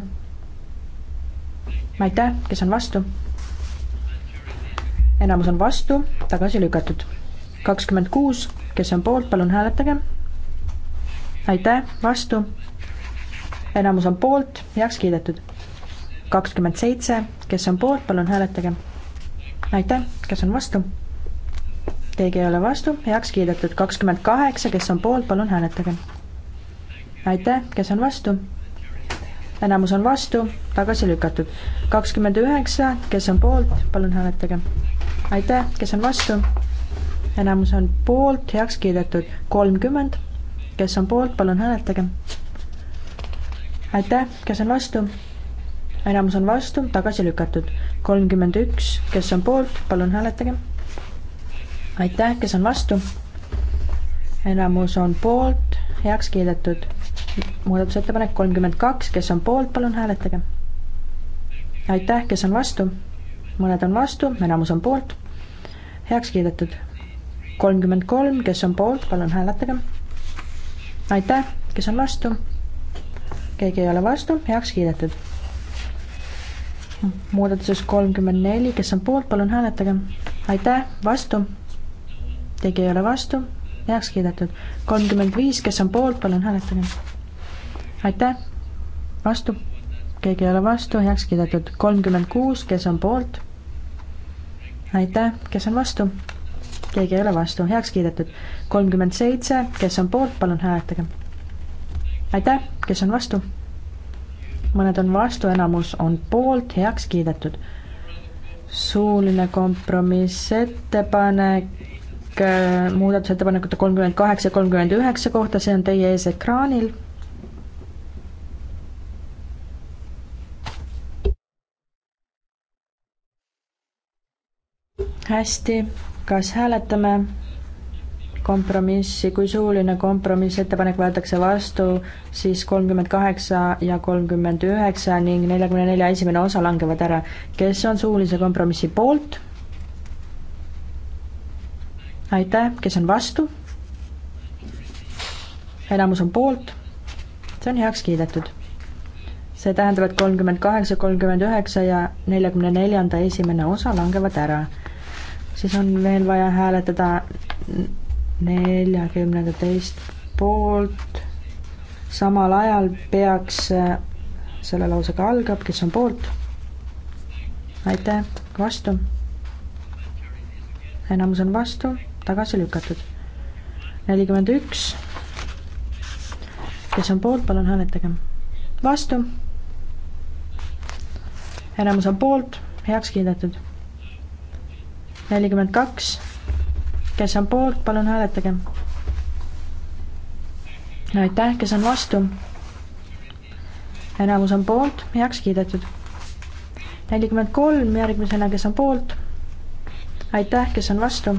Speaker 2: aitäh, kes on vastu? enamus on vastu, tagasi lükatud. kakskümmend kuus, kes on poolt, palun hääletage. aitäh, vastu. enamus on poolt, heaks kiidetud. kakskümmend seitse, kes on poolt, palun hääletage. aitäh, kes on vastu? keegi ei ole vastu, heaks kiidetud. kakskümmend kaheksa, kes on poolt, palun hääletage aitäh, kes on vastu? enamus on vastu, tagasi lükatud. kakskümmend üheksa, kes on poolt, palun hääletage. aitäh, kes on vastu? enamus on poolt, heaks kiidetud. kolmkümmend, kes on poolt, palun hääletage. aitäh, kes on vastu? enamus on vastu, tagasi lükatud. kolmkümmend üks, kes on poolt, palun hääletage. aitäh, kes on vastu? enamus on poolt, heaks kiidetud muudatusettepanek kolmkümmend kaks, kes on poolt, palun hääletage. aitäh, kes on vastu? mõned on vastu, enamus on poolt. heaks kiidetud. kolmkümmend kolm, kes on poolt, palun hääletage. aitäh, kes on vastu? keegi ei ole vastu, heaks kiidetud. muudatuses kolmkümmend neli, kes on poolt, palun hääletage. aitäh, vastu? keegi ei ole vastu, heaks kiidetud. kolmkümmend viis, kes on poolt, palun hääletage aitäh, vastu, keegi ei ole vastu, heaks kiidetud kolmkümmend kuus, kes on poolt? aitäh, kes on vastu? keegi ei ole vastu, heaks kiidetud kolmkümmend seitse, kes on poolt, palun hääletage. aitäh, kes on vastu? mõned on vastu, enamus on poolt, heaks kiidetud. suuline kompromissettepanek äh, muudatusettepanekute kolmkümmend kaheksa ja kolmkümmend üheksa kohta, see on teie ees ekraanil hästi, kas hääletame kompromissi, kui suuline kompromissettepanek võetakse vastu, siis kolmkümmend kaheksa ja kolmkümmend üheksa ning neljakümne nelja esimene osa langevad ära. kes on suulise kompromissi poolt? aitäh, kes on vastu? enamus on poolt, see on heaks kiidetud. see tähendab, et kolmkümmend kaheksa, kolmkümmend üheksa ja neljakümne neljanda esimene osa langevad ära siis on veel vaja hääletada neljakümnenda teist poolt. samal ajal peaks, äh, selle lausega algab, kes on poolt? aitäh, vastu? enamus on vastu, tagasi lükatud. nelikümmend üks. kes on poolt, palun hääletage. vastu? enamus on poolt, heaks kiidetud nelikümmend kaks, kes on poolt, palun hääletage. aitäh, kes on vastu? enamus on poolt, heaks kiidetud. nelikümmend kolm, järgmisena, kes on poolt? aitäh, kes on vastu?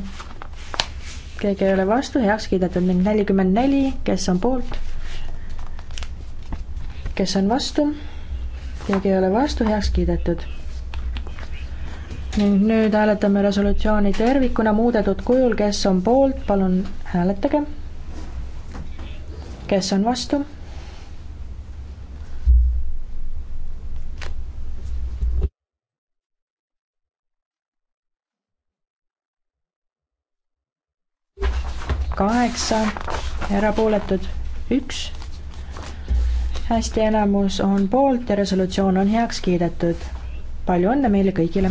Speaker 2: keegi ei ole vastu, heaks kiidetud ning nelikümmend neli, kes on poolt? kes on vastu? keegi ei ole vastu, heaks kiidetud ning nüüd hääletame resolutsiooni tervikuna muudetud kujul, kes on poolt, palun hääletage. kes on vastu? kaheksa, erapooletud üks. hästi, enamus on poolt ja resolutsioon on heaks kiidetud palju õnne meile kõigile!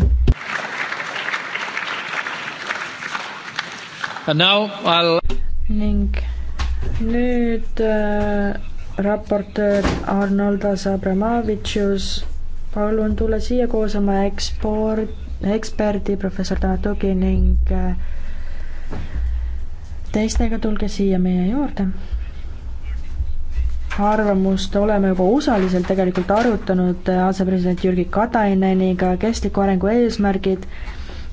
Speaker 2: ning nüüd äh, raportöör Arnoldas Abramavitšus, palun tule siia koos oma eksport, eksperdi professor Tanatugi ning äh, teistega tulge siia meie juurde arvamust oleme juba osaliselt tegelikult arutanud äh, asepresident Jürgi Kataineniga, kestliku arengu eesmärgid,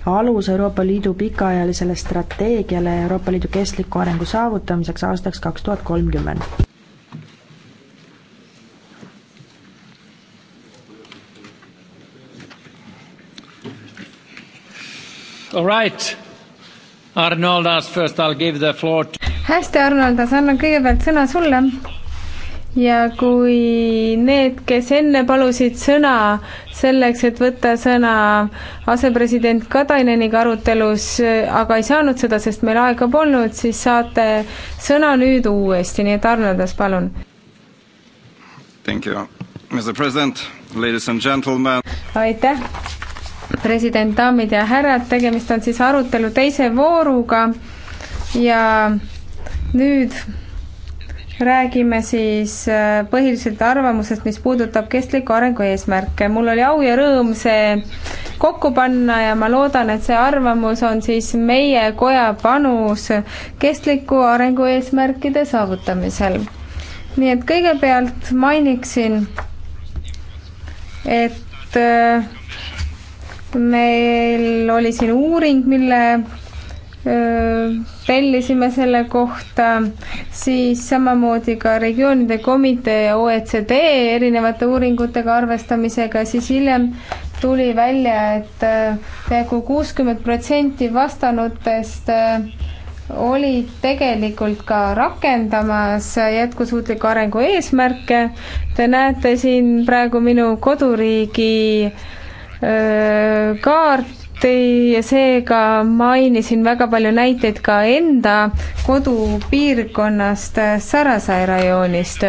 Speaker 2: alus Euroopa Liidu pikaajalisele strateegiale Euroopa Liidu kestliku arengu saavutamiseks aastaks kaks tuhat kolmkümmend.
Speaker 1: All right, Arnoldas, first I will give the floor to
Speaker 3: hästi, Arnoldas, annan kõigepealt sõna sulle ja kui need, kes enne palusid sõna selleks, et võtta sõna asepresident Kataineniga arutelus, äh, aga ei saanud seda, sest meil aega polnud, siis saate sõna nüüd uuesti, nii et Arno Tas, palun. aitäh, president, daamid ja härrad, tegemist on siis arutelu teise vooruga ja nüüd räägime siis äh, põhiliselt arvamusest, mis puudutab kestliku arengu eesmärke. mul oli au ja rõõm see kokku panna ja ma loodan, et see arvamus on siis meie koja panus kestliku arengu eesmärkide saavutamisel. nii et kõigepealt mainiksin, et äh, meil oli siin uuring, mille öö, äh, tellisime selle kohta, siis samamoodi ka regioonide komitee ja OECD erinevate uuringutega arvestamisega, siis hiljem tuli välja et, et äh, peaaegu kuuskümmend protsenti vastanutest äh, olid tegelikult ka rakendamas jätkusuutliku arengu eesmärke. Te näete siin praegu minu koduriigi äh, kaart, tõi ja seega mainisin väga palju näiteid ka enda kodupiirkonnast, Sarasai rajoonist.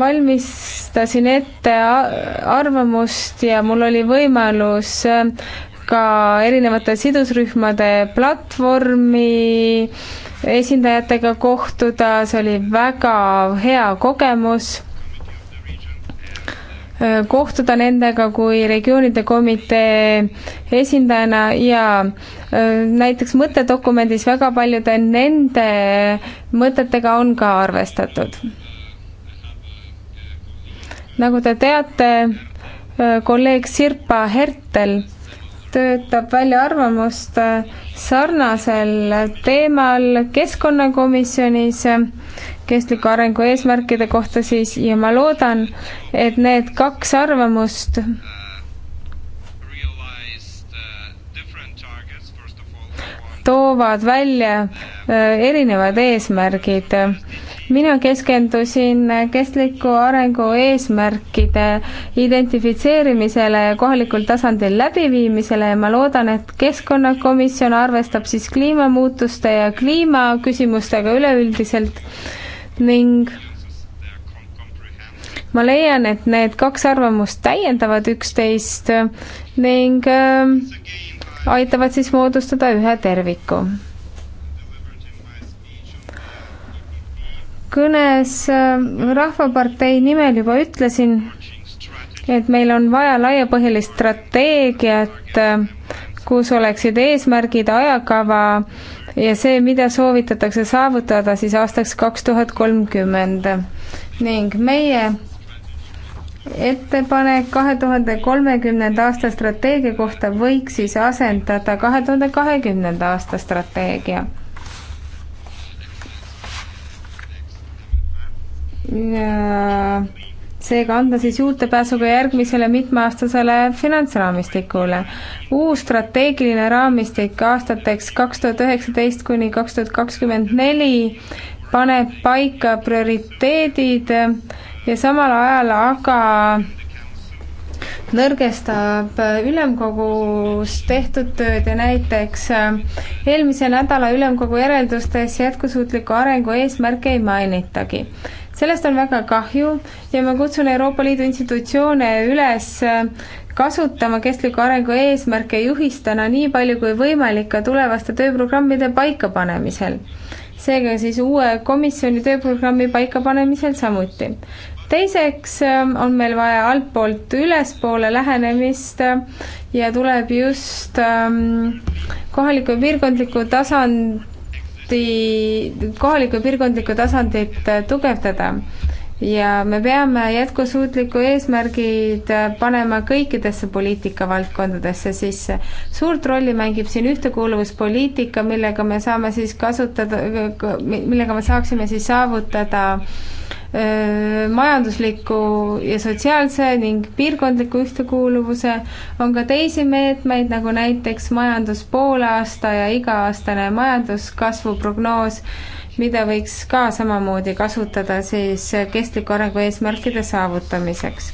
Speaker 3: valmistasin ette arvamust ja mul oli võimalus äh, ka erinevate sidusrühmade platvormi esindajatega kohtuda, see oli väga hea kogemus Äh, kohtuda nendega kui regioonide komitee esindajana ja äh, näiteks mõttedokumendis väga paljude nende mõtetega on ka arvestatud. nagu te teate, äh, kolleeg Sirpa Hertel töötab välja arvamust sarnasel teemal keskkonnakomisjonis kestliku arengu eesmärkide kohta siis ja ma loodan, et need kaks arvamust toovad välja äh, erinevad eesmärgid. mina keskendusin kestliku arengu eesmärkide identifitseerimisele ja kohalikul tasandil läbiviimisele ja ma loodan, et Keskkonnakomisjon arvestab siis kliimamuutuste ja kliimaküsimustega üleüldiselt ning ma leian, et need kaks arvamust täiendavad üksteist ning äh, aitavad siis moodustada ühe terviku. kõnes äh, Rahvapartei nimel juba ütlesin, et meil on vaja laiapõhjalist strateegiat, äh, kus oleksid eesmärgid, ajakava ja see, mida soovitatakse saavutada siis aastaks kaks tuhat kolmkümmend ning meie ettepanek kahe tuhande kolmekümnenda aasta strateegia kohta võiks siis asendada kahe tuhande kahekümnenda aasta strateegia. ja seega anda siis juurdepääsu ka järgmisele mitmeaastasele finantsraamistikule. uus strateegiline raamistik aastateks kaks tuhat üheksateist kuni kaks tuhat kakskümmend neli paneb paika prioriteedid ja samal ajal aga nõrgestab ülemkogus tehtud tööd ja näiteks eelmise nädala ülemkogu järeldustes jätkusuutliku arengu eesmärke ei mainitagi sellest on väga kahju ja ma kutsun Euroopa Liidu institutsioone üles äh, kasutama kestliku arengu eesmärke juhistena nii palju kui võimalik ka tulevaste tööprogrammide paikapanemisel. seega siis uue komisjoni tööprogrammi paikapanemisel samuti. teiseks äh, on meil vaja altpoolt ülespoole lähenemist äh, ja tuleb just ähm, kohaliku ja piirkondliku tasand samuti kohalikku piirkondlikku tasandit äh, tugevdada ja me peame jätkusuutliku eesmärgid äh, panema kõikidesse poliitikavaldkondadesse sisse. suurt rolli mängib siin ühtekuuluvuspoliitika, millega me saame siis kasutada, äh, millega me saaksime siis saavutada majandusliku ja sotsiaalse ning piirkondliku ühtekuuluvuse, on ka teisi meetmeid, nagu näiteks majandus poolaasta ja iga-aastane majanduskasvu prognoos, mida võiks ka samamoodi kasutada siis kestliku arengu eesmärkide saavutamiseks.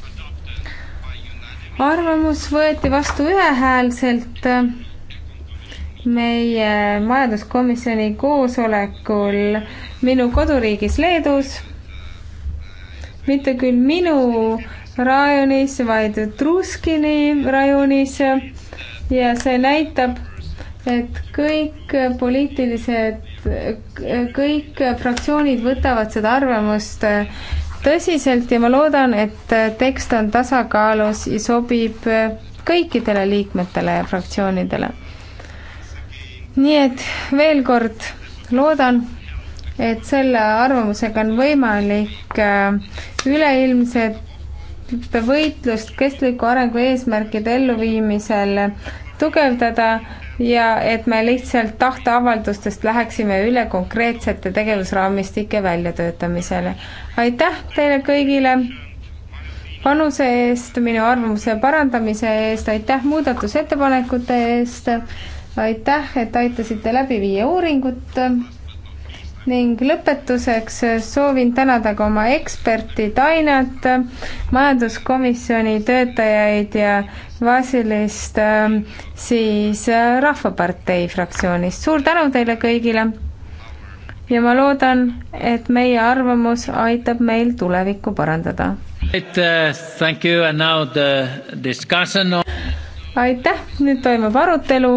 Speaker 3: arvamus võeti vastu ühehäälselt meie majanduskomisjoni koosolekul minu koduriigis Leedus mitte küll minu rajoonis, vaid Truskini rajoonis ja see näitab, et kõik poliitilised, kõik fraktsioonid võtavad seda arvamust tõsiselt ja ma loodan, et tekst on tasakaalus ja sobib kõikidele liikmetele ja fraktsioonidele. nii et veel kord loodan, et selle arvamusega on võimalik äh, üleilmset võitlust kestliku arengu eesmärkide elluviimisel tugevdada ja et me lihtsalt tahteavaldustest läheksime üle konkreetsete tegevusraamistike väljatöötamisele. aitäh teile kõigile panuse eest, minu arvamuse parandamise eest, aitäh muudatusettepanekute eest, aitäh, et aitasite läbi viia uuringut ning lõpetuseks soovin tänada ka oma eksperti Tainat, majanduskomisjoni töötajaid ja Vasilist ähm, siis äh, Rahvapartei fraktsioonist. suur tänu teile kõigile ja ma loodan, et meie arvamus aitab meil tulevikku parandada. Uh, aitäh, nüüd toimub arutelu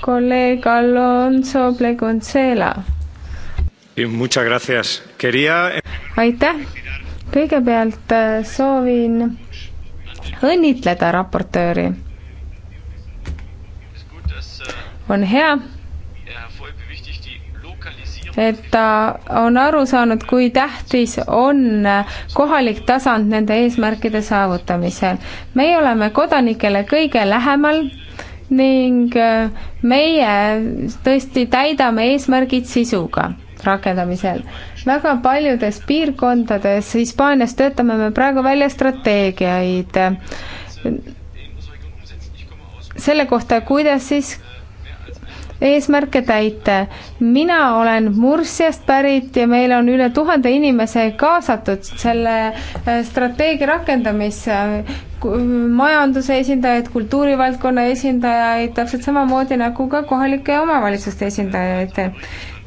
Speaker 3: kolleeg Alonso Pleguncela. aitäh, kõigepealt äh, soovin õnnitleda raportööri. on hea, et ta on aru saanud, kui tähtis on kohalik tasand nende eesmärkide saavutamisel. meie oleme kodanikele kõige lähemal ning äh, meie tõesti täidame eesmärgid sisuga rakendamisel. väga paljudes piirkondades Hispaanias töötame me praegu välja strateegiaid selle kohta, kuidas siis eesmärke täita. mina olen Mursiast pärit ja meil on üle tuhande inimese kaasatud selle äh, strateegia rakendamisse, majanduse esindajaid, kultuurivaldkonna esindajaid, täpselt samamoodi nagu ka kohalike omavalitsuste esindajaid.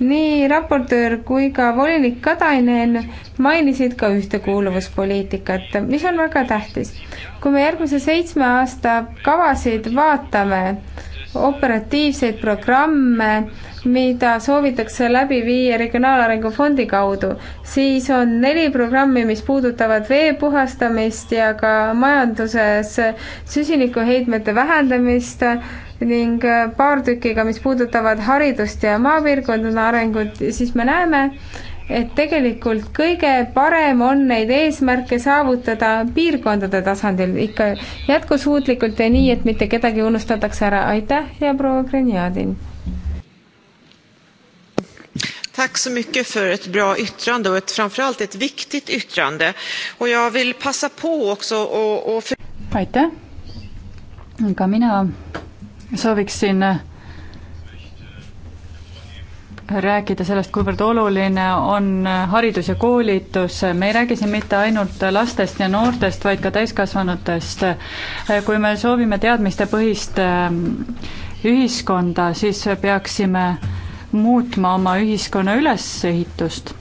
Speaker 3: nii raportöör kui ka volinik Katainen mainisid ka ühtekuuluvuspoliitikat, mis on väga tähtis. kui me järgmise seitsme aasta kavasid vaatame, operatiivseid programme, mida soovitakse läbi viia Regionaalarengu Fondi kaudu, siis on neli programmi, mis puudutavad vee puhastamist ja ka majanduses süsinikuheitmete vähendamist ning paar tükki ka, mis puudutavad haridust ja maapiirkondade arengut, siis me näeme, et tegelikult kõige parem on neid eesmärke saavutada piirkondade tasandil ikka jätkusuutlikult ja nii, et mitte kedagi unustatakse ära. aitäh, hea proua Grenjadin!
Speaker 6: Tack så mycket för ett bra yttrande och ett, framförallt ett viktigt yttrande. Och jag vill passa på också och... och...
Speaker 2: Aitäh!
Speaker 8: ka mina sooviksin rääkida sellest, kuivõrd oluline on haridus ja koolitus, me ei räägi siin mitte ainult lastest ja noortest, vaid ka täiskasvanutest. kui me soovime teadmistepõhist ähm, ühiskonda, siis peaksime muutma oma ühiskonna ülesehitust.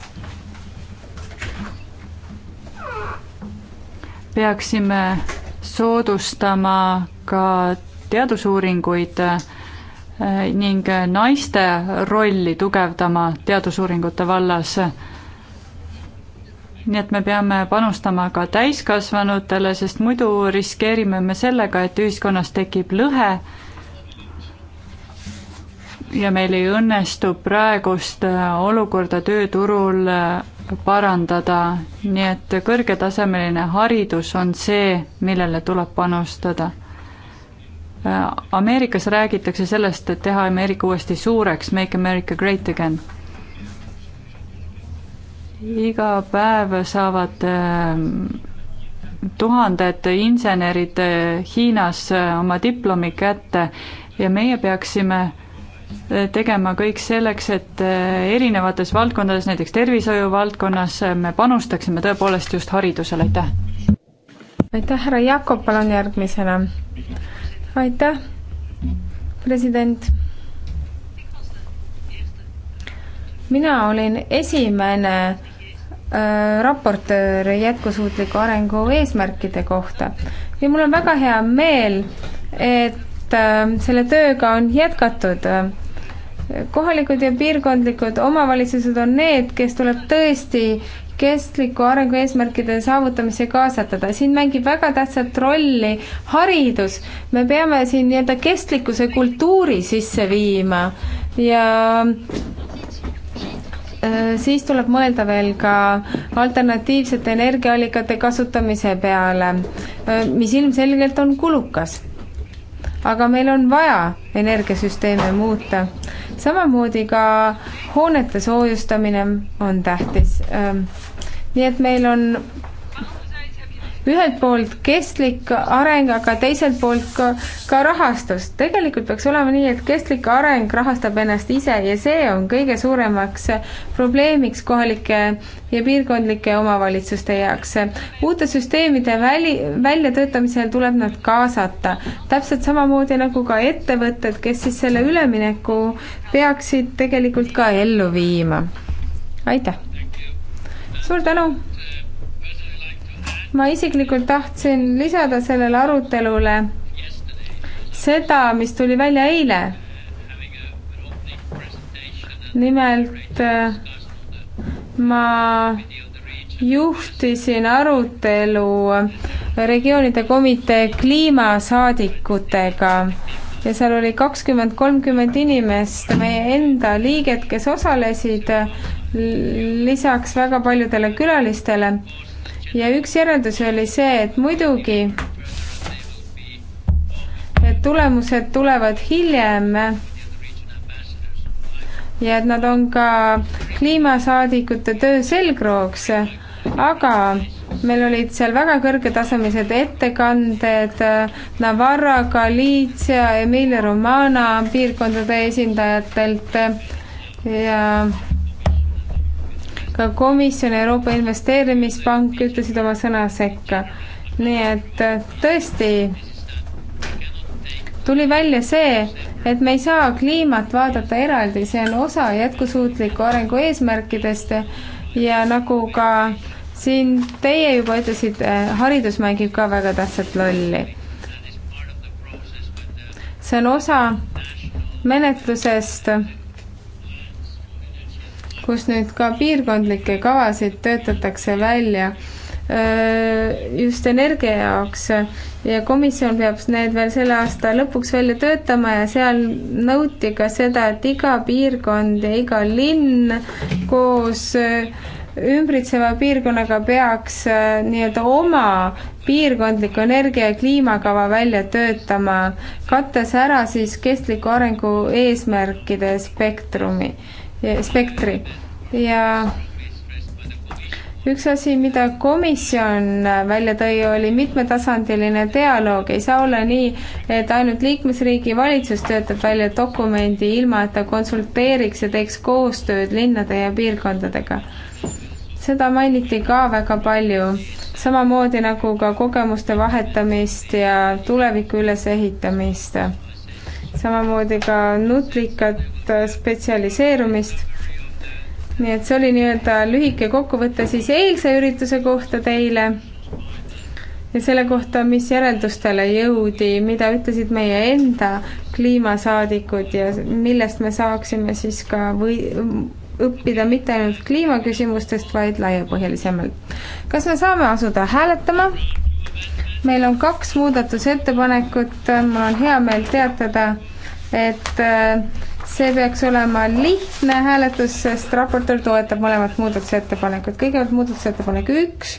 Speaker 8: peaksime soodustama ka teadusuuringuid ning naiste rolli tugevdama teadusuuringute vallas. nii et me peame panustama ka täiskasvanutele, sest muidu riskeerime me sellega, et ühiskonnas tekib lõhe ja meil ei õnnestu praegust olukorda tööturul parandada, nii et kõrgetasemeline haridus on see, millele tuleb panustada Äh, Ameerikas räägitakse sellest, et teha Ameerika uuesti suureks, make America great again. iga päev saavad äh, tuhanded insenerid äh, Hiinas oma diplomi kätte ja meie peaksime tegema kõik selleks, et erinevates valdkondades, näiteks tervishoiu valdkonnas, me panustaksime tõepoolest just haridusele, aitäh!
Speaker 3: aitäh, härra Jakob, palun järgmisena! aitäh, president. mina olin esimene äh, raportöör jätkusuutliku arengu eesmärkide kohta ja mul on väga hea meel, et äh, selle tööga on jätkatud. kohalikud ja piirkondlikud omavalitsused on need, kes tuleb tõesti kestliku arengu eesmärkide saavutamisse kaasatada. siin mängib väga tähtsat rolli haridus. me peame siin nii-öelda kestlikkuse kultuuri sisse viima ja äh, siis tuleb mõelda veel ka alternatiivsete energiaallikate kasutamise peale, äh, mis ilmselgelt on kulukas aga meil on vaja energiasüsteeme muuta. samamoodi ka hoonete soojustamine on tähtis. nii et meil on ühelt poolt kestlik areng, aga teiselt poolt ka, ka rahastus. tegelikult peaks olema nii, et kestlik areng rahastab ennast ise ja see on kõige suuremaks probleemiks kohalike ja piirkondlike omavalitsuste jaoks. uute süsteemide väli, väljatöötamisel tuleb nad kaasata, täpselt samamoodi nagu ka ettevõtted, kes siis selle ülemineku peaksid tegelikult ka ellu viima. aitäh! suur tänu! ma isiklikult tahtsin lisada sellele arutelule seda, mis tuli välja eile. nimelt äh, ma juhtisin arutelu regioonide komitee kliimasaadikutega ja seal oli kakskümmend, kolmkümmend inimest, meie enda liiget, kes osalesid lisaks väga paljudele külalistele ja üks järeldus oli see, et muidugi et tulemused tulevad hiljem ja et nad on ka kliimasaadikute töö selgrooks, aga meil olid seal väga kõrgetasemelised ettekanded Navarra, Galiitsia, Emilia Romana piirkondade esindajatelt ja ka komisjon ja Euroopa Investeerimispank ütlesid oma sõna sekka. nii et äh, tõesti tuli välja see, et me ei saa kliimat vaadata eraldi, see on osa jätkusuutliku arengu eesmärkidest ja nagu ka siin teie juba ütlesite, haridus mängib ka väga tähtsat rolli. see on osa menetlusest kus nüüd ka piirkondlikke kavasid töötatakse välja just energia jaoks ja komisjon peab need veel selle aasta lõpuks välja töötama ja seal nõuti ka seda, et iga piirkond ja iga linn koos ümbritseva piirkonnaga peaks nii-öelda oma piirkondliku energia ja kliimakava välja töötama, kattes ära siis kestliku arengu eesmärkide spektrumi spektri ja üks asi, mida komisjon välja tõi, oli mitmetasandiline dialoog, ei saa olla nii, et ainult liikmesriigi valitsus töötab välja dokumendi, ilma et ta konsulteeriks ja teeks koostööd linnade ja piirkondadega. seda mainiti ka väga palju, samamoodi nagu ka kogemuste vahetamist ja tuleviku ülesehitamist samamoodi ka nutikat äh, spetsialiseerumist. nii et see oli nii-öelda lühike kokkuvõte siis eilse ürituse kohta teile ja selle kohta, mis järeldustele jõudi, mida ütlesid meie enda kliimasaadikud ja millest me saaksime siis ka või õppida mitte ainult kliimaküsimustest, vaid laiapõhjalisemalt. kas me saame asuda hääletama? meil on kaks muudatusettepanekut, mul on hea meel teatada, et äh, see peaks olema lihtne hääletus, sest raportöör toetab mõlemat muudatusettepanekut. kõigepealt muudatusettepanek üks,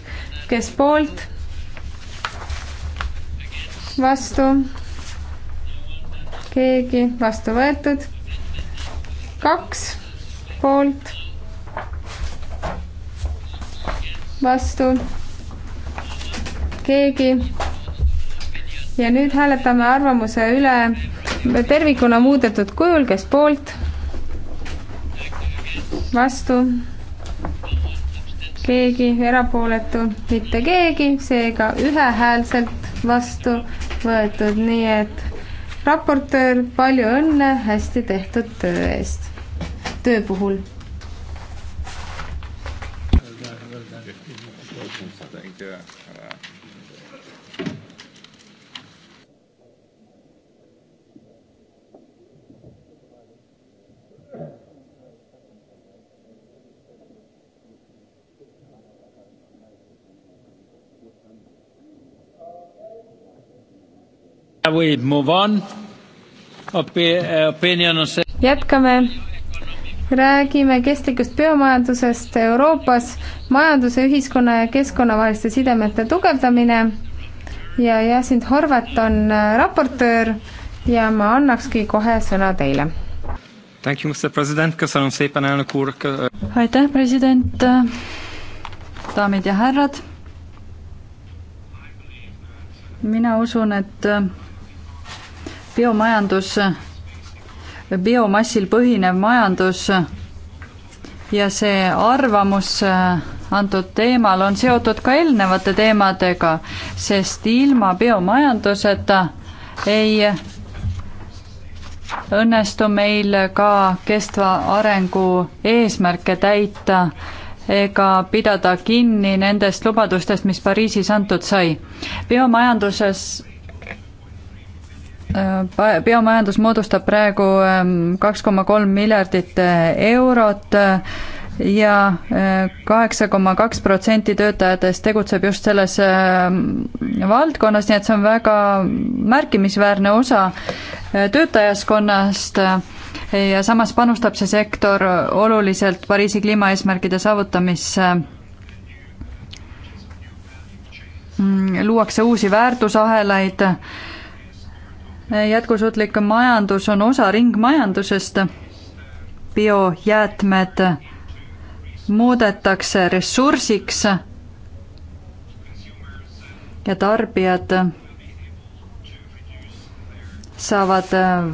Speaker 3: kes poolt? vastu? keegi? vastu võetud? kaks poolt? vastu? keegi. ja nüüd hääletame arvamuse üle tervikuna muudetud kujul, kes poolt, vastu, keegi, erapooletu, mitte keegi, seega ühehäälselt vastu võetud, nii et raportöör, palju õnne hästi tehtud töö eest, töö puhul Eh, jätkame, räägime kestlikust biomajandusest Euroopas, majanduse, ühiskonna ja keskkonna vaheliste sidemete tugevdamine ja Jasin Horvat on eh, raportöör ja ma annakski kohe sõna teile. aitäh, president, daamid ja härrad
Speaker 8: mina usun, et biomajandus, biomassil põhinev majandus ja see arvamus äh, antud teemal on seotud ka eelnevate teemadega, sest ilma biomajanduseta ei õnnestu meil ka kestva arengu eesmärke täita ega pidada kinni nendest lubadustest, mis Pariisis antud sai. biomajanduses Äh, biomajandus moodustab praegu ähm, kaks koma kolm miljardit äh, eurot äh, ja kaheksa koma kaks protsenti töötajatest tegutseb just selles ähm, valdkonnas, nii et see on väga märkimisväärne osa töötajaskonnast ja samas panustab see sektor oluliselt Pariisi kliimaeesmärkide saavutamisse mm, luuakse uusi väärtusahelaid jätkusuutlik majandus on osa ringmajandusest. biojäätmed muudetakse ressursiks ja tarbijad saavad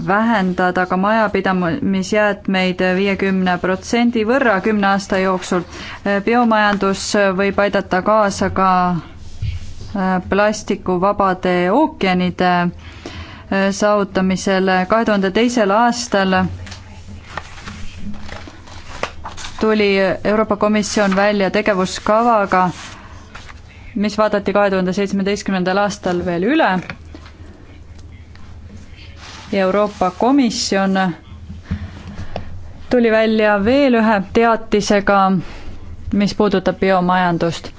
Speaker 8: vähendada ka majapidamisjäätmeid viiekümne protsendi võrra kümne aasta jooksul. biomajandus võib aidata kaasa ka plastikuvabade ookeanide saavutamisele. kahe tuhande teisel aastal tuli Euroopa Komisjon välja tegevuskavaga, mis vaadati kahe tuhande seitsmeteistkümnendal aastal veel üle ja Euroopa Komisjon tuli välja veel ühe teatisega, mis puudutab biomajandust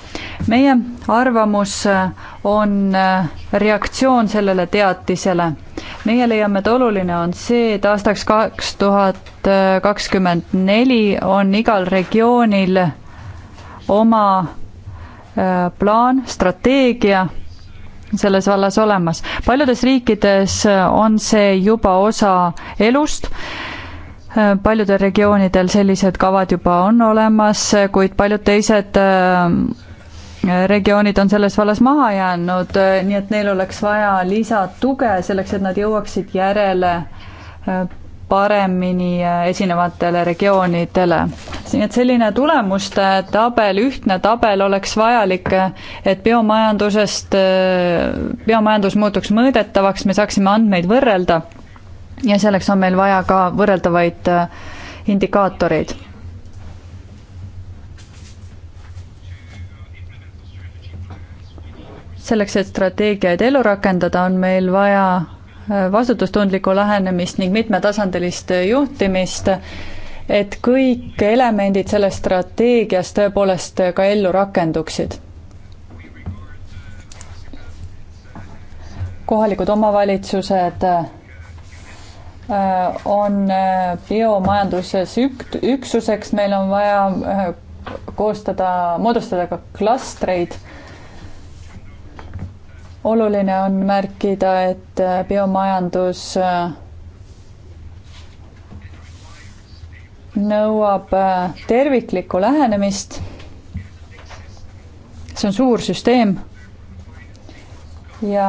Speaker 8: meie arvamus äh, on äh, reaktsioon sellele teatisele. meie leiame, et oluline on see, et aastaks kaks tuhat äh, kakskümmend neli on igal regioonil oma plaan, strateegia selles vallas olemas. paljudes riikides on see juba osa elust, paljudel regioonidel sellised kavad juba on olemas, kuid paljud teised regioonid on selles vallas maha jäänud, nii et neil oleks vaja lisatuge selleks, et nad jõuaksid järele äh, paremini äh, esinevatele regioonidele. nii et selline tulemuste tabel, ühtne tabel oleks vajalik, äh, et biomajandusest, biomajandus muutuks mõõdetavaks, me saaksime andmeid võrrelda ja selleks on meil vaja ka võrreldavaid indikaatoreid selleks, et strateegiaid ellu rakendada, on meil vaja äh, vastutustundlikku lähenemist ning mitmetasandilist äh, juhtimist, et kõik elemendid sellest strateegiast tõepoolest äh, ka ellu rakenduksid. kohalikud omavalitsused on biomajanduses ük-, üksuseks, meil on vaja koostada, moodustada ka klastreid oluline on märkida, et äh, biomajandus äh, nõuab äh, terviklikku lähenemist. see on suur süsteem. ja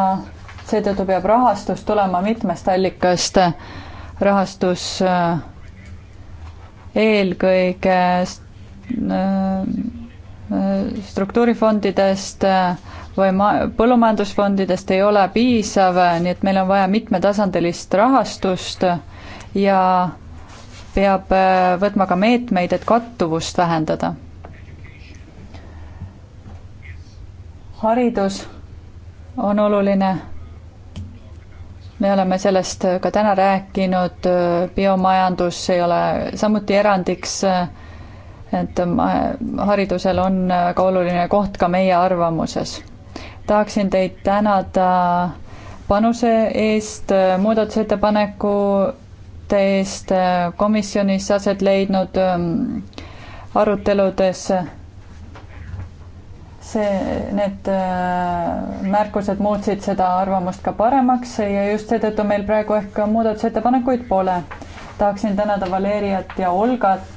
Speaker 8: seetõttu peab rahastus tulema mitmest allikast. rahastus eelkõige struktuurifondidest või ma-, põllumajandusfondidest ei ole piisav, nii et meil on vaja mitmetasandilist rahastust ja peab äh, võtma ka meetmeid, et kattuvust vähendada. haridus on oluline. me oleme sellest ka täna rääkinud, äh, biomajandus ei ole samuti erandiks, äh, et haridusel on väga oluline koht ka meie arvamuses tahaksin teid tänada panuse eest, muudatusettepanekute eest komisjonis aset leidnud ähm, aruteludes. see, need äh, märkused muutsid seda arvamust ka paremaks ja just seetõttu meil praegu ehk muudatusettepanekuid pole. tahaksin tänada Valeriat ja Olgat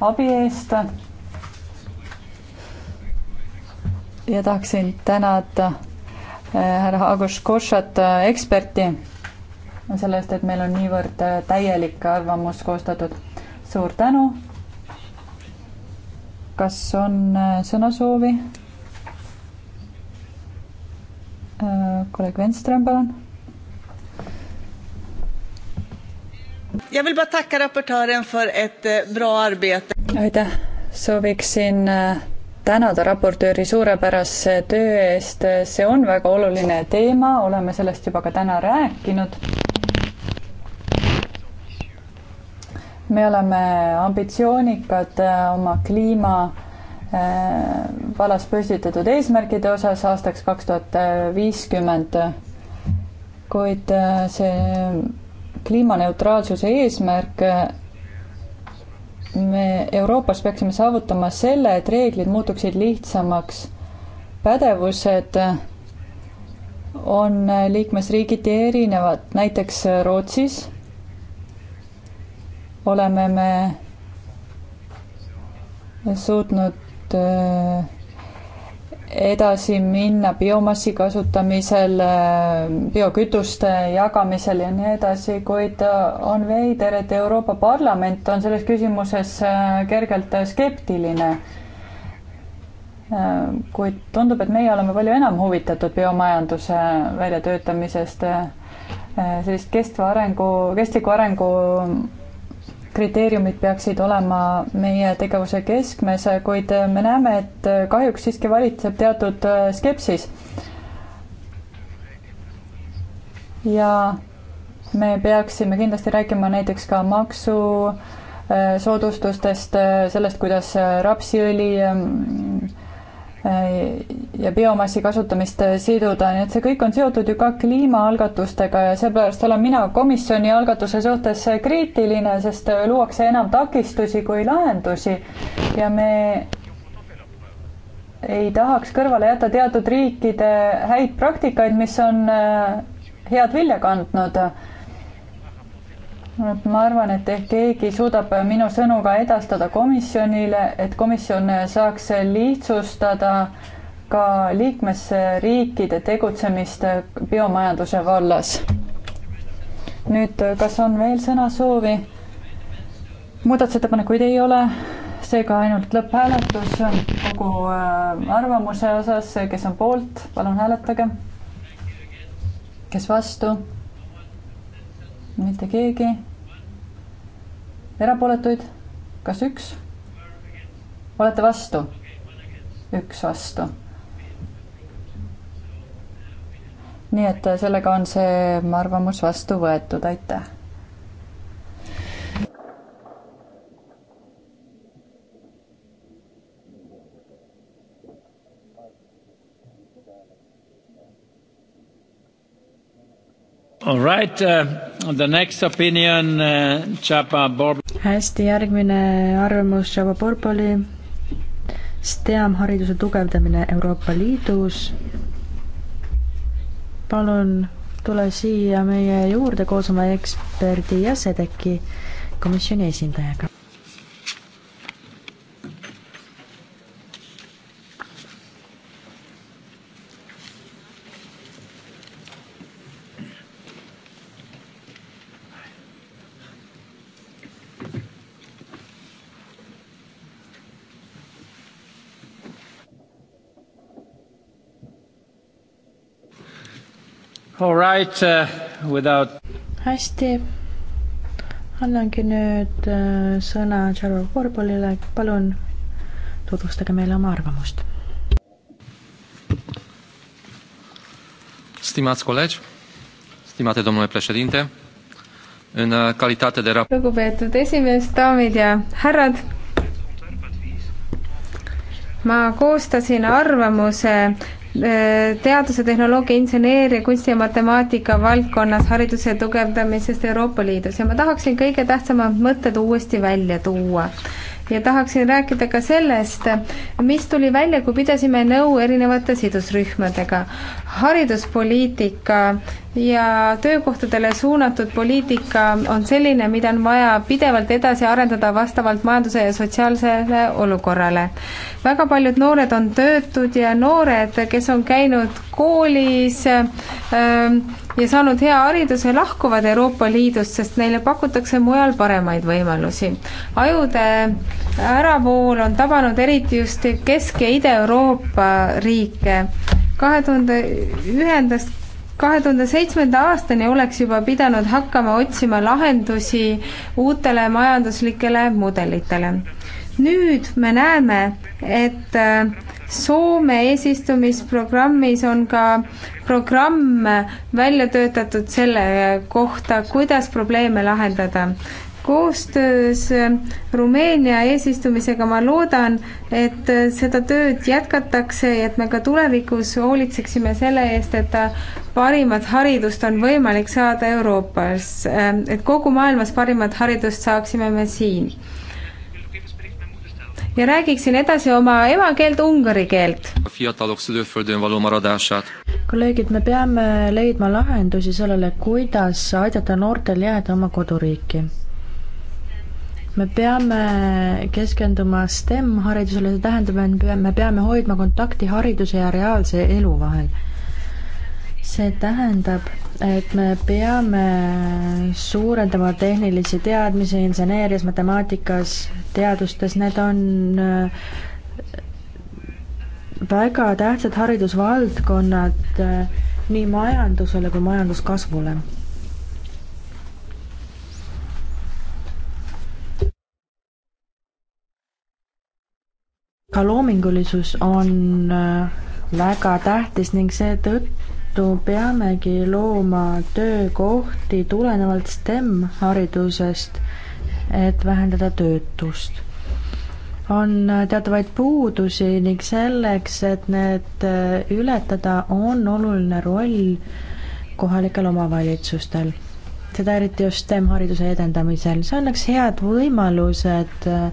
Speaker 8: abi eest ja tahaksin tänada eh, härra Agus Košat, eh, eksperti, selle eest, et meil on niivõrd eh, täielik arvamus koostatud. suur tänu. kas on sõnasoovi? kolleeg Venström, palun.
Speaker 6: Jag vill bara tacka rapportören för ett bra arbete.
Speaker 8: aitäh, sooviksin tänada raportööri suurepärase töö eest, see on väga oluline teema, oleme sellest juba ka täna rääkinud. me oleme ambitsioonikad äh, oma kliima äh, valas püstitatud eesmärkide osas aastaks kaks tuhat viiskümmend, kuid äh, see kliimaneutraalsuse eesmärk me Euroopas peaksime saavutama selle, et reeglid muutuksid lihtsamaks. pädevused on liikmesriigiti erinevad, näiteks Rootsis oleme me suutnud äh, edasi minna biomassi kasutamisel, biokütuste jagamisel ja nii edasi, kuid äh, on veider, et Euroopa Parlament on selles küsimuses äh, kergelt skeptiline. Äh, kuid tundub, et meie oleme palju enam huvitatud biomajanduse väljatöötamisest, sellist kestva arengu, kestliku arengu kriteeriumid peaksid olema meie tegevuse keskmes, kuid me näeme, et kahjuks siiski valitseb teatud äh, skepsis. ja me peaksime kindlasti rääkima näiteks ka maksusoodustustest, äh, äh, sellest, kuidas rapsiõli ähm, ja biomassi kasutamist siduda, nii et see kõik on seotud ju ka kliimaalgatustega ja seepärast olen mina komisjoni algatuse suhtes kriitiline, sest luuakse enam takistusi kui lahendusi ja me ei tahaks kõrvale jätta teatud riikide häid praktikaid, mis on äh, head vilja kandnud ma arvan, et ehk keegi suudab minu sõnu ka edastada komisjonile, et komisjon saaks lihtsustada ka liikmesriikide tegutsemist biomajanduse vallas. nüüd, kas on veel sõnasoovi? muudatusettepanekuid ei ole, seega ainult lõpphääletus kogu äh, arvamuse osas, kes on poolt, palun hääletage. kes vastu? mitte keegi erapooletuid, kas üks? olete vastu? üks vastu. nii et sellega on see arvamus vastu võetud, aitäh
Speaker 1: All right uh,, the next opinion uh, Chapa Bob-.
Speaker 2: hästi, järgmine arvamus Chapa Borboli. STEAM hariduse tugevdamine Euroopa Liidus. palun tule siia meie juurde koos oma eksperdi Jasedeki komisjoni esindajaga.
Speaker 1: All right uh,, without.
Speaker 2: hästi, annangi nüüd uh, sõna Jarro Korbolile, palun tutvustage meile oma arvamust.
Speaker 4: Stimați colegi, stimate domnule președinte, în uh, calitate de rap-.
Speaker 3: lugupeetud esimees, daamid ja härrad. ma koostasin arvamuse teaduse, tehnoloogia, inseneeria, kunsti ja matemaatika valdkonnas hariduse tugevdamisest Euroopa Liidus ja ma tahaksin kõige tähtsamad mõtted uuesti välja tuua. ja tahaksin rääkida ka sellest, mis tuli välja, kui pidasime nõu erinevate sidusrühmadega. hariduspoliitika ja töökohtadele suunatud poliitika on selline, mida on vaja pidevalt edasi arendada vastavalt majanduse ja sotsiaalsele olukorrale. väga paljud noored on töötud ja noored, kes on käinud koolis ähm, ja saanud hea hariduse, lahkuvad Euroopa Liidust, sest neile pakutakse mujal paremaid võimalusi. ajude äravool on tabanud eriti just Kesk- ja Ida-Euroopa riike kahe tuhande ühendast kahe tuhande seitsmenda aastani oleks juba pidanud hakkama otsima lahendusi uutele majanduslikele mudelitele. nüüd me näeme, et äh, Soome eesistumisprogrammis on ka programm välja töötatud selle äh, kohta, kuidas probleeme lahendada koostöös äh, Rumeenia eesistumisega ma loodan, et äh, seda tööd jätkatakse ja et me ka tulevikus hoolitseksime selle eest, et parimat haridust on võimalik saada Euroopas, äh, et kogu maailmas parimat haridust saaksime me siin. ja räägiksin edasi oma emakeelt, ungari keelt.
Speaker 2: kolleegid, me peame leidma lahendusi sellele, kuidas aidata noortel jääda oma koduriiki me peame keskenduma STEM-haridusele, see tähendab, et me peame hoidma kontakti hariduse ja reaalse elu vahel. see tähendab, et me peame suurendama tehnilisi teadmisi inseneerias, matemaatikas, teadustes, need on äh, väga tähtsad haridusvaldkonnad äh, nii majandusele kui majanduskasvule ka loomingulisus on äh, väga tähtis ning seetõttu peamegi looma töökohti tulenevalt STEM haridusest, et vähendada töötust on äh, teatavaid puudusi ning selleks, et need äh, ületada, on oluline roll kohalikel omavalitsustel. seda eriti just STEM hariduse edendamisel, see annaks head võimalused äh,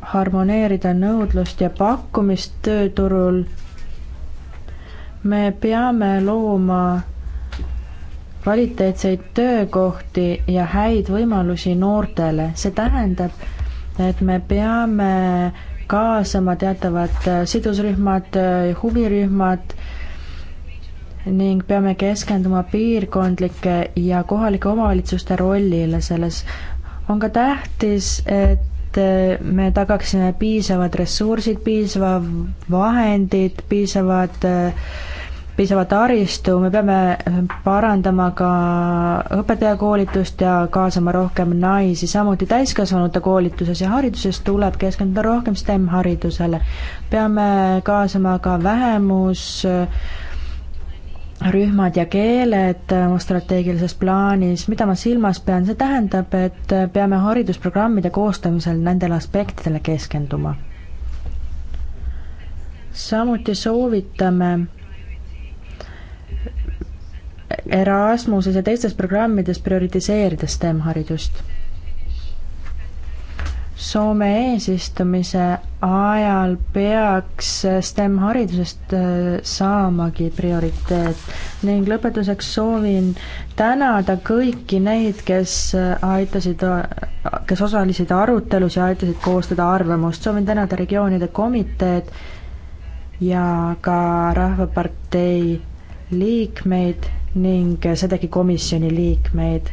Speaker 2: harmoneerida nõudlust ja pakkumist tööturul. me peame looma kvaliteetseid töökohti ja häid võimalusi noortele, see tähendab, et me peame kaasama teatavad sidusrühmad, huvirühmad ning peame keskenduma piirkondlike ja kohalike omavalitsuste rollile selles. on ka tähtis, et et äh, me tagaksime piisavad ressursid, piisava vahendid, piisavad äh, piisava taristu, me peame parandama ka õpetajakoolitust ja kaasama rohkem naisi, samuti täiskasvanute koolituses ja hariduses tuleb keskenduda rohkem STEM-haridusele. peame kaasama ka vähemus äh, rühmad ja keeled äh, strateegilises plaanis, mida ma silmas pean, see tähendab, et äh, peame haridusprogrammide koostamisel nendele aspektidele keskenduma. samuti soovitame Erasmuses ja teistes programmides prioritiseerida STEM-haridust Soome eesistumise ajal peaks STEM haridusest äh, saamagi prioriteet ning lõpetuseks soovin tänada kõiki neid, kes äh, aitasid, äh, kes osalesid arutelus ja aitasid koostada arvamust, soovin tänada regioonide komiteed ja ka Rahvapartei liikmeid ning sedagi komisjoni liikmeid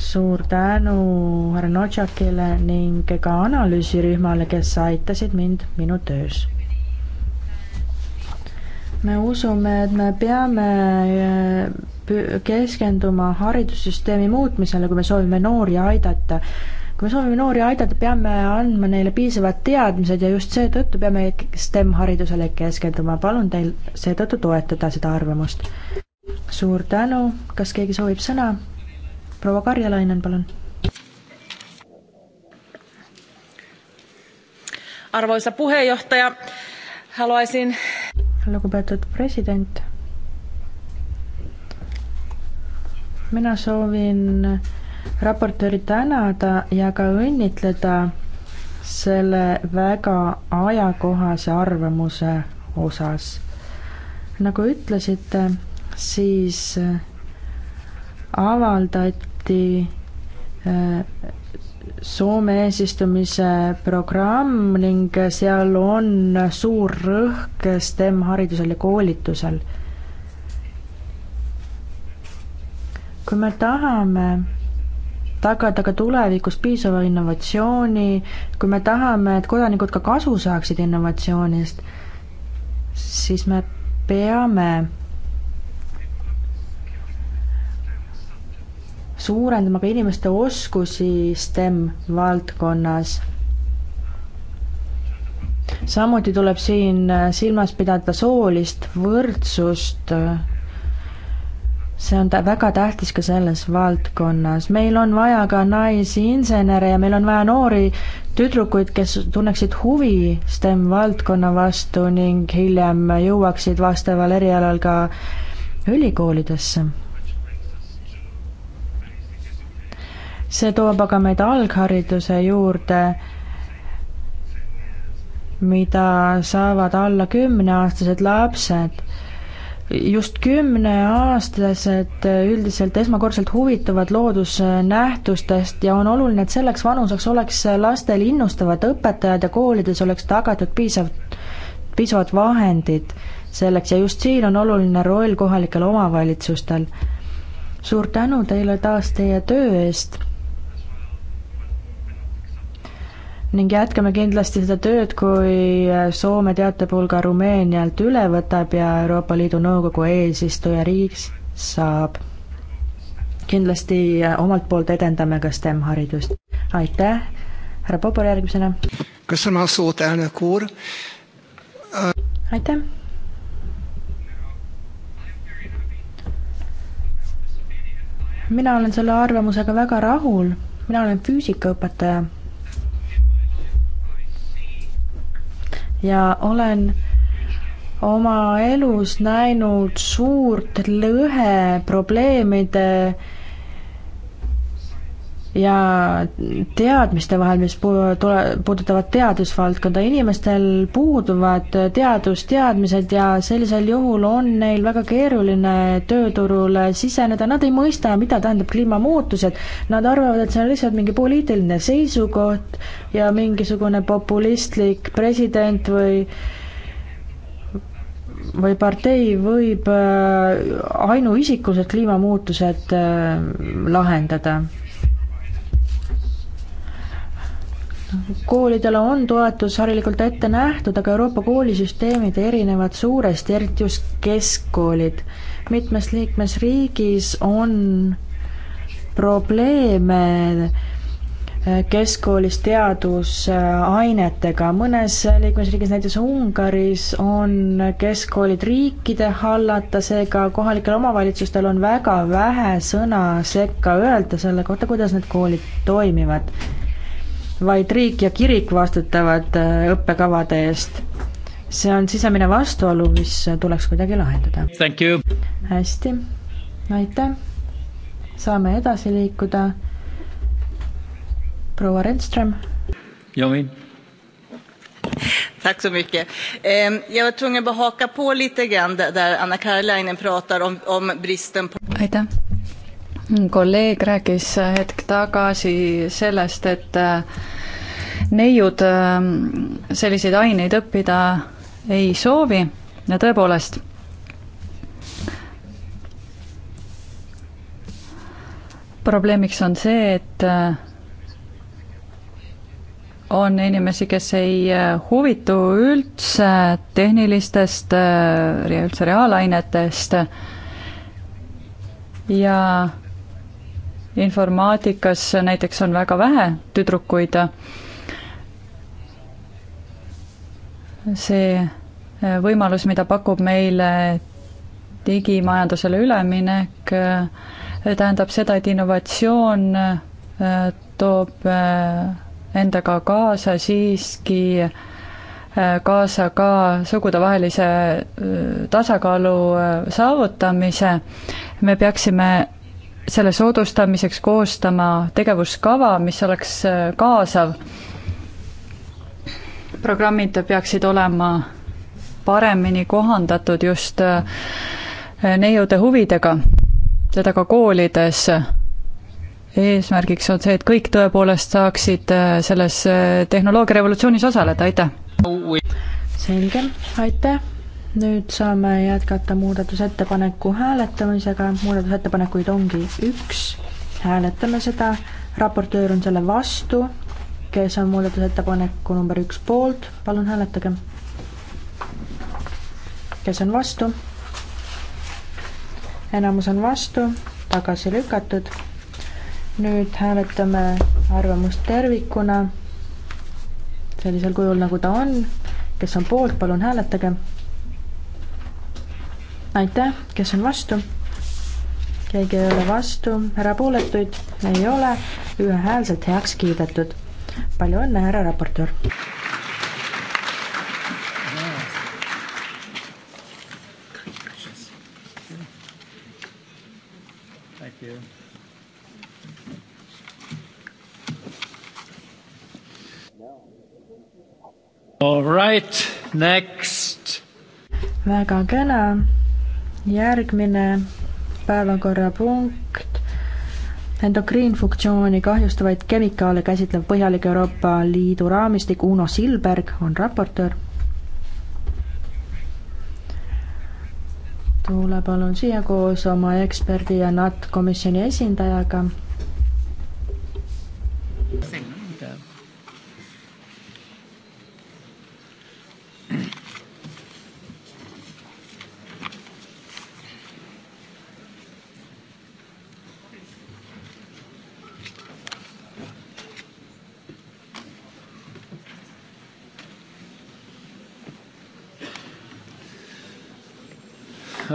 Speaker 2: suur tänu härra Notšakile ning ka analüüsirühmale, kes aitasid mind minu töös. me usume, et me peame äh, keskenduma haridussüsteemi muutmisele, kui me soovime noori aidata. kui me soovime noori aidata, peame andma neile piisavad teadmised ja just seetõttu peame STEM-haridusele keskenduma. palun teil seetõttu toetada seda arvamust. suur tänu, kas keegi soovib sõna? proua Karja Lainen, palun.
Speaker 8: arvoisa puheenjohtaja, haluaisin.
Speaker 2: lugupeetud president. mina soovin raportööri tänada ja ka õnnitleda selle väga ajakohase arvamuse osas. nagu ütlesite, siis avaldati esitati äh, Soome eesistumise programm ning seal on suur rõhk STEM haridusel ja koolitusel. kui me tahame tagada ka tulevikus piisava innovatsiooni, kui me tahame, et kodanikud ka kasu saaksid innovatsioonist, siis me peame suurendama ka inimeste oskusi STEM valdkonnas. samuti tuleb siin silmas pidada soolist võrdsust see on ta-, väga tähtis ka selles valdkonnas. meil on vaja ka naisinsenere ja meil on vaja noori tüdrukuid, kes tunneksid huvi STEM valdkonna vastu ning hiljem jõuaksid vastaval erialal ka ülikoolidesse see toob aga meid alghariduse juurde, mida saavad alla kümneaastased lapsed just kümneaastased üldiselt esmakordselt huvituvad loodusnähtustest ja on oluline, et selleks vanuseks oleks lastel innustavad õpetajad ja koolides oleks tagatud piisav, piisavad vahendid selleks ja just siin on oluline roll kohalikel omavalitsustel. suur tänu teile taas teie töö eest ning jätkame kindlasti seda tööd, kui Soome teatepulga Rumeenialt üle võtab ja Euroopa Liidu Nõukogu eesistujariigiks saab. kindlasti omalt poolt edendame ka STEM-haridust. aitäh, härra Popor järgmisena.
Speaker 5: kas on asunud häälekuur?
Speaker 2: aitäh. mina olen selle arvamusega väga rahul, mina olen füüsikaõpetaja ja olen oma elus näinud suurt lõhe probleemide ja teadmiste vahel, mis puudutavad teadusvaldkonda, inimestel puuduvad teadusteadmised ja sellisel juhul on neil väga keeruline tööturule siseneda, nad ei mõista, mida tähendab kliimamuutused, nad arvavad, et see on lihtsalt mingi poliitiline seisukoht ja mingisugune populistlik president või või partei võib äh, ainuisikuliselt kliimamuutused äh, lahendada koolidele on toetus harilikult ette nähtud, aga Euroopa koolisüsteemid erinevad suuresti, eriti just keskkoolid. mitmes liikmesriigis on probleeme eh, keskkoolis teadusainetega, mõnes liikmesriigis, näiteks Ungaris, on keskkoolid riikide hallata, seega kohalikel omavalitsustel on väga vähe sõna sekka öelda selle kohta, kuidas need koolid toimivad vaid riik ja kirik vastutavad äh, õppekavade eest. see on sisemine vastuolu, mis tuleks kuidagi lahendada. hästi, aitäh. saame edasi liikuda. proua Renström.
Speaker 6: Jomin. Tack så mycket. Eh, jag var tvungen att haka på lite grann där Anna Karolainen pratar om, om bristen på...
Speaker 8: Aitäh kolleeg rääkis hetk tagasi sellest, et äh, neiud ähm, selliseid aineid õppida ei soovi ja tõepoolest, probleemiks on see, et äh, on inimesi, kes ei äh, huvitu üldse tehnilistest ja üldse reaalainetest ja informaatikas näiteks on väga vähe tüdrukuid. see võimalus, mida pakub meile digimajandusele üleminek, tähendab seda, et innovatsioon äh, toob äh, endaga kaasa siiski äh, kaasa ka sugudevahelise tasakaalu saavutamise. me peaksime selle soodustamiseks koostama tegevuskava, mis oleks äh, kaasav. programmid peaksid olema paremini kohandatud just äh, neiude huvidega, seda ka koolides. eesmärgiks on see, et kõik tõepoolest saaksid äh,
Speaker 2: selles tehnoloogia revolutsioonis osaleda, aitäh! selge, aitäh! nüüd saame jätkata muudatusettepaneku hääletamisega, muudatusettepanekuid ongi üks, hääletame seda, raportöör on selle vastu, kes on muudatusettepaneku number üks poolt, palun hääletage. kes on vastu? enamus on vastu, tagasi lükatud. nüüd hääletame arvamust tervikuna sellisel kujul, nagu ta on. kes on poolt, palun hääletage aitäh, kes on vastu? keegi ei ole vastu, erapooletuid ei ole, ühehäälselt heaks kiidetud. palju õnne, härra raportöör!
Speaker 1: All right, next.
Speaker 2: väga kena järgmine päevakorrapunkt, endokriinfunktsiooni kahjustavaid kemikaale käsitlev põhjalik Euroopa Liidu raamistik, Uno Silberg on raportöör. tule palun siia koos oma eksperdi ja NAT komisjoni esindajaga.
Speaker 9: Thank you.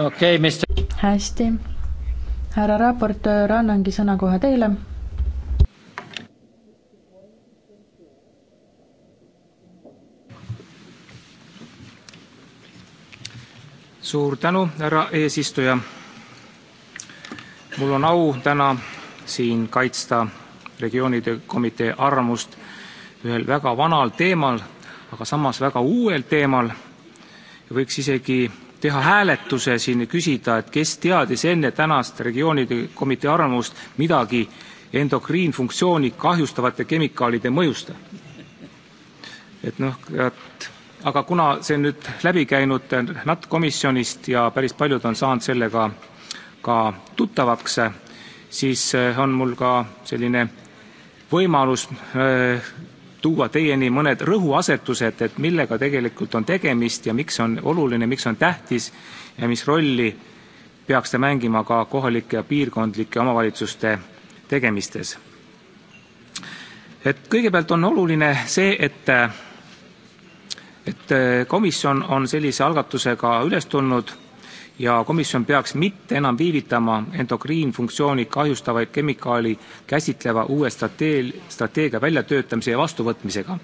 Speaker 1: okei okay,, mis
Speaker 2: hästi. härra raportöör, annangi sõna kohe teile.
Speaker 5: suur tänu, härra eesistuja. mul on au täna siin kaitsta regioonide komitee arvamust ühel väga vanal teemal, aga samas väga uuel teemal ja võiks isegi teha hääletuse ja küsida, kes teadis enne tänast regioonide komitee arvamust midagi endokriinfunktsiooni kahjustavate kemikaalide mõjust, noh, aga kuna see on nüüd läbi käinud NAT komisjonist ja päris paljud on saanud sellega ka tuttavaks, siis eh, on mul ka selline võimalus. Eh, tuua teieni mõned rõhuasetused, et millega tegelikult on tegemist ja miks see on oluline, miks see on tähtis ja mis rolli peaks ta mängima ka kohalike ja piirkondlike omavalitsuste tegemistes. et kõigepealt on oluline see, et et äh, komisjon on sellise algatusega üles tulnud ja komisjon peaks mitte enam viivitama endokriinfunktsiooni kahjustavaid kemikaali käsitleva uue strateegia väljatöötamise ja vastuvõtmisega.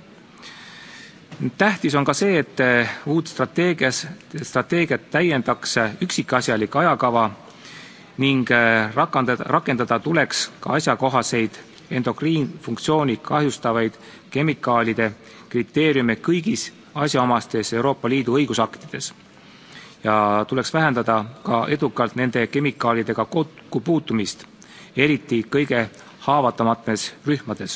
Speaker 5: tähtis on ka see, et uut strateegias, strateegiat täiendaks üksikasjalik ajakava ning rakendada, rakendada tuleks ka asjakohaseid endokriinfunktsiooni kahjustavate kemikaalide kriteeriume kõigis asjaomastes Euroopa Liidu õigusaktides ja tuleks vähendada ka edukalt nende kemikaalidega kokkupuutumist, eriti kõige haavatavamates rühmades.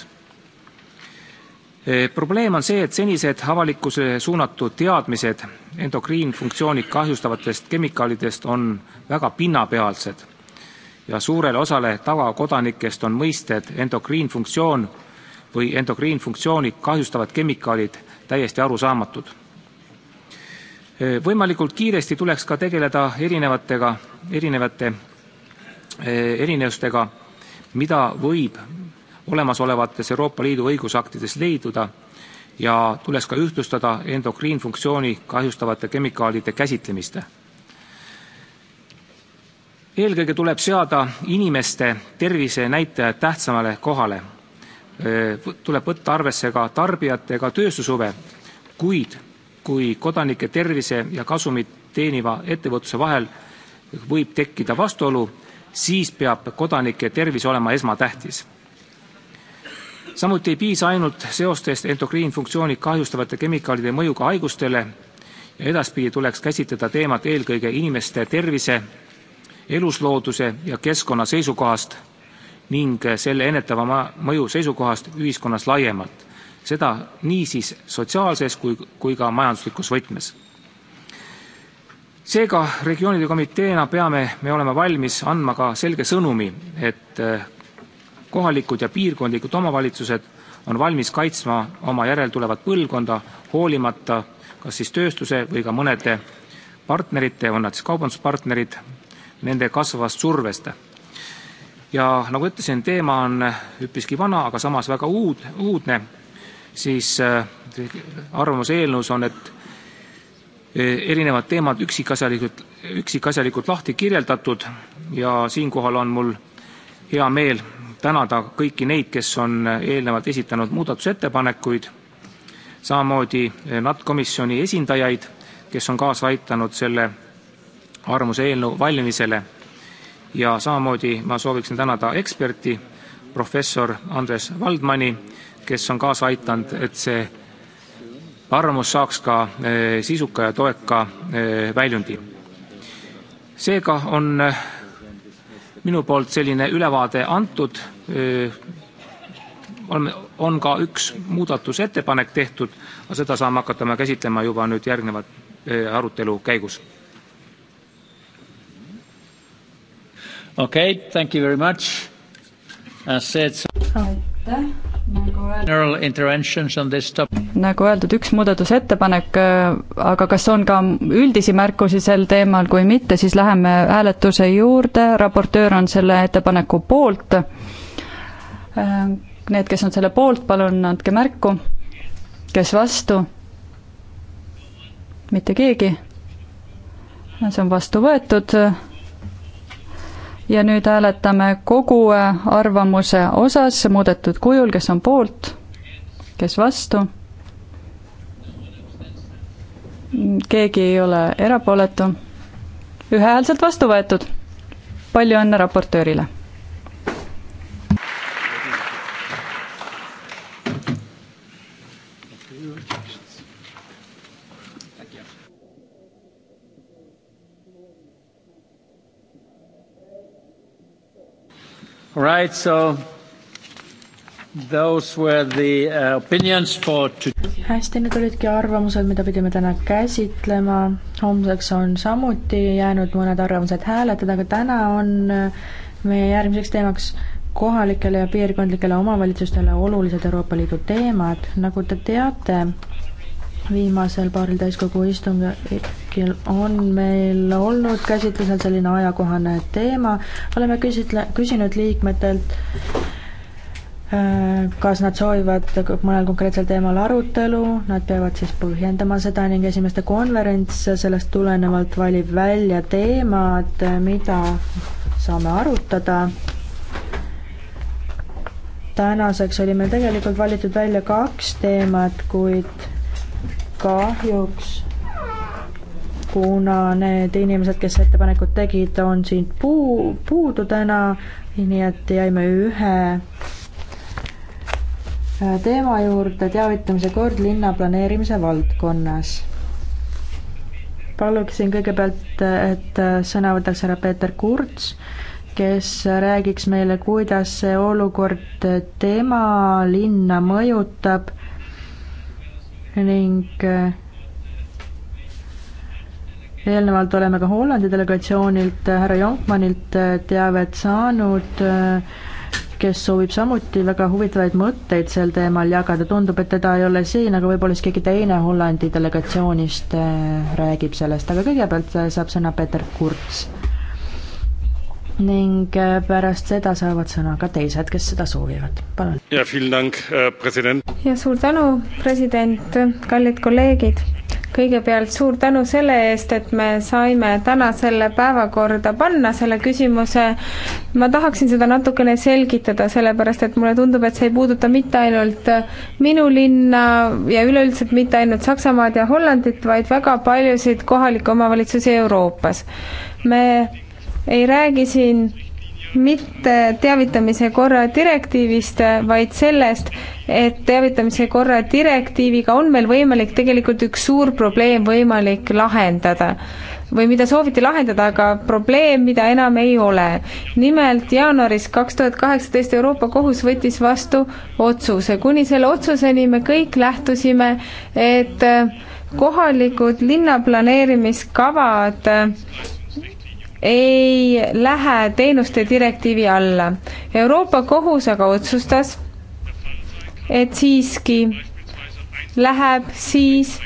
Speaker 5: Eh, probleem on see, et senised avalikkusele suunatud teadmised endokriinfunktsiooni kahjustavatest kemikaalidest on väga pinnapealsed ja suurele osale tavakodanikest on mõisted "endokriinfunktsioon" või "endokriinfunktsiooni kahjustavad kemikaalid" täiesti arusaamatud võimalikult kiiresti tuleks ka tegeleda erinevatega, erinevate erinevustega, mida võib olemasolevates Euroopa Liidu õigusaktides leiduda ja tuleks ka ühtlustada endokriinfunktsiooni kahjustavate kemikaalide käsitlemist. eelkõige tuleb seada inimeste tervisenäitajad tähtsamale kohale. tuleb võtta arvesse ka tarbijate ega tööstushuve, kuid kui kodanike tervise ja kasumit teeniva ettevõtluse vahel võib tekkida vastuolu, siis peab kodanike tervis olema esmatähtis. samuti ei piisa ainult seostest endokriinfunktsiooni kahjustavate kemikaalide mõjuga haigustele ja edaspidi tuleks käsitleda teemat eelkõige inimeste tervise, eluslooduse ja keskkonna seisukohast ning selle ennetava mõju seisukohast ühiskonnas laiemalt seda nii sotsiaalses kui ka majanduslikus võtmes. Seega, regioonide komiteena peame me olema valmis andma ka selge sõnumi, et eh, kohalikud ja piirkondlikud omavalitsused on valmis kaitsma oma järeltulevat põlvkonda, hoolimata kas siis tööstuse või ka mõnede partnerite, on nad siis kaubanduspartnerid, kasvavast survest. Ja nagu ütlesin, teema on üpriski vana, aga samas väga uudne siis äh, arvamus eelnõus on, et äh, erinevad teemad üksikasjalikult lahti kirjeldatud ja siinkohal on mul hea meel tänada kõiki neid, kes on eelnevalt esitanud muudatusettepanekuid, samamoodi äh, NAT-komisjoni esindajaid, kes on kaasa aidanud selle arvamuse eelnõu valmimisele, ja samamoodi ma sooviksin tänada eksperti, professor Andres Valdmani kes on kaasa aidanud, et see arvamus saaks ka eh, sisuka ja toeka eh, väljundi. seega on eh, minu poolt selline ülevaade antud, on ka üks muudatusettepanek tehtud, aga seda saame hakata käsitlema juba nüüd järgneva arutelu käigus. okei
Speaker 1: okay,, thank you very much.
Speaker 9: aitäh Nagu,
Speaker 8: nagu öeldud, üks muudatusettepanek, äh, aga kas on ka üldisi märkusi sel teemal, kui mitte, siis läheme hääletuse juurde, raportöör on selle ettepaneku poolt. Äh, need, kes on selle poolt, palun andke märku. kes vastu? mitte keegi. see on vastu võetud ja nüüd hääletame kogu äh, arvamuse osas muudetud kujul, kes on poolt, kes vastu. keegi ei ole erapooletu. ühehäälselt vastu võetud. palju õnne raportöörile
Speaker 1: All right, so those were the uh, opinions for
Speaker 2: hästi, need olidki arvamused, mida pidime täna käsitlema, homseks on samuti jäänud mõned arvamused hääletada, aga täna on äh, meie järgmiseks teemaks kohalikele ja piirkondlikele omavalitsustele olulised Euroopa Liidu teemad, nagu te teate, viimasel paaril täiskogu istungil on meil olnud käsitlusel selline ajakohane teema, oleme küsitle-, küsinud liikmetelt, äh, kas nad soovivad mõnel konkreetsel teemal arutelu, nad peavad siis põhjendama seda ning esimeste konverents sellest tulenevalt valib välja teemad, mida saame arutada. tänaseks oli meil tegelikult valitud välja kaks teemat, kuid kahjuks kuna need inimesed, kes ettepanekud tegid, on siin puu, puudu täna, nii et jäime ühe äh, teema juurde, teavitamise kord linnaplaneerimise valdkonnas. paluksin kõigepealt, et äh, sõna võtaks härra Peeter Kurts, kes räägiks meile, kuidas see olukord tema linna mõjutab ning äh, eelnevalt oleme ka Hollandi delegatsioonilt äh, härra Jonkmanilt äh, teavet saanud, kes soovib samuti väga huvitavaid mõtteid sel teemal jagada, tundub, et teda ei ole siin, aga võib-olla siis keegi teine Hollandi delegatsioonist räägib sellest, aga kõigepealt saab sõna Peeter Kurts ning äh, pärast seda saavad sõna ka teised, kes seda soovivad, palun.
Speaker 9: ja, äh,
Speaker 3: ja suur tänu, president, kallid kolleegid kõigepealt suur tänu selle eest, et me saime täna selle päevakorda panna, selle küsimuse. ma tahaksin seda natukene selgitada, sellepärast et mulle tundub, et see ei puuduta mitte ainult minu linna ja üleüldiselt mitte ainult Saksamaad ja Hollandit, vaid väga paljusid kohalikke omavalitsusi Euroopas. me ei räägi siin mitte teavitamise korra direktiivist, vaid sellest, et teavitamise korra direktiiviga on meil võimalik tegelikult üks suur probleem võimalik lahendada või mida sooviti lahendada, aga probleem, mida enam ei ole. nimelt jaanuaris kaks tuhat kaheksateist Euroopa Kohus võttis vastu otsuse, kuni selle otsuseni me kõik lähtusime, et kohalikud linnaplaneerimiskavad ei lähe teenuste direktiivi alla. Euroopa Kohus aga otsustas, et siiski läheb siis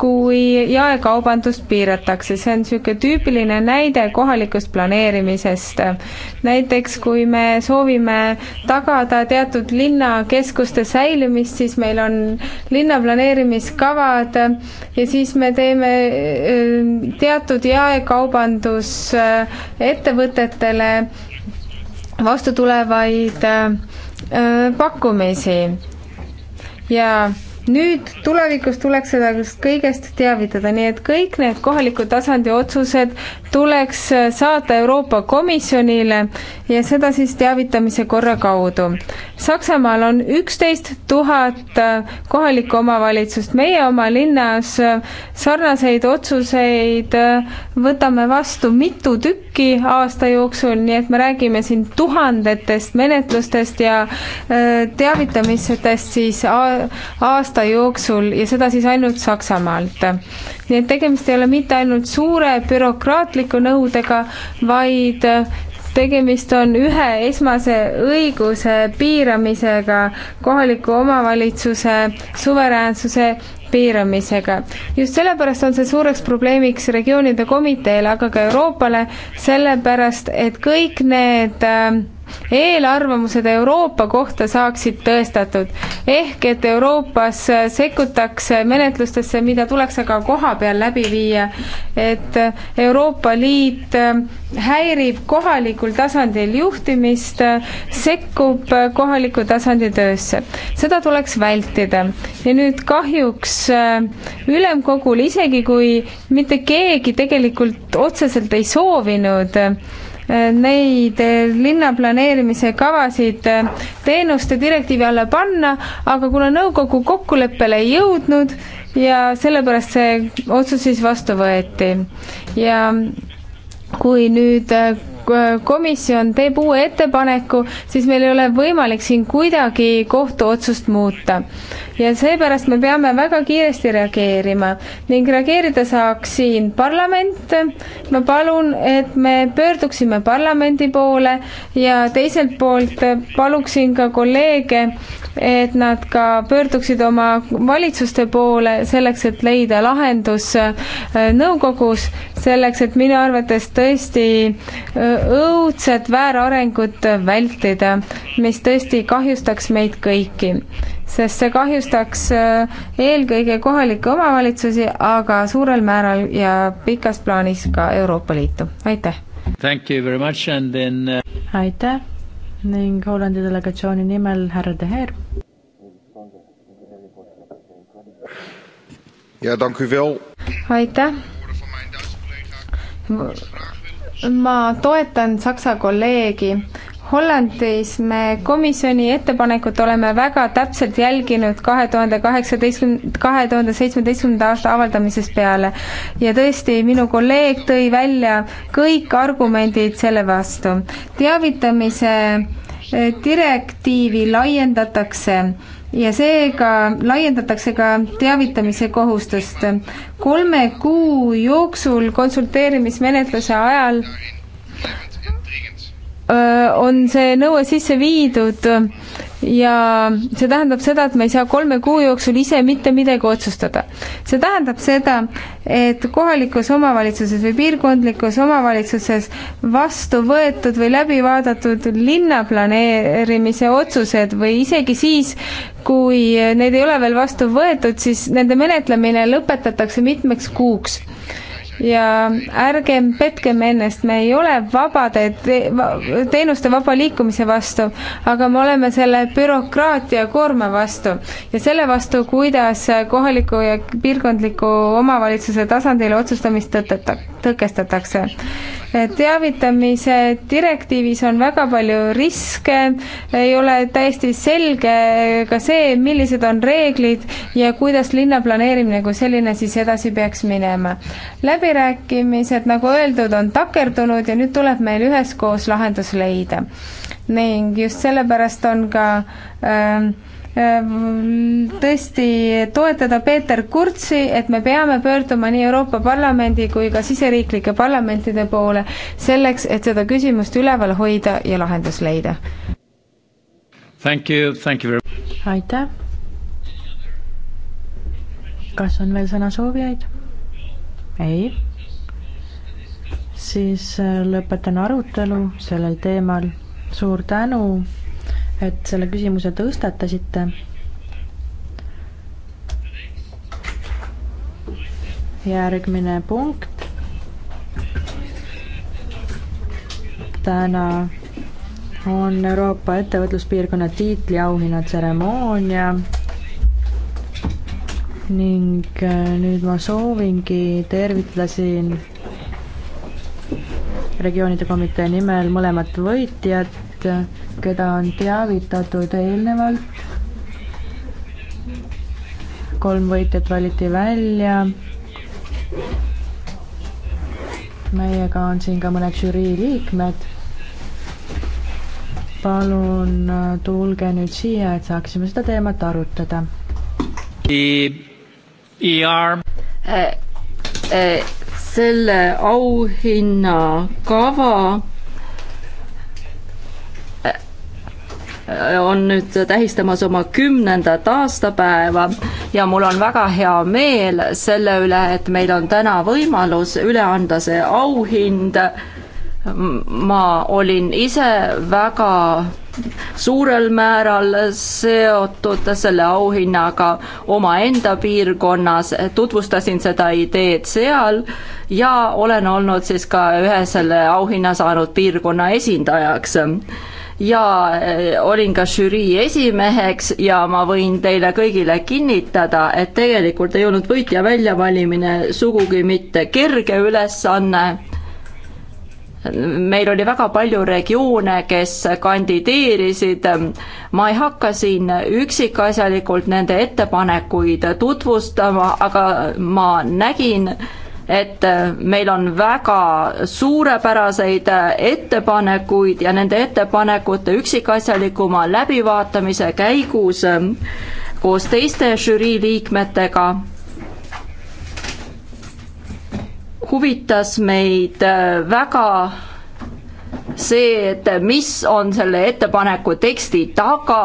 Speaker 3: kui jaekaubandust piiratakse, see on niisugune tüüpiline näide kohalikust planeerimisest. näiteks kui me soovime tagada teatud linnakeskuste säilimist, siis meil on linnaplaneerimiskavad ja siis me teeme äh, teatud jaekaubandus ettevõtetele vastu tulevaid äh, pakkumisi ja nüüd tulevikus tuleks seda kõigest teavitada, nii et kõik need kohaliku tasandi otsused tuleks äh, saata Euroopa Komisjonile ja seda siis teavitamise korra kaudu. Saksamaal on üksteist tuhat äh, kohalikku omavalitsust, meie oma linnas äh, sarnaseid otsuseid võtame vastu mitu tükki aasta jooksul, nii et me räägime siin tuhandetest menetlustest ja teavitamisest siis aasta aasta jooksul ja seda siis ainult Saksamaalt. nii et tegemist ei ole mitte ainult suure bürokraatliku nõudega, vaid tegemist on ühe esmase õiguse piiramisega, kohaliku omavalitsuse suveräänsuse piiramisega. just sellepärast on see suureks probleemiks regioonide komiteele, aga ka Euroopale, sellepärast et kõik need äh, eelarvamused Euroopa kohta saaksid tõestatud. ehk et Euroopas sekkutakse menetlustesse, mida tuleks aga koha peal läbi viia, et Euroopa Liit häirib kohalikul tasandil juhtimist, sekkub kohaliku tasandi töösse. seda tuleks vältida. ja nüüd kahjuks ülemkogul, isegi kui mitte keegi tegelikult otseselt ei soovinud, neid eh, linnaplaneerimise kavasid eh, teenuste direktiivi alla panna, aga kuna nõukogu kokkuleppele ei jõudnud ja sellepärast see otsus siis vastu võeti. ja kui nüüd eh, komisjon teeb uue ettepaneku, siis meil ei ole võimalik siin kuidagi kohtuotsust muuta ja seepärast me peame väga kiiresti reageerima ning reageerida saaks siin parlament. ma palun, et me pöörduksime parlamendi poole ja teiselt poolt paluksin ka kolleege, et nad ka pöörduksid oma valitsuste poole selleks, et leida lahendus äh, nõukogus, selleks, et minu arvates tõesti äh, õudset väärarengut vältida, mis tõesti kahjustaks meid kõiki sest see kahjustaks äh, eelkõige kohalikke omavalitsusi, aga suurel määral ja pikas plaanis ka Euroopa Liitu, aitäh!
Speaker 1: Then... Uh,
Speaker 3: aitäh ning Hollandi delegatsiooni nimel härra De Heer. aitäh! ma toetan Saksa kolleegi, Hollandis me komisjoni ettepanekut oleme väga täpselt jälginud kahe tuhande kaheksateistkümne, kahe tuhande seitsmeteistkümnenda aasta avaldamisest peale. ja tõesti, minu kolleeg tõi välja kõik argumendid selle vastu. teavitamise eh, direktiivi laiendatakse ja seega laiendatakse ka teavitamise kohustust. kolme kuu jooksul konsulteerimismenetluse ajal on see nõue sisse viidud ja see tähendab seda, et me ei saa kolme kuu jooksul ise mitte midagi otsustada. see tähendab seda, et kohalikus omavalitsuses või piirkondlikus omavalitsuses vastu võetud või läbi vaadatud linnaplaneerimise otsused või isegi siis, kui need ei ole veel vastu võetud, siis nende menetlemine lõpetatakse mitmeks kuuks ja ärgem petkem ennast, me ei ole vabade te teenuste vaba liikumise vastu, aga me oleme selle bürokraatia koorma vastu ja selle vastu, kuidas kohaliku ja piirkondliku omavalitsuse tasandil otsustamist tõteta-, tõkestatakse. teavitamise direktiivis on väga palju riske, ei ole täiesti selge ka see, millised on reeglid ja kuidas linnaplaneerimine kui selline siis edasi peaks minema. läbi läbirääkimised, nagu öeldud, on takerdunud ja nüüd tuleb meil üheskoos lahendus leida. ning just sellepärast on ka äh, tõesti toetada Peeter Kurtsi, et me peame pöörduma nii Euroopa Parlamendi kui ka siseriiklike parlamentide poole selleks, et seda küsimust üleval hoida ja lahendus leida. aitäh.
Speaker 2: kas on veel sõnasoovijaid? ei? siis äh, lõpetan arutelu sellel teemal. suur tänu, et selle küsimuse tõstatasite. järgmine punkt. täna on Euroopa ettevõtluspiirkonna tiitliauhinna tseremoonia ning äh, nüüd ma soovingi tervitada siin regioonide komitee nimel mõlemat võitjat, keda on teavitatud eelnevalt. kolm võitjat valiti välja. meiega on siin ka mõned žürii liikmed palun äh, tulge nüüd siia, et saaksime seda teemat arutada.
Speaker 1: ER.
Speaker 7: selle auhinnakava äh, on nüüd tähistamas oma kümnendat aastapäeva ja mul on väga hea meel selle üle, et meil on täna võimalus üle anda see auhind. ma olin ise väga suurel määral seotud selle auhinnaga omaenda piirkonnas, tutvustasin seda ideed seal ja olen olnud siis ka ühe selle auhinna saanud piirkonna esindajaks ja eh, olin ka žürii esimeheks ja ma võin teile kõigile kinnitada, et tegelikult ei olnud võitja väljavalimine sugugi mitte kerge ülesanne meil oli väga palju regioone, kes kandideerisid, ma ei hakka siin üksikasjalikult nende ettepanekuid tutvustama, aga ma nägin, et meil on väga suurepäraseid ettepanekuid ja nende ettepanekute üksikasjalikuma läbivaatamise käigus koos teiste žürii liikmetega huvitas meid äh, väga see, et mis on selle ettepaneku teksti taga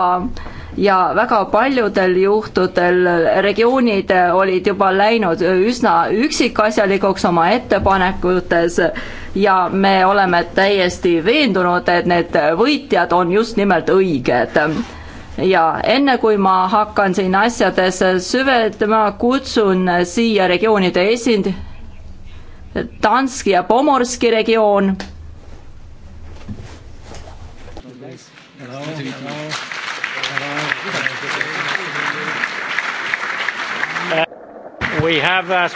Speaker 7: ja väga paljudel juhtudel regioonid olid juba läinud üsna üksikasjalikuks oma ettepanekutes ja me oleme täiesti veendunud, et need võitjad on just nimelt õiged ja enne kui ma hakkan siin asjades süvedama, kutsun siia regioonide esind-, Danski ja Pomorski regioon.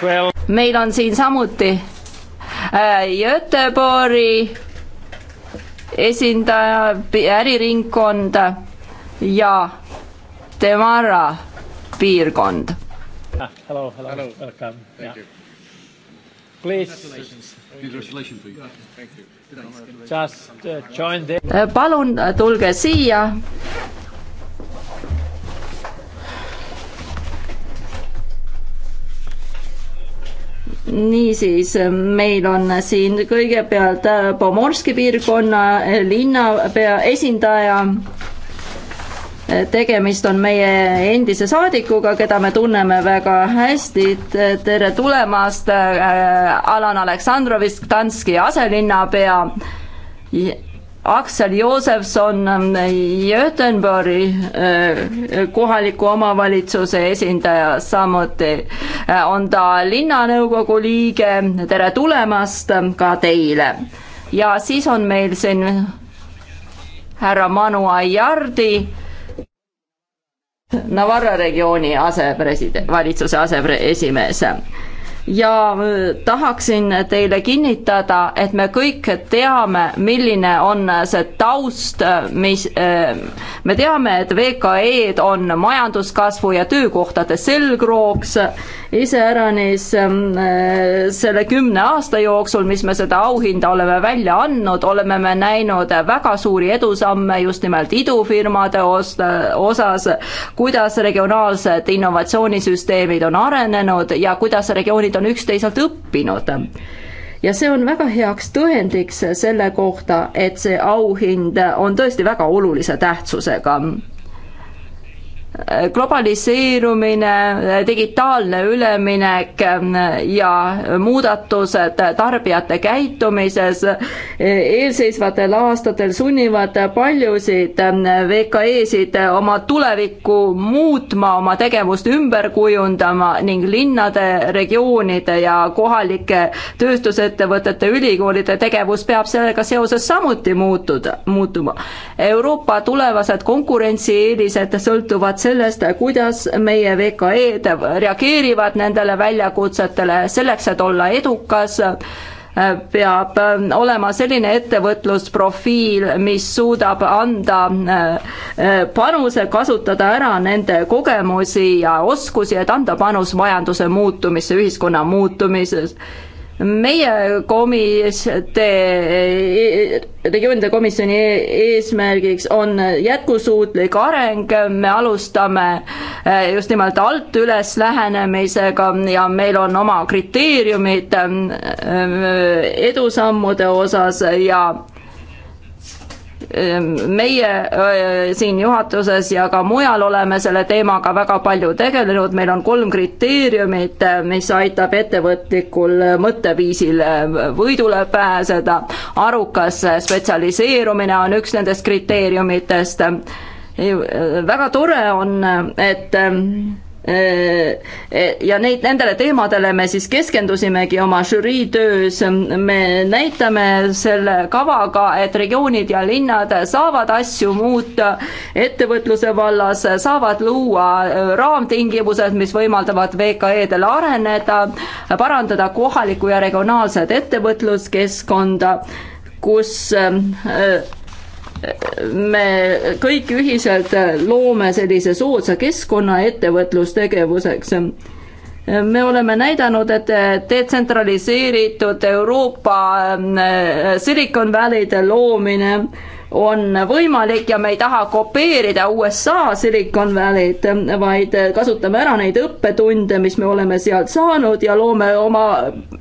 Speaker 7: Well... meil on siin samuti äh, Göteborgi esindaja, äriringkond ja Temara piirkond.
Speaker 1: Ah, hello, hello, hello, welcome. Yeah. Uh, äh,
Speaker 7: palun äh, tulge siia. niisiis, äh, meil on siin kõigepealt Pomorski piirkonna linnapea esindaja tegemist on meie endise saadikuga, keda me tunneme väga hästi, tere tulemast, äh, Alan Aleksandrovist, Gdanski aselinnapea, Aksel Joosevson äh, Göteborgi äh, kohaliku omavalitsuse esindaja, samuti on ta linnanõukogu liige, tere tulemast ka teile. ja siis on meil siin härra Manu Aiardi, Navarra regiooni asepresident, valitsuse aseesimees ja äh, tahaksin teile kinnitada, et me kõik teame, milline on äh, see taust, äh, mis, me teame, et VKE-d on majanduskasvu ja töökohtade selgrooks, iseäranis ähm, selle kümne aasta jooksul, mis me seda auhinda oleme välja andnud, oleme me näinud väga suuri edusamme just nimelt idufirmade osas, kuidas regionaalsed innovatsioonisüsteemid on arenenud ja kuidas regioonid riigid on üksteiselt õppinud ja see on väga heaks tõendiks selle kohta, et see auhind on tõesti väga olulise tähtsusega globaliseerumine, digitaalne üleminek ähm, ja muudatused tarbijate käitumises eelseisvatel aastatel sunnivad paljusid ähm, VKE-sid oma tulevikku muutma, oma tegevust ümber kujundama ning linnade, regioonide ja kohalike tööstusettevõtete, ülikoolide tegevus peab sellega seoses samuti muutuda, muutuma. Euroopa tulevased konkurentsieelised sõltuvad sellest, kuidas meie VKE-d reageerivad nendele väljakutsetele selleks, et olla edukas peab olema selline ettevõtlusprofiil, mis suudab anda äh, äh, panuse, kasutada ära nende kogemusi ja oskusi, et anda panus majanduse muutumisse, ühiskonna muutumises meie komis-, regioonide komisjoni eesmärgiks on jätkusuutlik areng, me alustame eh, just nimelt alt üles lähenemisega ja meil on oma kriteeriumid eh, edusammude osas ja Ehm, meie äh, siin juhatuses ja ka mujal oleme selle teemaga väga palju tegelenud, meil on kolm kriteeriumit, äh, mis aitab ettevõtlikul äh, mõtteviisil võidule pääseda. arukas spetsialiseerumine on üks nendest kriteeriumitest. väga tore on, et ähm, Äh, äh, ja neid, nendele teemadele me siis keskendusimegi oma žürii töös, me näitame selle kavaga, et regioonid ja linnad saavad asju muuta ettevõtluse vallas, saavad luua äh, raamtingimused, mis võimaldavad VKE-del areneda, parandada kohalikku ja regionaalset ettevõtluskeskkonda, kus äh, me kõik ühiselt loome sellise soodsa keskkonna ettevõtlustegevuseks. me oleme näidanud, et detsentraliseeritud Euroopa äh, Silicon Valley'de loomine on võimalik ja me ei taha kopeerida USA Silicon Valley'd, vaid kasutame ära neid õppetunde, mis me oleme sealt saanud ja loome oma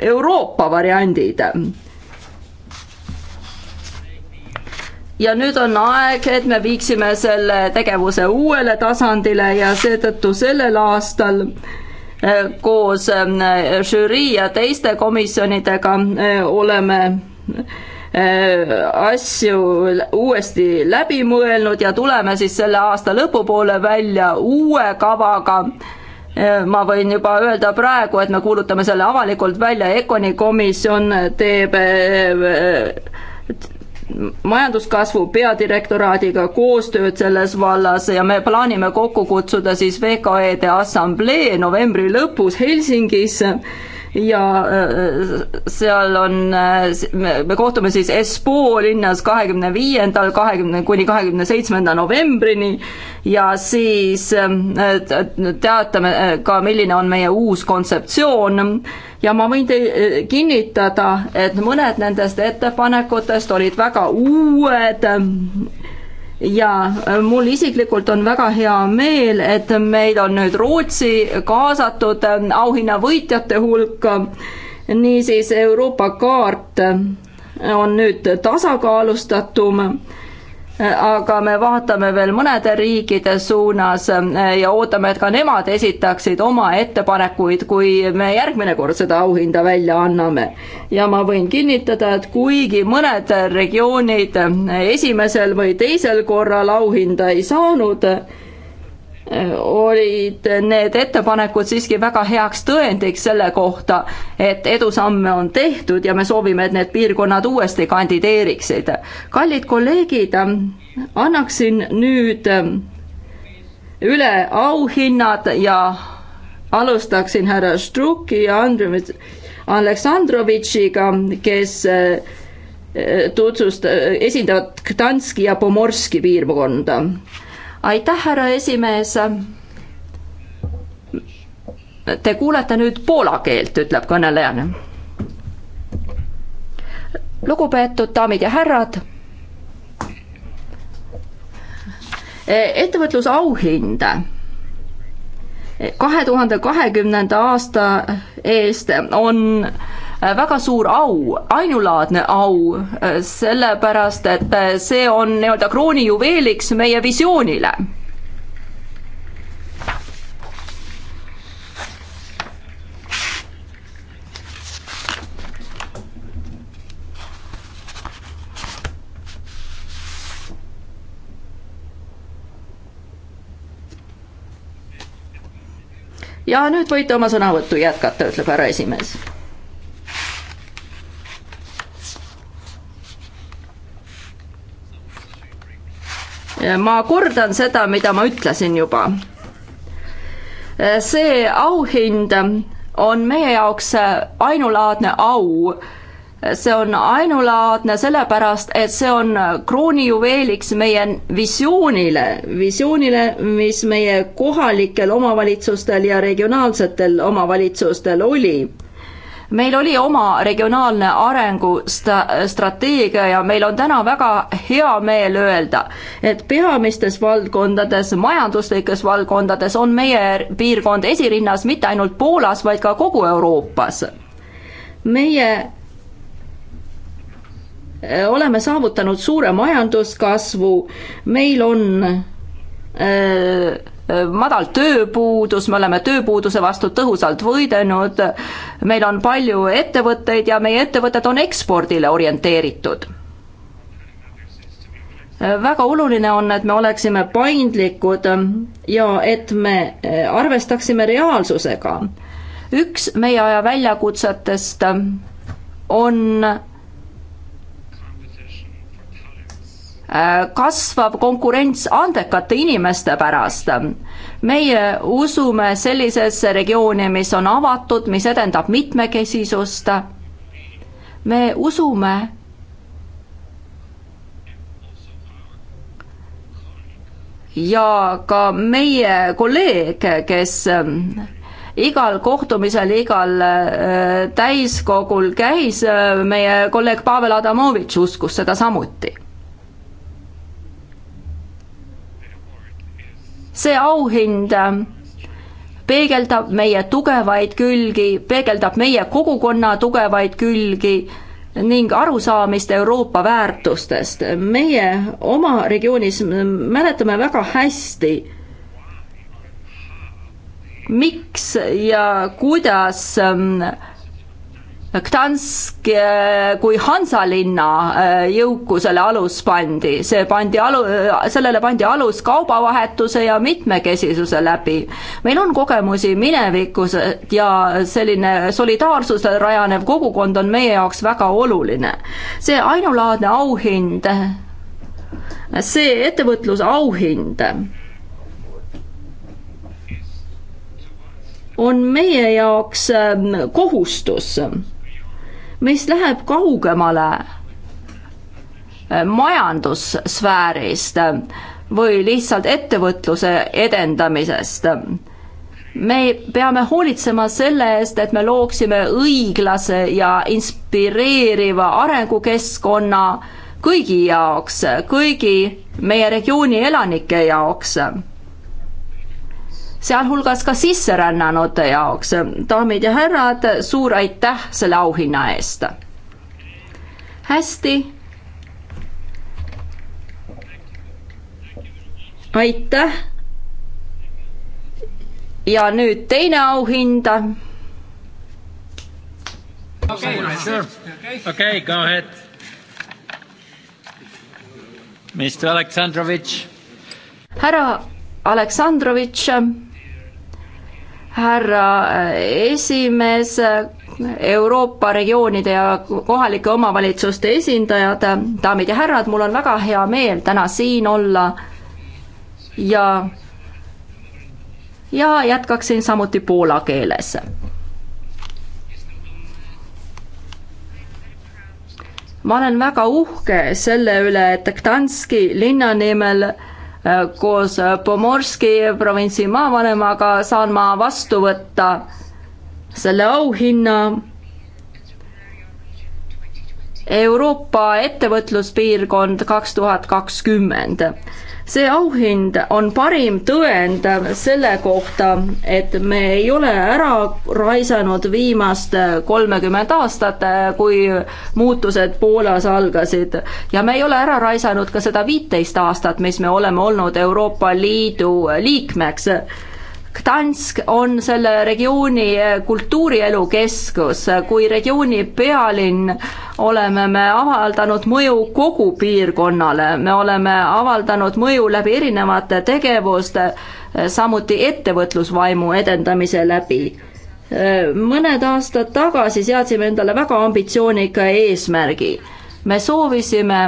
Speaker 7: Euroopa variandid ja nüüd on aeg, et me viiksime selle tegevuse uuele tasandile ja seetõttu sellel aastal eh, koos eh, žürii ja teiste komisjonidega eh, oleme asju uuesti läbi mõelnud ja tuleme siis selle aasta lõpupoole välja uue kavaga ma võin juba öelda praegu, et me kuulutame selle avalikult välja, Econi komisjon teeb majanduskasvu peadirektoraadiga koostööd selles vallas ja me plaanime kokku kutsuda siis VKE-de assamblee novembri lõpus Helsingis ja äh, seal on, äh, me kohtume siis Espoo linnas kahekümne viiendal, kahekümne kuni kahekümne seitsmenda novembrini ja siis äh, teatame ka, milline on meie uus kontseptsioon ja ma võin teile kinnitada, et mõned nendest ettepanekutest olid väga uued ja äh, mul isiklikult on väga hea meel, et meil on nüüd Rootsi kaasatud äh, auhinnavõitjate hulka. niisiis Euroopa kaart äh, on nüüd tasakaalustatum aga me vaatame veel mõnede riikide suunas eh, ja ootame, et ka nemad esitaksid oma ettepanekuid, kui me järgmine kord seda auhinda välja anname. ja ma võin kinnitada, et kuigi mõned regioonid eh, esimesel või teisel korral auhinda ei saanud, olid need ettepanekud siiski väga heaks tõendiks selle kohta, et edusamme on tehtud ja me soovime, et need piirkonnad uuesti kandideeriksid. kallid kolleegid, annaksin nüüd üle auhinnad ja alustaksin härra Štruki ja Andrei Aleksandrovitšiga, kes eh, tutvust-, esindavad Gdanski ja Pomorski piirkonda aitäh, härra esimees. Te kuulete nüüd poola keelt, ütleb kõneleja. lugupeetud daamid ja härrad. ettevõtlusauhind kahe tuhande kahekümnenda aasta eest on Äh, väga suur au, ainulaadne au, äh, sellepärast et äh, see on nii-öelda kroonijuveeliks meie visioonile. ja nüüd võite oma sõnavõttu jätkata, ütleb härra esimees ma kordan seda, mida ma ütlesin juba. see auhind on meie jaoks ainulaadne au. see on ainulaadne sellepärast, et see on kroonijuveeliks meie visioonile, visioonile, mis meie kohalikel omavalitsustel ja regionaalsetel omavalitsustel oli meil oli oma regionaalne arengustrateegia ja meil on täna väga hea meel öelda, et peamistes valdkondades, majanduslikes valdkondades on meie piirkond esirinnas mitte ainult Poolas, vaid ka kogu Euroopas. meie äh, oleme saavutanud suure majanduskasvu, meil on öö, äh, Äh, madal tööpuudus, me oleme tööpuuduse vastu tõhusalt võidelnud, meil on palju ettevõtteid ja meie ettevõtted on ekspordile orienteeritud. Äh, väga oluline on, et me oleksime paindlikud ja et me äh, arvestaksime reaalsusega. üks meie aja väljakutsetest on kasvav konkurents andekate inimeste pärast. meie usume sellisesse regiooni, mis on avatud, mis edendab mitmekesisust. me usume, ja ka meie kolleeg, kes ähm, igal kohtumisel, igal äh, täiskogul käis, äh, meie kolleeg Pavel Adamovitš uskus seda samuti see auhind ähm, peegeldab meie tugevaid külgi, peegeldab meie kogukonna tugevaid külgi ning arusaamist Euroopa väärtustest. meie oma regioonis mäletame väga hästi, miks ja kuidas äh, Gdansk eh, kui Hansalinna eh, jõukusele alus pandi, see pandi alu, eh, sellele pandi alus kaubavahetuse ja mitmekesisuse läbi. meil on kogemusi minevikus ja selline solidaarsusel rajanev kogukond on meie jaoks väga oluline. see ainulaadne auhind, see ettevõtlusauhind on meie jaoks kohustus mis läheb kaugemale äh, majandussfäärist äh, või lihtsalt ettevõtluse edendamisest. me peame hoolitsema selle eest, et me looksime õiglase ja inspireeriva arengukeskkonna kõigi jaoks, kõigi meie regiooni elanike jaoks sealhulgas ka sisserännanute jaoks. daamid ja härrad, suur aitäh selle auhinna eest! hästi. aitäh. ja nüüd teine auhind
Speaker 9: Okay, sure.
Speaker 1: Okay, go ahead. Mr. Aleksandrovitš.
Speaker 7: härra Aleksandrovitš härra äh, esimees, äh, Euroopa regioonide ja kohalike omavalitsuste esindajad, daamid ja härrad, mul on väga hea meel täna siin olla ja, ja jätkaksin samuti poola keeles. ma olen väga uhke selle üle, et Gdanski linna nimel koos Pomorski provintsi maavanemaga saan ma vastu võtta selle auhinna Euroopa ettevõtluspiirkond kaks tuhat kakskümmend see auhind on parim tõend selle kohta, et me ei ole ära raisanud viimast kolmekümmet aastat, kui muutused Poolas algasid. ja me ei ole ära raisanud ka seda viiteist aastat, mis me oleme olnud Euroopa Liidu liikmeks Gdansk on selle regiooni kultuurielu keskus, kui regiooni pealinn oleme me avaldanud mõju kogu piirkonnale, me oleme avaldanud mõju läbi erinevate tegevuste, samuti ettevõtlusvaimu edendamise läbi mõned aastad tagasi seadsime endale väga ambitsioonika eesmärgi. me soovisime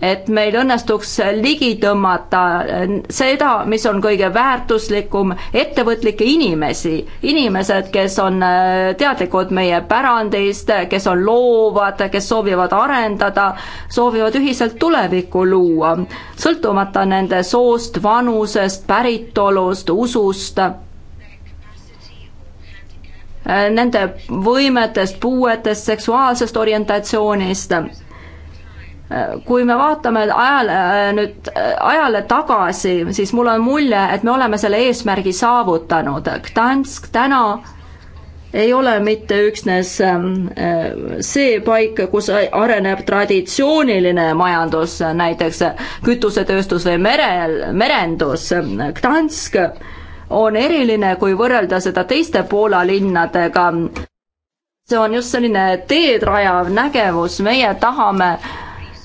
Speaker 7: et meil õnnestuks ligi tõmmata äh, seda, mis on kõige väärtuslikum, ettevõtlikke inimesi, inimesed, kes on äh, teadlikud meie pärandist, kes on loovad, kes soovivad arendada, soovivad ühiselt tulevikku luua, sõltumata nende soost, vanusest, päritolust, usust äh, nende võimetest, puuetest, seksuaalsest orientatsioonist kui me vaatame ajale, äh, nüüd äh, ajale tagasi, siis mul on mulje, et me oleme selle eesmärgi saavutanud. Gdansk täna ei ole mitte üksnes ähm, äh, see paik, kus areneb traditsiooniline majandus, näiteks kütusetööstus või merel, merendus. Gdansk on eriline, kui võrrelda seda teiste Poola linnadega. see on just selline teed rajav nägevus, meie tahame äh,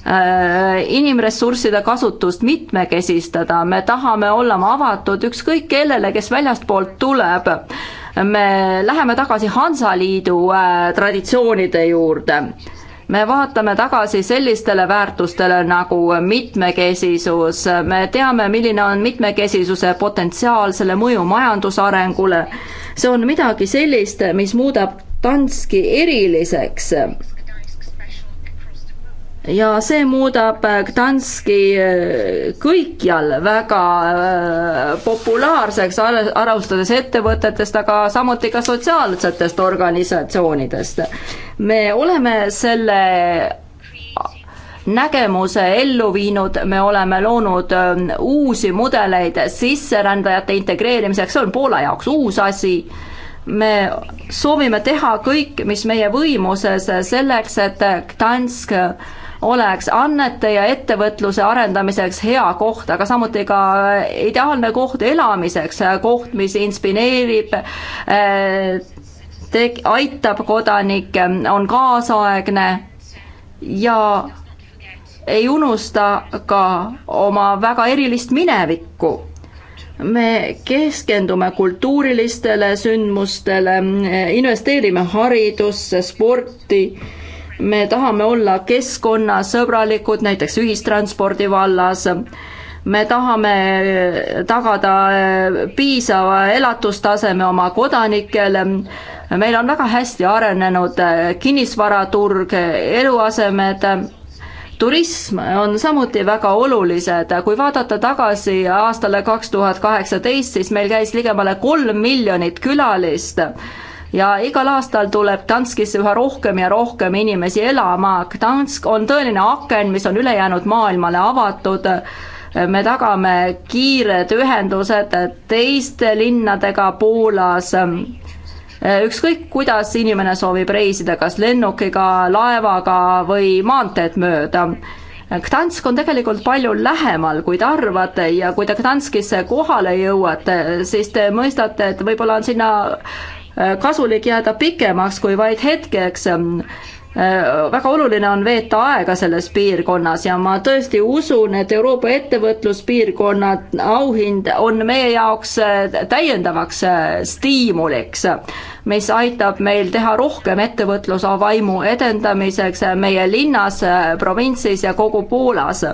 Speaker 7: Äh, inimressursside kasutust mitmekesistada, me tahame olla avatud ükskõik kellele, kes väljastpoolt tuleb. me läheme tagasi Hansaliidu äh, traditsioonide juurde me vaatame tagasi sellistele väärtustele nagu mitmekesisus, me teame, milline on mitmekesisuse potentsiaal, selle mõju majandusarengule. see on midagi sellist, mis muudab Danski eriliseks ja see muudab äh, Gdanski äh, kõikjal väga äh, populaarseks, alustades ettevõtetest, aga samuti ka sotsiaalsetest organisatsioonidest. me oleme selle nägemuse ellu viinud, me oleme loonud uusi mudeleid sisserändajate integreerimiseks, see on Poola jaoks uus asi me soovime teha kõik, mis meie võimuses selleks, et Gdansk oleks annete ja ettevõtluse arendamiseks hea koht, aga samuti ka äh, ideaalne koht elamiseks, äh, koht, mis inspireerib äh, teg-, aitab kodanikke, on kaasaegne ja ei unusta ka oma väga erilist minevikku me keskendume kultuurilistele sündmustele, investeerime haridusse, sporti me tahame olla keskkonnasõbralikud, näiteks ühistranspordi vallas me tahame tagada piisava elatustaseme oma kodanikele, meil on väga hästi arenenud kinnisvaraturg, eluasemed, turism on samuti väga olulised, kui vaadata tagasi aastale kaks tuhat kaheksateist, siis meil käis ligemale kolm miljonit külalist ja igal aastal tuleb Danskisse üha rohkem ja rohkem inimesi elama. Dansk on tõeline aken, mis on ülejäänud maailmale avatud me tagame kiired ühendused teiste linnadega Poolas. ükskõik, kuidas inimene soovib reisida, kas lennukiga, laevaga või maanteed mööda. Gdansk on tegelikult palju lähemal, kui te arvate ja kui te Gdanskisse kohale jõuate, siis te mõistate, et võib-olla on sinna Äh, kasulik jääda pikemaks kui vaid hetkeks äh, väga oluline on veeta aega selles piirkonnas ja ma tõesti usun, et Euroopa ettevõtluspiirkonna auhind on meie jaoks äh, täiendavaks stiimuliks, mis aitab meil teha rohkem ettevõtluse vaimu edendamiseks meie linnas, provintsis ja kogu Poolas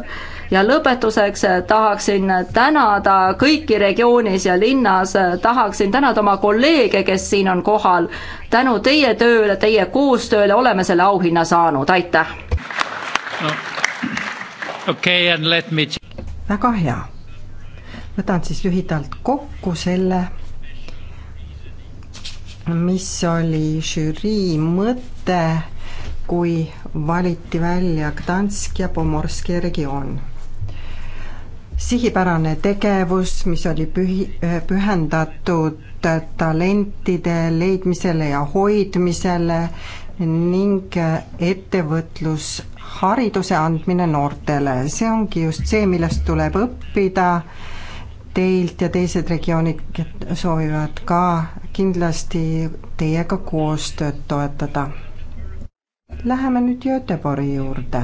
Speaker 7: ja lõpetuseks tahaksin tänada kõiki regioonis ja linnas, tahaksin tänada oma kolleege, kes siin on kohal. tänu teie tööle, teie koostööle oleme selle auhinna saanud,
Speaker 6: aitäh
Speaker 1: no.! Okay, and let me
Speaker 6: väga hea. võtan siis lühidalt kokku selle, mis oli žürii mõte, kui valiti välja Gdansk ja Pomorski regioon sihipärane tegevus, mis oli pühi, eh, pühendatud talentide leidmisele ja hoidmisele ning eh, ettevõtlushariduse andmine noortele. see ongi just see, millest tuleb õppida. Teilt ja teised regioonid soovivad ka kindlasti teiega koostööd toetada. Läheme nüüd Göteborgi juurde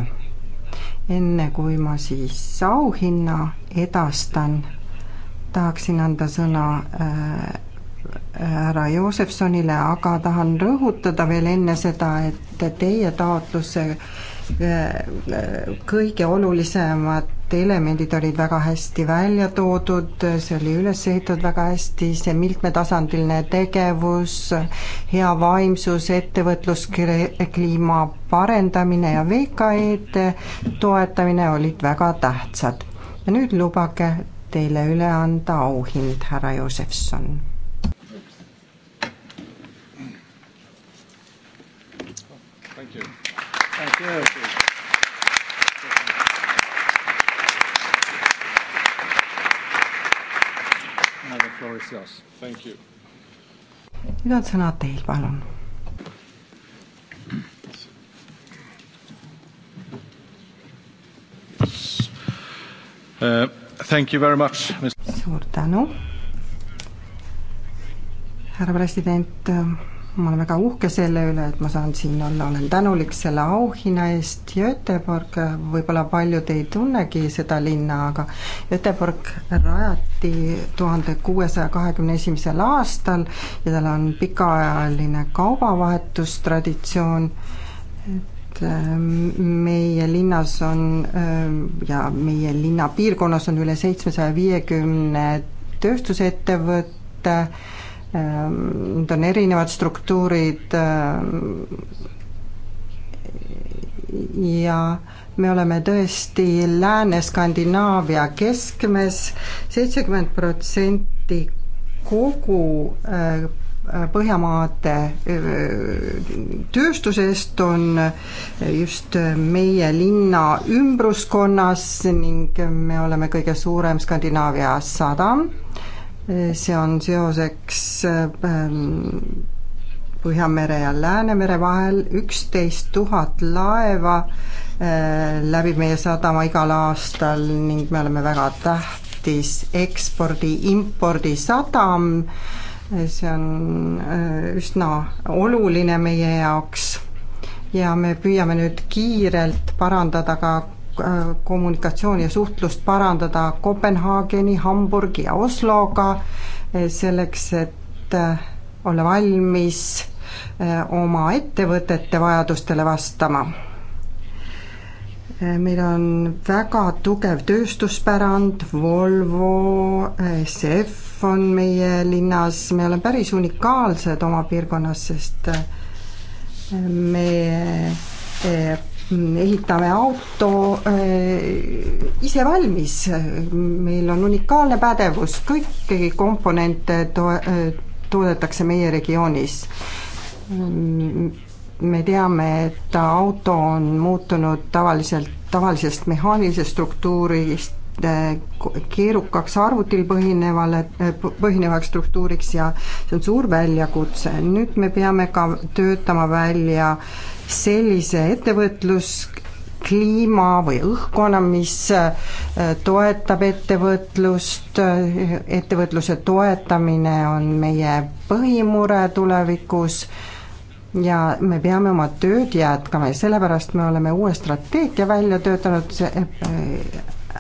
Speaker 6: enne kui ma siis auhinna edastan, tahaksin anda sõna äh, äh, härra Joosefsonile, aga tahan rõhutada veel enne seda, et teie taotluse äh, kõige olulisemad et elemendid olid väga hästi välja toodud, see oli üles ehitatud väga hästi, see mitmetasandiline tegevus, hea vaimsus, ettevõtluskliima parendamine ja VKE-de toetamine olid väga tähtsad. ja nüüd lubage teile üle anda auhind, härra Josephson
Speaker 9: Thank
Speaker 1: you. seas.
Speaker 6: nüüd on sõna teil, palun. Uh, thank you very much. suur tänu, härra president ma olen väga uhke selle üle, et ma saan siin olla, olen tänulik selle auhinna eest. Göteborg, võib-olla paljud ei tunnegi seda linna, aga Göteborg rajati tuhande kuuesaja kahekümne esimesel aastal ja tal on pikaajaline kaubavahetustraditsioon. et ähm, meie linnas on ähm, ja meie linna piirkonnas on üle seitsmesaja viiekümne tööstusettevõtte Ehm, need on erinevad struktuurid ehm, ja me oleme tõesti Lääne-Skandinaavia keskmes, seitsekümmend protsenti kogu ehm, Põhjamaade tööstusest on just meie linna ümbruskonnas ning me oleme kõige suurem Skandinaavia sadam see on seoseks ähm, Põhjamere ja Läänemere vahel üksteist tuhat laeva äh, läbib meie sadama igal aastal ning me oleme väga tähtis ekspordi-impordisadam, see on äh, üsna oluline meie jaoks ja me püüame nüüd kiirelt parandada ka Äh, kommunikatsiooni ja suhtlust parandada Kopenhaageni, Hamburgi ja Osloga, äh, selleks et äh, olla valmis oma ettevõtete vajadustele vastama. meil on väga tugev tööstuspärand, Volvo, SF on meie linnas, me oleme päris unikaalsed oma piirkonnas, sest me Mm, ehitame auto äh, ise valmis, meil on unikaalne pädevus, kõiki komponente to-, äh, toodetakse meie regioonis. Mm, me teame, et auto on muutunud tavaliselt, tavalisest mehaanilisest struktuurist äh, keerukaks arvutil põhinevale, põhinevaks struktuuriks ja see on suur väljakutse. nüüd me peame ka töötama välja äh, sellise ettevõtluskliima või õhkkonna, mis äh, toetab ettevõtlust, äh, ettevõtluse toetamine on meie põhimure tulevikus ja me peame oma tööd jätkama ja sellepärast me oleme uue strateegia välja töötanud äh,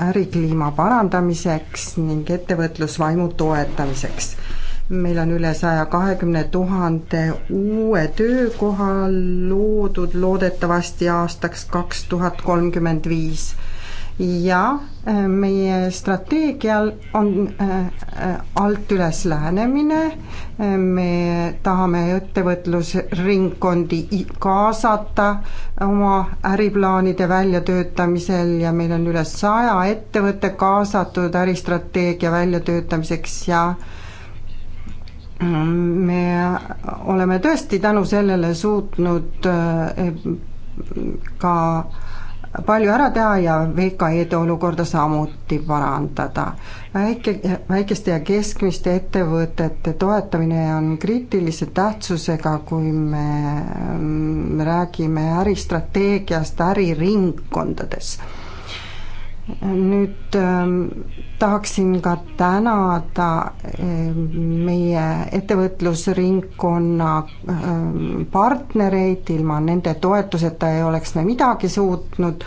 Speaker 6: ärikliima parandamiseks ning ettevõtlusvaimu toetamiseks meil on üle saja kahekümne tuhande uue töökoha loodud loodetavasti aastaks kaks tuhat kolmkümmend viis. ja äh, meie strateegial on äh, äh, alt üles lähenemine, me tahame ettevõtlusringkondi kaasata oma äriplaanide väljatöötamisel ja meil on üle saja ettevõtte kaasatud äristrateegia väljatöötamiseks ja äh, me oleme tõesti tänu sellele suutnud eh, ka palju ära teha ja VKE-de olukorda samuti parandada. väike, väikeste ja keskmiste ettevõtete toetamine on kriitilise tähtsusega, kui me mm, räägime äristrateegiast äriringkondades nüüd ähm, tahaksin ka tänada ähm, meie ettevõtlusringkonna ähm, partnereid, ilma nende toetuseta ei oleks me midagi suutnud,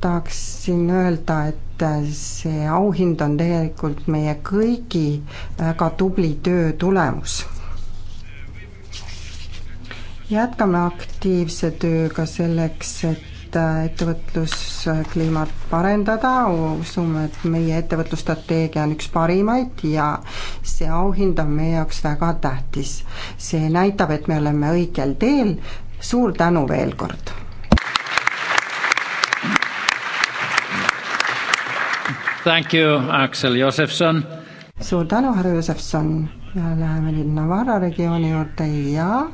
Speaker 6: tahaksin öelda, et äh, see auhind on tegelikult meie kõigi väga tubli töö tulemus. jätkame aktiivse tööga selleks, et et äh, ettevõtluskliimat parendada, usume, et meie ettevõtlusstrateegia on üks parimaid ja see auhind on meie jaoks väga tähtis. see näitab, et me oleme õigel teel, suur tänu veel kord!
Speaker 1: Thank you, Aksel Josefson!
Speaker 6: suur tänu, härra Josefson ja läheme nüüd Navarra regiooni juurde ja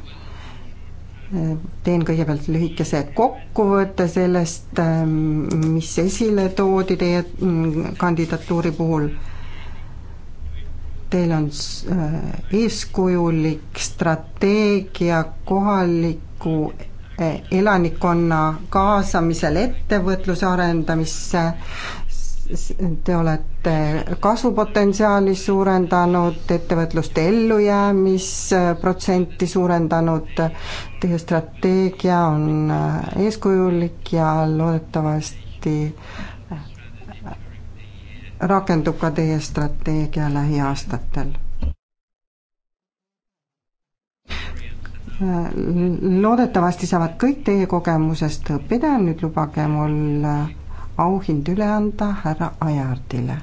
Speaker 6: teen kõigepealt lühikese kokkuvõtte sellest, ähm, mis esile toodi teie mm, kandidatuuri puhul. Teil on äh, eeskujulik strateegia kohaliku äh, elanikkonna kaasamisel ettevõtluse arendamisse te olete kasvupotentsiaali suurendanud, ettevõtluste ellujäämisprotsenti suurendanud, teie strateegia on eeskujulik ja loodetavasti rakendub ka teie strateegia lähiaastatel? loodetavasti saavad kõik teie kogemusest õppida, nüüd lubage mul auhind üle anda härra Ajardile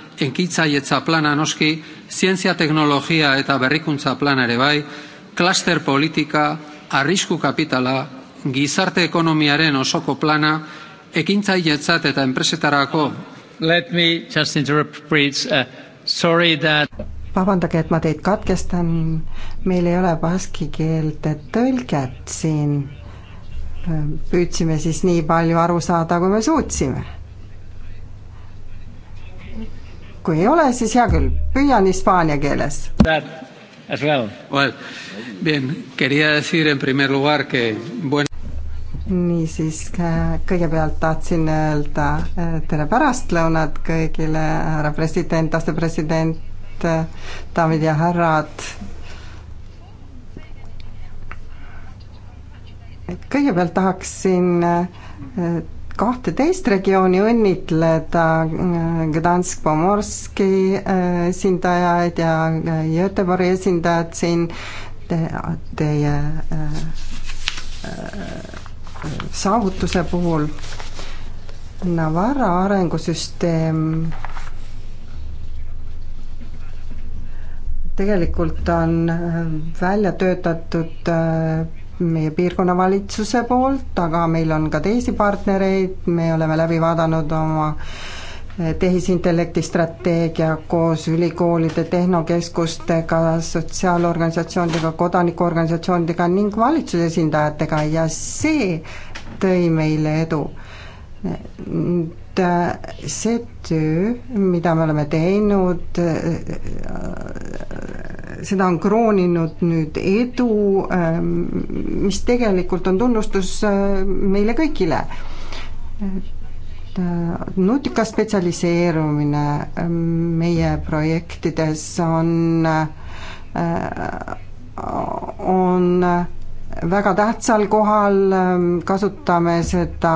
Speaker 4: enkitzailletza plana noski, zientzia teknologia eta berrikuntza plana ere bai, klaster politika, arrisku kapitala, gizarte ekonomiaren osoko plana, ekintzailetzat eta enpresetarako. Let me just interrupt, please. Uh, sorry that
Speaker 6: vabandage, et ma teid katkestan, meil ei ole baski keelde tõlget siin. püüdsime siis nii palju aru saada, kui me suutsime kui ei ole, siis hea küll, püüan hispaania keeles.
Speaker 4: As well. Well, bien, quería decir en primer lugar que bueno
Speaker 6: niisiis, äh, kõigepealt tahtsin öelda äh, tere pärastlõunat kõigile, härra president, asepresident, äh, daamid ja härrad. kõigepealt tahaksin kahteteist regiooni õnnitleda Gdansk-Pomorski äh, esindajaid ja äh, Göteborgi esindajad siin te,, teie äh, saavutuse puhul. Navara arengusüsteem tegelikult on välja töötatud meie piirkonna valitsuse poolt, aga meil on ka teisi partnereid, me oleme läbi vaadanud oma eh, tehisintellekti strateegia koos ülikoolide, tehnokeskustega, sotsiaalorganisatsioonidega, kodanikuorganisatsioonidega ning valitsuse esindajatega ja see tõi meile edu Äh, see töö, mida me oleme teinud, äh, äh, seda on krooninud nüüd edu, ähm, mis tegelikult on tunnustus meile kõigile. nutika spetsialiseerumine ähm, meie projektides on, on väga tähtsal kohal, ähm, kasutame seda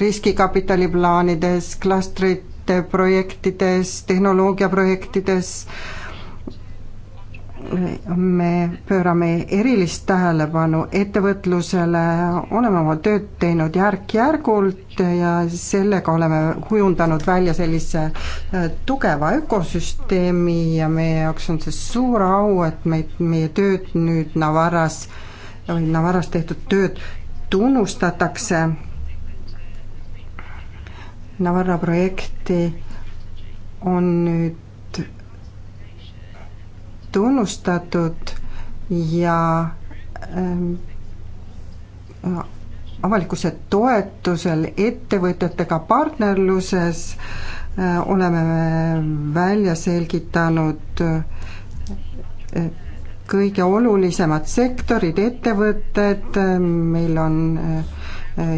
Speaker 6: riskikapitali plaanides, klastrite projektides, tehnoloogiaprojektides, me pöörame erilist tähelepanu ettevõtlusele, oleme oma tööd teinud järk-järgult ja sellega oleme kujundanud välja sellise äh, tugeva ökosüsteemi ja meie jaoks on see suur au, et meid, meie tööd nüüd Navarras äh, Navaras tehtud tööd tunnustatakse. Navarra projekti on nüüd tunnustatud ja ähm, avalikkuse toetusel ettevõtjatega partnerluses äh, oleme me välja selgitanud äh, kõige olulisemad sektorid, ettevõtted, meil on äh,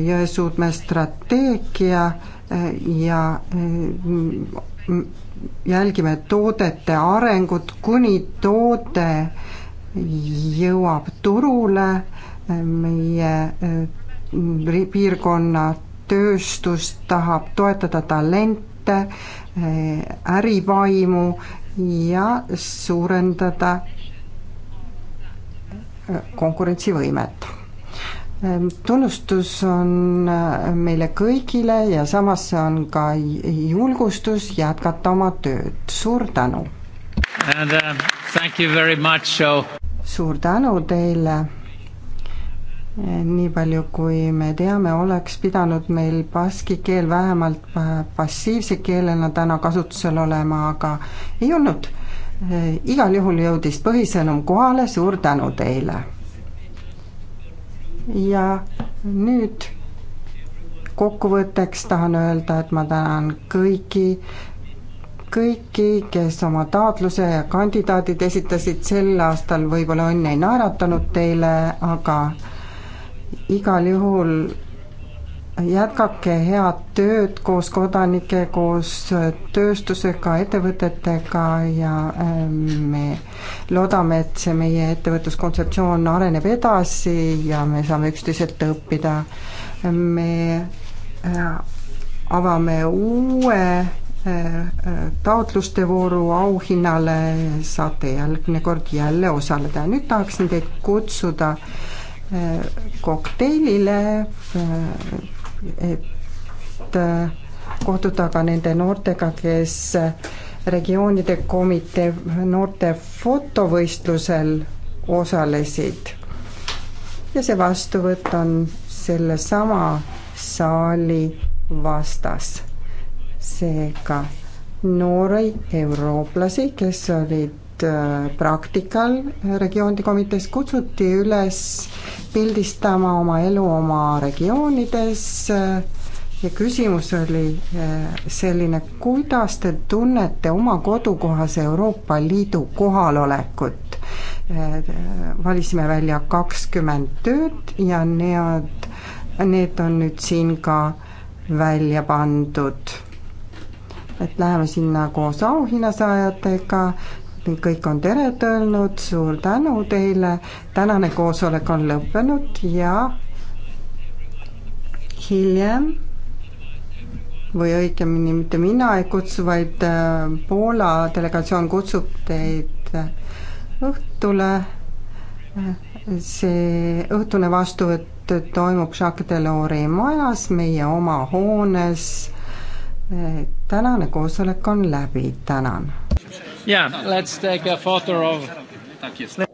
Speaker 6: Jõesuudme strateegia äh, ja äh, jälgime toodete arengut, kuni toode jõuab turule, meie piirkonna tööstus tahab toetada talente, ärivaimu ja suurendada konkurentsivõimet. Ehm, tunnustus on äh, meile kõigile ja samas see on ka julgustus jätkata oma tööd, suur tänu! Uh, suur tänu teile! Ehm, nii palju, kui me teame, oleks pidanud meil baski keel vähemalt passiivse keelena täna kasutusel olema, aga ei olnud Eh, igal juhul jõudis põhisõnum kohale, suur tänu teile! ja nüüd kokkuvõtteks tahan öelda, et ma tänan kõiki, kõiki, kes oma taotluse ja kandidaadid esitasid sel aastal, võib-olla õnn ei naeratanud teile, aga igal juhul jätkake head tööd koos kodanike, koos äh, tööstusega, ettevõtetega ja ähm, me loodame, et see meie ettevõtluskontseptsioon areneb edasi ja me saame üksteiselt õppida. me äh, avame uue äh, taotluste vooru auhinnale, saate järgmine kord jälle osaleda. nüüd tahaksin teid kutsuda kokteilile et äh, kohtuda ka nende noortega, kes regioonide komitee noorte fotovõistlusel osalesid. ja see vastuvõtt on sellesama saali vastas. seega noori eurooplasi, kes olid äh, praktikal regioonide komitees, kutsuti üles pildistama oma elu oma regioonides ja küsimus oli eh, selline, kuidas te tunnete oma kodukohas Euroopa Liidu kohalolekut? Eh, valisime välja kakskümmend tööd ja need, need on nüüd siin ka välja pandud. et läheme sinna koos auhinnasaajatega kõik on teretulnud, suur tänu teile, tänane koosolek on lõppenud ja hiljem või õigemini mitte mina ei kutsu, vaid äh, Poola delegatsioon kutsub teid äh, õhtule. Äh, see õhtune vastuvõtt toimub Jacques Delors'i majas, meie oma hoones. tänane koosolek on läbi, tänan
Speaker 9: Yeah, let's take a photo of. Tak jest.